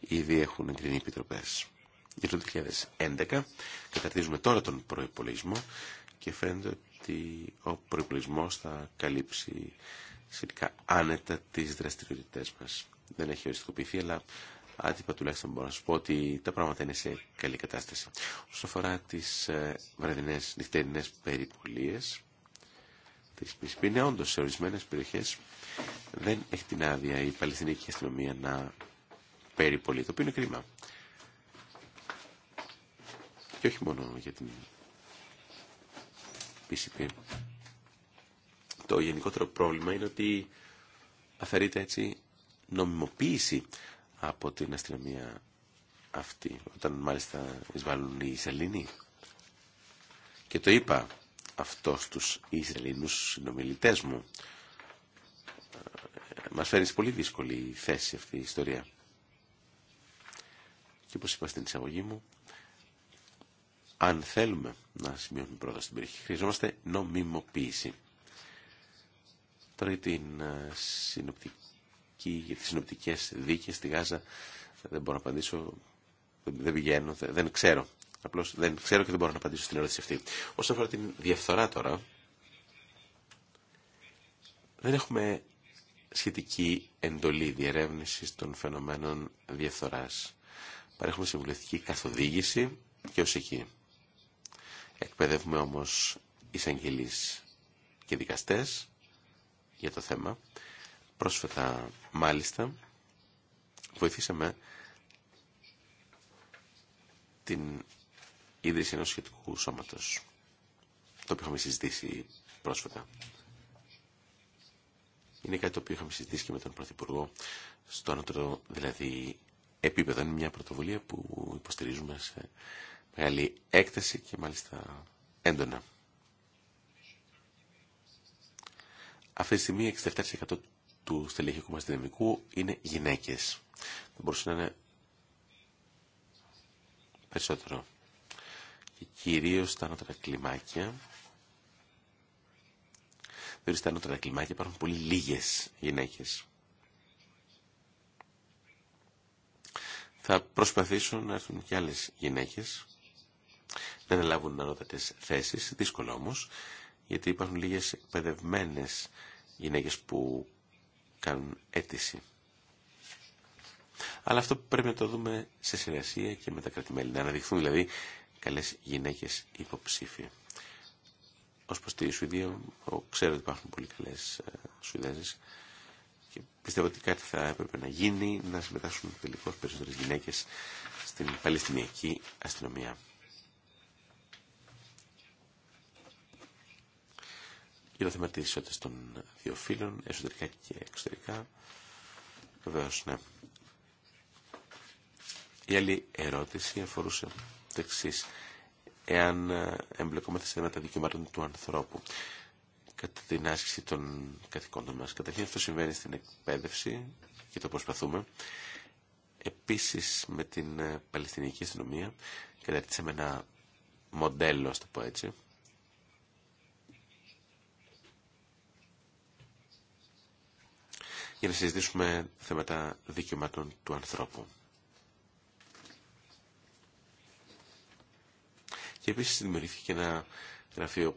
ήδη έχουν εγκρινεί οι επιτροπέ. Για το 2011 καταρτίζουμε τώρα τον προπολογισμό και φαίνεται ότι ο προπολογισμό θα καλύψει σχετικά άνετα τι δραστηριότητέ μα. Δεν έχει οριστικοποιηθεί, αλλά άτυπα τουλάχιστον μπορώ να σα πω ότι τα πράγματα είναι σε καλή κατάσταση. Όσον αφορά τι ε, βραδινέ νυχτερινέ περιπολίε, είναι όντω Όντως σε ορισμένε περιοχέ, δεν έχει την άδεια η Παλαιστινική αστυνομία να περιπολεί, το οποίο είναι κρίμα. Και όχι μόνο για την PCP. Το γενικότερο πρόβλημα είναι ότι αφαιρείται έτσι νομιμοποίηση από την αστυνομία αυτή, όταν μάλιστα εισβάλλουν οι σελήνοι. Και το είπα αυτός τους Ισραηλινούς συνομιλητές μου. Μας φέρνει σε πολύ δύσκολη θέση αυτή η ιστορία. Και όπως είπα στην εισαγωγή μου, αν θέλουμε να σημειώνουμε πρώτα στην περιοχή, χρειαζόμαστε νομιμοποίηση. Τώρα για, την ε, συνοπτική, για τις συνοπτικές δίκες στη Γάζα δεν μπορώ να απαντήσω, δεν πηγαίνω, δεν ξέρω. Απλώς δεν ξέρω και δεν μπορώ να απαντήσω στην ερώτηση αυτή. Όσον αφορά την διαφθορά τώρα, δεν έχουμε σχετική εντολή διερεύνησης των φαινομένων διαφθορά. Παρέχουμε συμβουλευτική καθοδήγηση και ω εκεί. Εκπαιδεύουμε όμως εισαγγελεί και δικαστές για το θέμα. Πρόσφατα μάλιστα βοηθήσαμε την ίδρυση ενός σχετικού σώματος, το οποίο είχαμε συζητήσει πρόσφατα. Είναι κάτι το οποίο είχαμε συζητήσει και με τον Πρωθυπουργό στο ανώτερο δηλαδή επίπεδο. Είναι μια πρωτοβουλία που υποστηρίζουμε σε μεγάλη έκταση και μάλιστα έντονα. Αυτή τη στιγμή 67% του στελεχικού μας δυναμικού είναι γυναίκες. Δεν μπορούσε να είναι περισσότερο κυρίως στα ανώτερα κλιμάκια. Διότι στα ανώτερα κλιμάκια υπάρχουν πολύ λίγες γυναίκες. Θα προσπαθήσουν να έρθουν και άλλες γυναίκες να λάβουν ανώτατες θέσεις, δύσκολο όμως, γιατί υπάρχουν λίγες εκπαιδευμένε γυναίκες που κάνουν αίτηση. Αλλά αυτό πρέπει να το δούμε σε συνεργασία και με τα κρατημέλη. Να αναδειχθούν δηλαδή καλές γυναίκες υποψήφοι. Ως προς τη Σουηδία, ξέρω ότι υπάρχουν πολύ καλές ε, Σουηδέζες και πιστεύω ότι κάτι θα έπρεπε να γίνει, να συμμετάσχουν τελικώ περισσότερες γυναίκες στην Παλαιστινιακή αστυνομία. για το θέμα τη ισότητα των δύο φύλων, εσωτερικά και εξωτερικά. Βεβαίω, ναι. Η άλλη ερώτηση αφορούσε Εάν ε, εμπλεκόμαστε σε θέματα δικαιωμάτων του ανθρώπου κατά την άσκηση των καθηκόντων μας. Καταρχήν αυτό συμβαίνει στην εκπαίδευση και το προσπαθούμε. Επίσης με την ε, Παλαιστινική αστυνομία καταρτήσαμε ένα μοντέλο, ας το πω έτσι, για να συζητήσουμε θέματα δικαιωμάτων του ανθρώπου. και επίση δημιουργήθηκε ένα γραφείο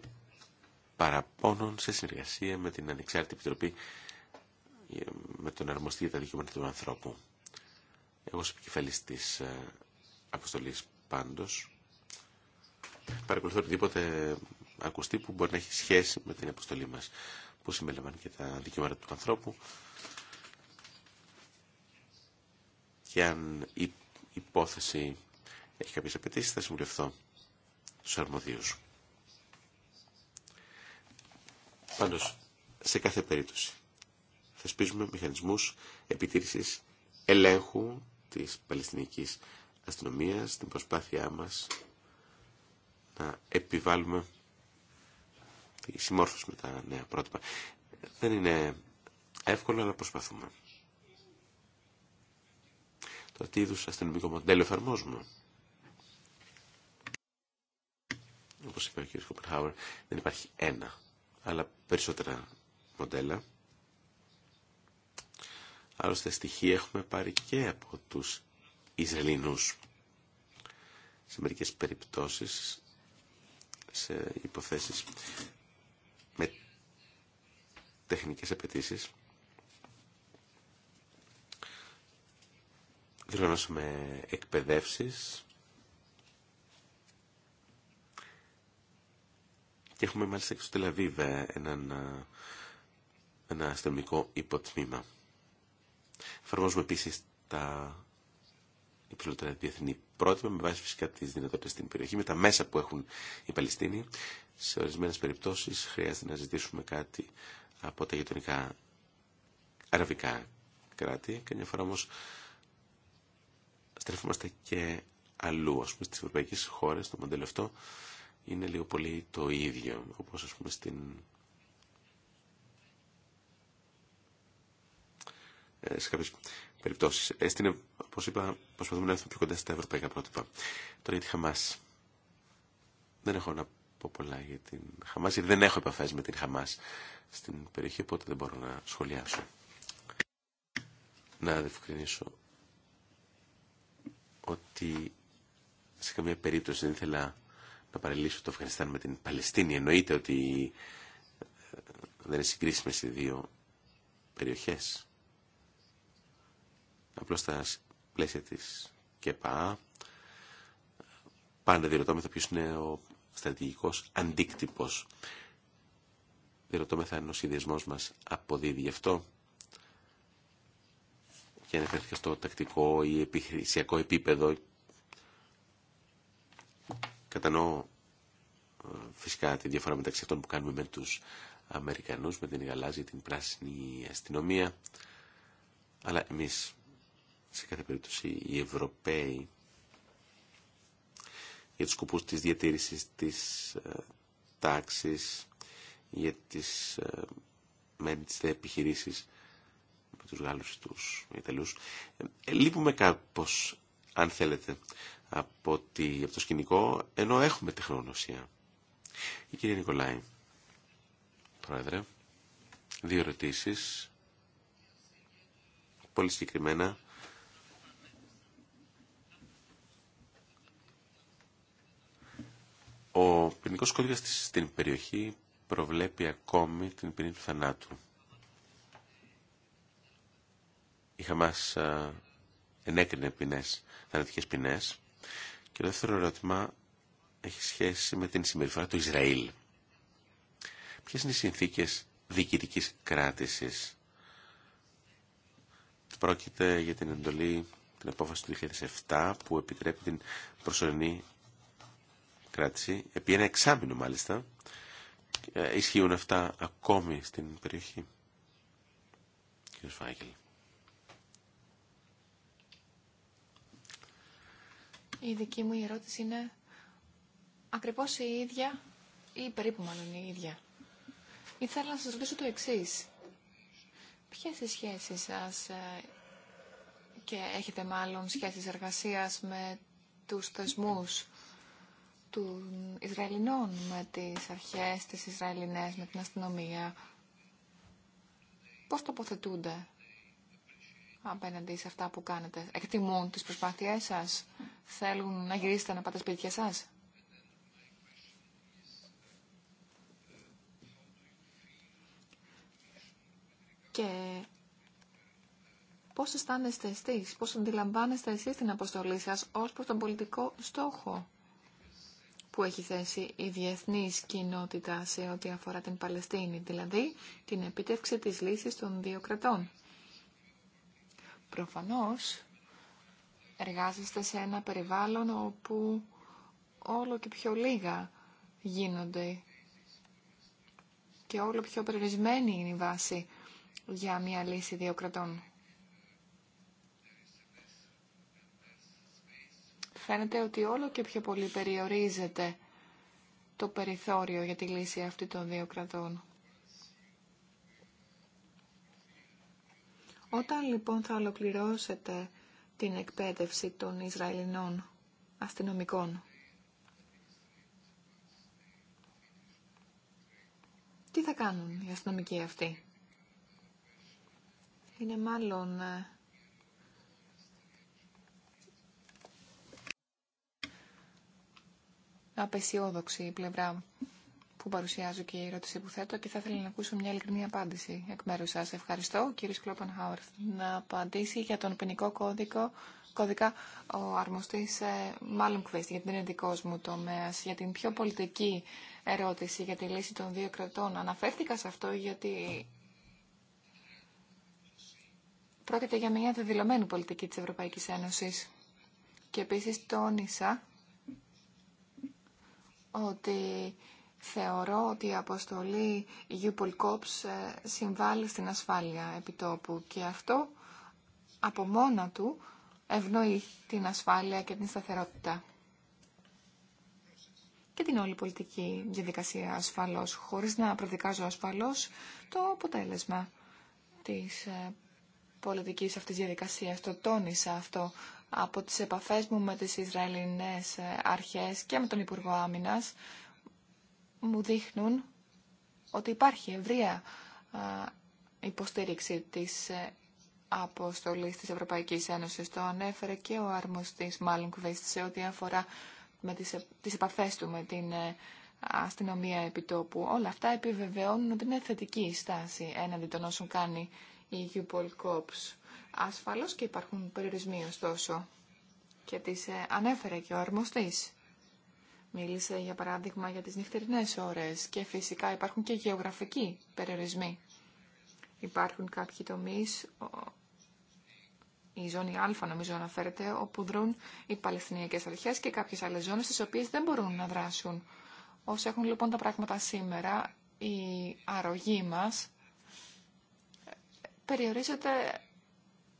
παραπώνων σε συνεργασία με την Ανεξάρτητη Επιτροπή με τον Αρμοστή για τα Δικαιώματα του Ανθρώπου. Εγώ είμαι επικεφαλής της ε, αποστολής πάντως παρακολουθώ οτιδήποτε ακουστή που μπορεί να έχει σχέση με την αποστολή μα που συμπεριλαμβάνει και τα δικαιώματα του ανθρώπου και αν η υπόθεση έχει κάποιες απαιτήσει θα συμβουλευτώ. Παντώ Πάντως, σε κάθε περίπτωση θεσπίζουμε μηχανισμούς επιτήρησης ελέγχου της Παλαιστινικής αστυνομίας, στην προσπάθειά μας να επιβάλλουμε τη συμμόρφωση με τα νέα πρότυπα. Δεν είναι εύκολο, αλλά προσπαθούμε. Το τι αστυνομικό μοντέλο εφαρμόζουμε. Όπως είπε ο κ. Κοπενχάουερ, δεν υπάρχει ένα, αλλά περισσότερα μοντέλα. Άλλωστε στοιχεία έχουμε πάρει και από τους Ισραηλινούς. Σε μερικές περιπτώσεις, σε υποθέσεις με τεχνικές απαιτήσει. Δηλώνωσαμε εκπαιδεύσεις Και έχουμε μάλιστα και στο Τελαβίβ ε, ε, ένα αστυνομικό υποτμήμα. Εφαρμόζουμε επίση τα υψηλότερα διεθνή πρότυπα με βάση φυσικά τι δυνατότητε στην περιοχή, με τα μέσα που έχουν οι Παλαιστίνοι. Σε ορισμένε περιπτώσει χρειάζεται να ζητήσουμε κάτι από τα γειτονικά αραβικά κράτη. Καμιά φορά όμω στρέφουμε και αλλού, α πούμε, στι ευρωπαϊκέ χώρε, το μοντέλο αυτό είναι λίγο πολύ το ίδιο, όπως ας πούμε στην ε, σε κάποιες περιπτώσεις. Ε, στην, όπω είπα, προσπαθούμε να έρθουμε πιο κοντά στα ευρωπαϊκά πρότυπα. Τώρα για τη Χαμάς, Δεν έχω να πω πολλά για την Χαμάς, γιατί δεν έχω επαφέ με την Χαμάς στην περιοχή, οπότε δεν μπορώ να σχολιάσω. Να διευκρινίσω ότι σε καμία περίπτωση δεν ήθελα να παραλύσω το Αφγανιστάν με την Παλαιστίνη. Εννοείται ότι ε, δεν είναι συγκρίσιμε οι δύο περιοχέ. Απλώ στα πλαίσια τη ΚΕΠΑ πάντα διερωτώμεθα ποιο είναι ο στρατηγικό αντίκτυπος. Διερωτώμεθα αν ο συνδυασμό μα αποδίδει γι' αυτό και αναφέρθηκα στο τακτικό ή επιχειρησιακό επίπεδο Κατανοώ ε, φυσικά τη διαφορά μεταξύ αυτών που κάνουμε με τους Αμερικανούς, με την γαλάζια, την πράσινη αστυνομία. Αλλά εμείς, σε κάθε περίπτωση, οι Ευρωπαίοι, για τους σκοπούς της διατήρησης της ε, τάξης, για τις ε, μεν τις επιχειρήσεις με τους Γάλλους τους Ιταλούς. Λείπουμε κάπως, αν θέλετε, από, τη, από το σκηνικό, ενώ έχουμε τεχνογνωσία. Η κυρία Νικολάη, πρόεδρε, δύο ερωτήσει. Πολύ συγκεκριμένα. Ο ποινικό κώδικα στην περιοχή προβλέπει ακόμη την ποινή του θανάτου. Η Χαμάς ε, ενέκρινε ποινές, θανατικές ποινές. Και το δεύτερο ερώτημα έχει σχέση με την συμπεριφορά του Ισραήλ. Ποιες είναι οι συνθήκες διοικητικής κράτησης. Πρόκειται για την εντολή, την απόφαση του 2007 που επιτρέπει την προσωρινή κράτηση, επί ένα εξάμεινο μάλιστα. Ε, ισχύουν αυτά ακόμη στην περιοχή. Κύριος Φάγκελ. Η δική μου ερώτηση είναι ακριβώς η ίδια ή περίπου μάλλον η ίδια. Ήθελα να σας ρωτήσω το εξής. Ποιες οι σχέσεις σας ε, και έχετε μάλλον σχέσεις εργασίας με τους θεσμούς των Ισραηλινών, με τις αρχές, τις Ισραηλινές, με την αστυνομία. Πώς τοποθετούνται απέναντι σε αυτά που κάνετε. Εκτιμούν τις προσπάθειές σας. Θέλουν να γυρίσετε να πάτε σπίτια σας. Και πώς αισθάνεστε εσείς, πώς αντιλαμβάνεστε εσείς την αποστολή σας ως προς τον πολιτικό στόχο που έχει θέσει η διεθνής κοινότητα σε ό,τι αφορά την Παλαιστίνη, δηλαδή την επίτευξη της λύσης των δύο κρατών. Προφανώς εργάζεστε σε ένα περιβάλλον όπου όλο και πιο λίγα γίνονται και όλο πιο περιορισμένη είναι η βάση για μια λύση δύο κρατών. Φαίνεται ότι όλο και πιο πολύ περιορίζεται το περιθώριο για τη λύση αυτή των δύο κρατών. Όταν λοιπόν θα ολοκληρώσετε την εκπαίδευση των Ισραηλινών αστυνομικών, τι θα κάνουν οι αστυνομικοί αυτοί. Είναι μάλλον ε, απεσιόδοξη η πλευρά μου που παρουσιάζω και η ερώτηση που θέτω και θα ήθελα να ακούσω μια ειλικρινή απάντηση εκ μέρου σα. Ευχαριστώ, κύριε Χάουρθ... Να απαντήσει για τον ποινικό κώδικο, κώδικα ο αρμοστή ε, Μάλλον Κουβέστη, γιατί δεν είναι δικό μου τομέα, για την πιο πολιτική ερώτηση για τη λύση των δύο κρατών. Αναφέρθηκα σε αυτό γιατί πρόκειται για μια δεδηλωμένη πολιτική της Ευρωπαϊκής Ένωσης. Και επίσης τόνισα ότι Θεωρώ ότι η αποστολή η COPS ε, συμβάλλει στην ασφάλεια επιτόπου και αυτό από μόνα του ευνοεί την ασφάλεια και την σταθερότητα. Και την όλη πολιτική διαδικασία ασφαλώς, χωρίς να προδικάζω ασφαλώς το αποτέλεσμα της ε, πολιτικής αυτής διαδικασίας. Το τόνισα αυτό από τις επαφές μου με τις Ισραηλινές ε, αρχές και με τον Υπουργό Άμυνας μου δείχνουν ότι υπάρχει ευρεία υποστήριξη της ε, αποστολής της Ευρωπαϊκής Ένωσης. Το ανέφερε και ο αρμοστής Μάλλον Κουβέστ σε ό,τι αφορά με τις, ε, τις επαφές του με την ε, αστυνομία επιτόπου. Όλα αυτά επιβεβαιώνουν ότι είναι θετική η στάση έναντι των όσων κάνει η Γιουπολ COPS Ασφαλώς και υπάρχουν περιορισμοί ωστόσο και τις ανέφερε και ο αρμοστής. Μίλησε για παράδειγμα για τις νυχτερινές ώρες και φυσικά υπάρχουν και γεωγραφικοί περιορισμοί. Υπάρχουν κάποιοι τομείς, η ζώνη Α νομίζω αναφέρεται, όπου δρούν οι Παλαιστινιακές αρχές και κάποιες άλλες ζώνες στις οποίες δεν μπορούν να δράσουν. όσο έχουν λοιπόν τα πράγματα σήμερα, η αρρωγή μας περιορίζεται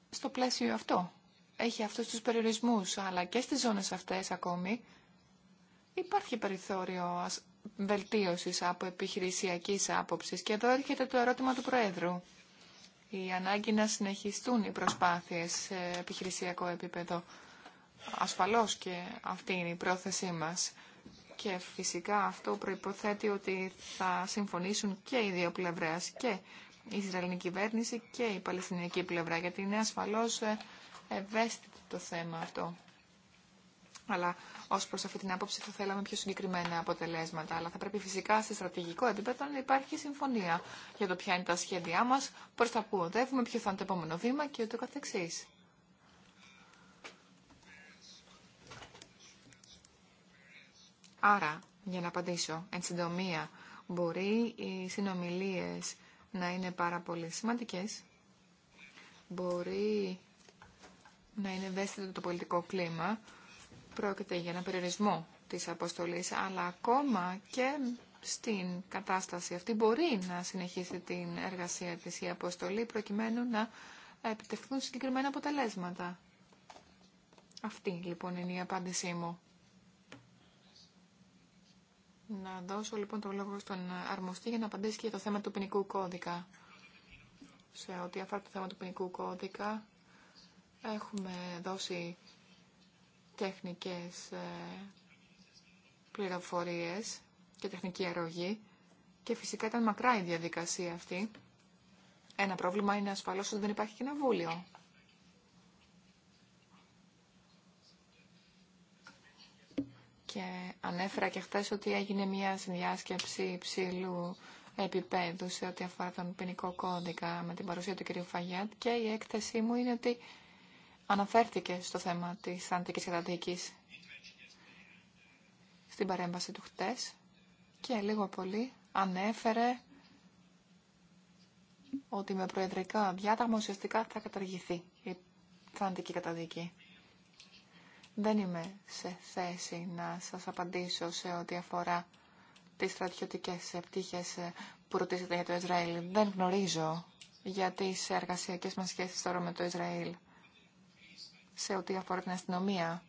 στο πλαίσιο αυτό. Έχει αυτούς τους περιορισμούς, αλλά και στις ζώνες αυτές ακόμη υπάρχει περιθώριο βελτίωσης από επιχειρησιακής άποψης. Και εδώ έρχεται το ερώτημα του Προέδρου. Η ανάγκη να συνεχιστούν οι προσπάθειες σε επιχειρησιακό επίπεδο. Ασφαλώς και αυτή είναι η πρόθεσή μας. Και φυσικά αυτό προϋποθέτει ότι θα συμφωνήσουν και οι δύο πλευρές, και η Ισραηλινή κυβέρνηση και η Παλαιστινιακή πλευρά, γιατί είναι ασφαλώς ε, ευαίσθητο το θέμα αυτό. Αλλά ως προς αυτή την άποψη θα θέλαμε πιο συγκεκριμένα αποτελέσματα. Αλλά θα πρέπει φυσικά σε στρατηγικό επίπεδο να υπάρχει συμφωνία για το ποια είναι τα σχέδιά μας, προς τα που οδεύουμε, ποιο θα είναι το επόμενο βήμα και ούτω καθεξής. Άρα, για να απαντήσω, εν συντομία, μπορεί οι συνομιλίες να είναι πάρα πολύ σημαντικές. Μπορεί να είναι ευαίσθητο το πολιτικό κλίμα, Πρόκειται για ένα περιορισμό της αποστολής, αλλά ακόμα και στην κατάσταση αυτή μπορεί να συνεχίσει την εργασία της η αποστολή προκειμένου να επιτευχθούν συγκεκριμένα αποτελέσματα. Αυτή λοιπόν είναι η απάντησή μου. Να δώσω λοιπόν το λόγο στον αρμοστή για να απαντήσει και το θέμα του ποινικού κώδικα. Σε ό,τι αφορά το θέμα του ποινικού κώδικα έχουμε δώσει τεχνικές ε, πληροφορίες και τεχνική αρρωγή και φυσικά ήταν μακρά η διαδικασία αυτή. Ένα πρόβλημα είναι ασφαλώς ότι δεν υπάρχει κοινοβούλιο. Και ανέφερα και χθε ότι έγινε μια συνδιάσκεψη υψηλού επίπεδου σε ό,τι αφορά τον ποινικό κώδικα με την παρουσία του κ. Φαγιάτ και η έκθεσή μου είναι ότι αναφέρθηκε στο θέμα της αντικής καταδίκης στην παρέμβαση του χτες και λίγο πολύ ανέφερε ότι με προεδρικά διάταγμα ουσιαστικά θα καταργηθεί η θαντική καταδίκη. Δεν είμαι σε θέση να σας απαντήσω σε ό,τι αφορά τις στρατιωτικές πτύχες που ρωτήσατε για το Ισραήλ. Δεν γνωρίζω για τις εργασιακές μας σχέσεις τώρα με το Ισραήλ σε ό,τι αφορά την αστυνομία.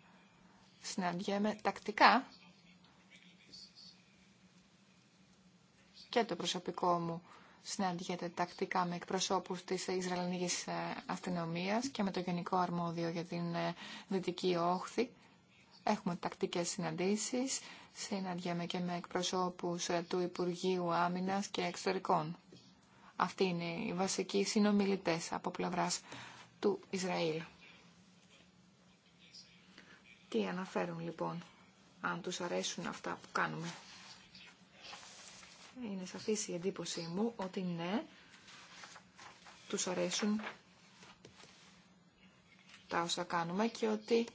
Συναντιέμαι τακτικά και το προσωπικό μου συναντιέται τακτικά με εκπροσώπους της Ισραηλινής ε, αστυνομίας και με το Γενικό Αρμόδιο για την ε, Δυτική Όχθη. Έχουμε τακτικές συναντήσεις, συναντιέμαι και με εκπροσώπους ε, του Υπουργείου Άμυνας και Εξωτερικών. Αυτοί είναι οι βασικοί συνομιλητές από πλευράς του Ισραήλ. Τι αναφέρουν λοιπόν, αν τους αρέσουν αυτά που κάνουμε. Είναι σαφής η εντύπωσή μου ότι ναι, τους αρέσουν τα όσα κάνουμε και ότι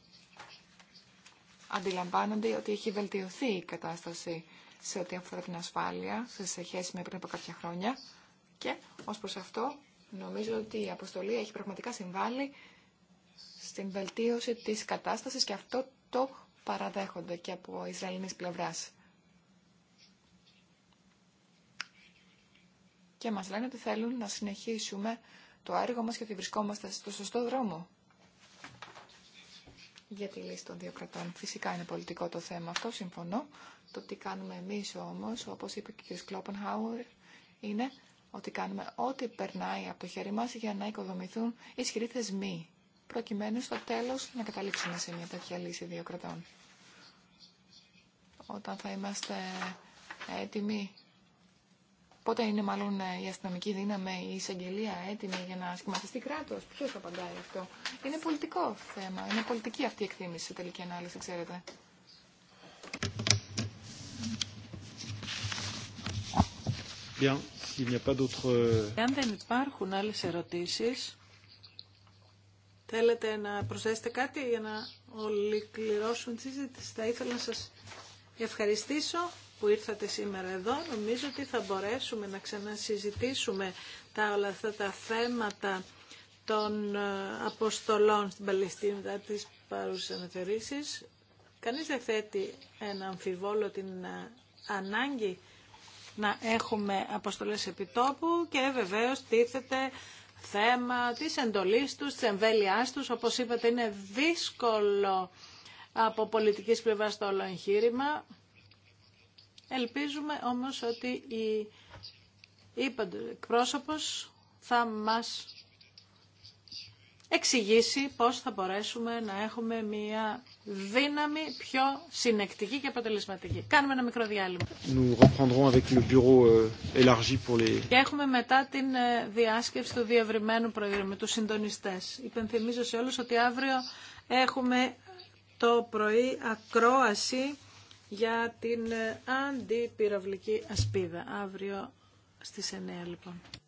αντιλαμβάνονται ότι έχει βελτιωθεί η κατάσταση σε ό,τι αφορά την ασφάλεια, σε σχέση με πριν από κάποια χρόνια και ως προς αυτό νομίζω ότι η αποστολή έχει πραγματικά συμβάλει στην βελτίωση της κατάστασης και αυτό το παραδέχονται και από Ισραηλινής πλευράς. Και μας λένε ότι θέλουν να συνεχίσουμε το έργο μας και ότι βρισκόμαστε στο σωστό δρόμο. Για τη λύση των δύο κρατών. Φυσικά είναι πολιτικό το θέμα αυτό, συμφωνώ. Το τι κάνουμε εμείς όμως, όπως είπε και ο κ. Κλόπενχάουρ, είναι ότι κάνουμε ό,τι περνάει από το χέρι μας για να οικοδομηθούν ισχυροί θεσμοί προκειμένου στο τέλος να καταλήξουμε σε μια τέτοια λύση δύο κρατών. Όταν θα είμαστε έτοιμοι, πότε είναι μάλλον η αστυνομική δύναμη, η εισαγγελία έτοιμη για να σχηματιστεί κράτος, θα απαντάει αυτό. Είναι πολιτικό θέμα, είναι πολιτική αυτή η εκτίμηση σε τελική ανάλυση, ξέρετε. Bien, s'il n'y a pas d'autres... δεν υπάρχουν άλλε ερωτήσει. Θέλετε να προσθέσετε κάτι για να ολοκληρώσουν τη συζήτηση. Θα ήθελα να σας ευχαριστήσω που ήρθατε σήμερα εδώ. Νομίζω ότι θα μπορέσουμε να ξανασυζητήσουμε τα όλα αυτά τα θέματα των ε, αποστολών στην Παλαιστίνη μετά τις παρούσες αναθεωρήσεις. Κανείς δεν θέτει ένα αμφιβόλο την ε, ανάγκη να έχουμε αποστολές επιτόπου και βεβαίως τίθεται θέμα της εντολής τους, της εμβέλειάς τους. Όπως είπατε, είναι δύσκολο από πολιτικής πλευράς το όλο εγχείρημα. Ελπίζουμε όμως ότι η εκπρόσωπος θα μας εξηγήσει πώς θα μπορέσουμε να έχουμε μια δύναμη πιο συνεκτική και αποτελεσματική. Κάνουμε ένα μικρό διάλειμμα. Euh, και έχουμε μετά την ε, διάσκεψη του διευρυμένου προϊόντου, με τους συντονιστές. Υπενθυμίζω σε όλους ότι αύριο έχουμε το πρωί ακρόαση για την ε, αντιπυραυλική ασπίδα. Αύριο στις 9 λοιπόν.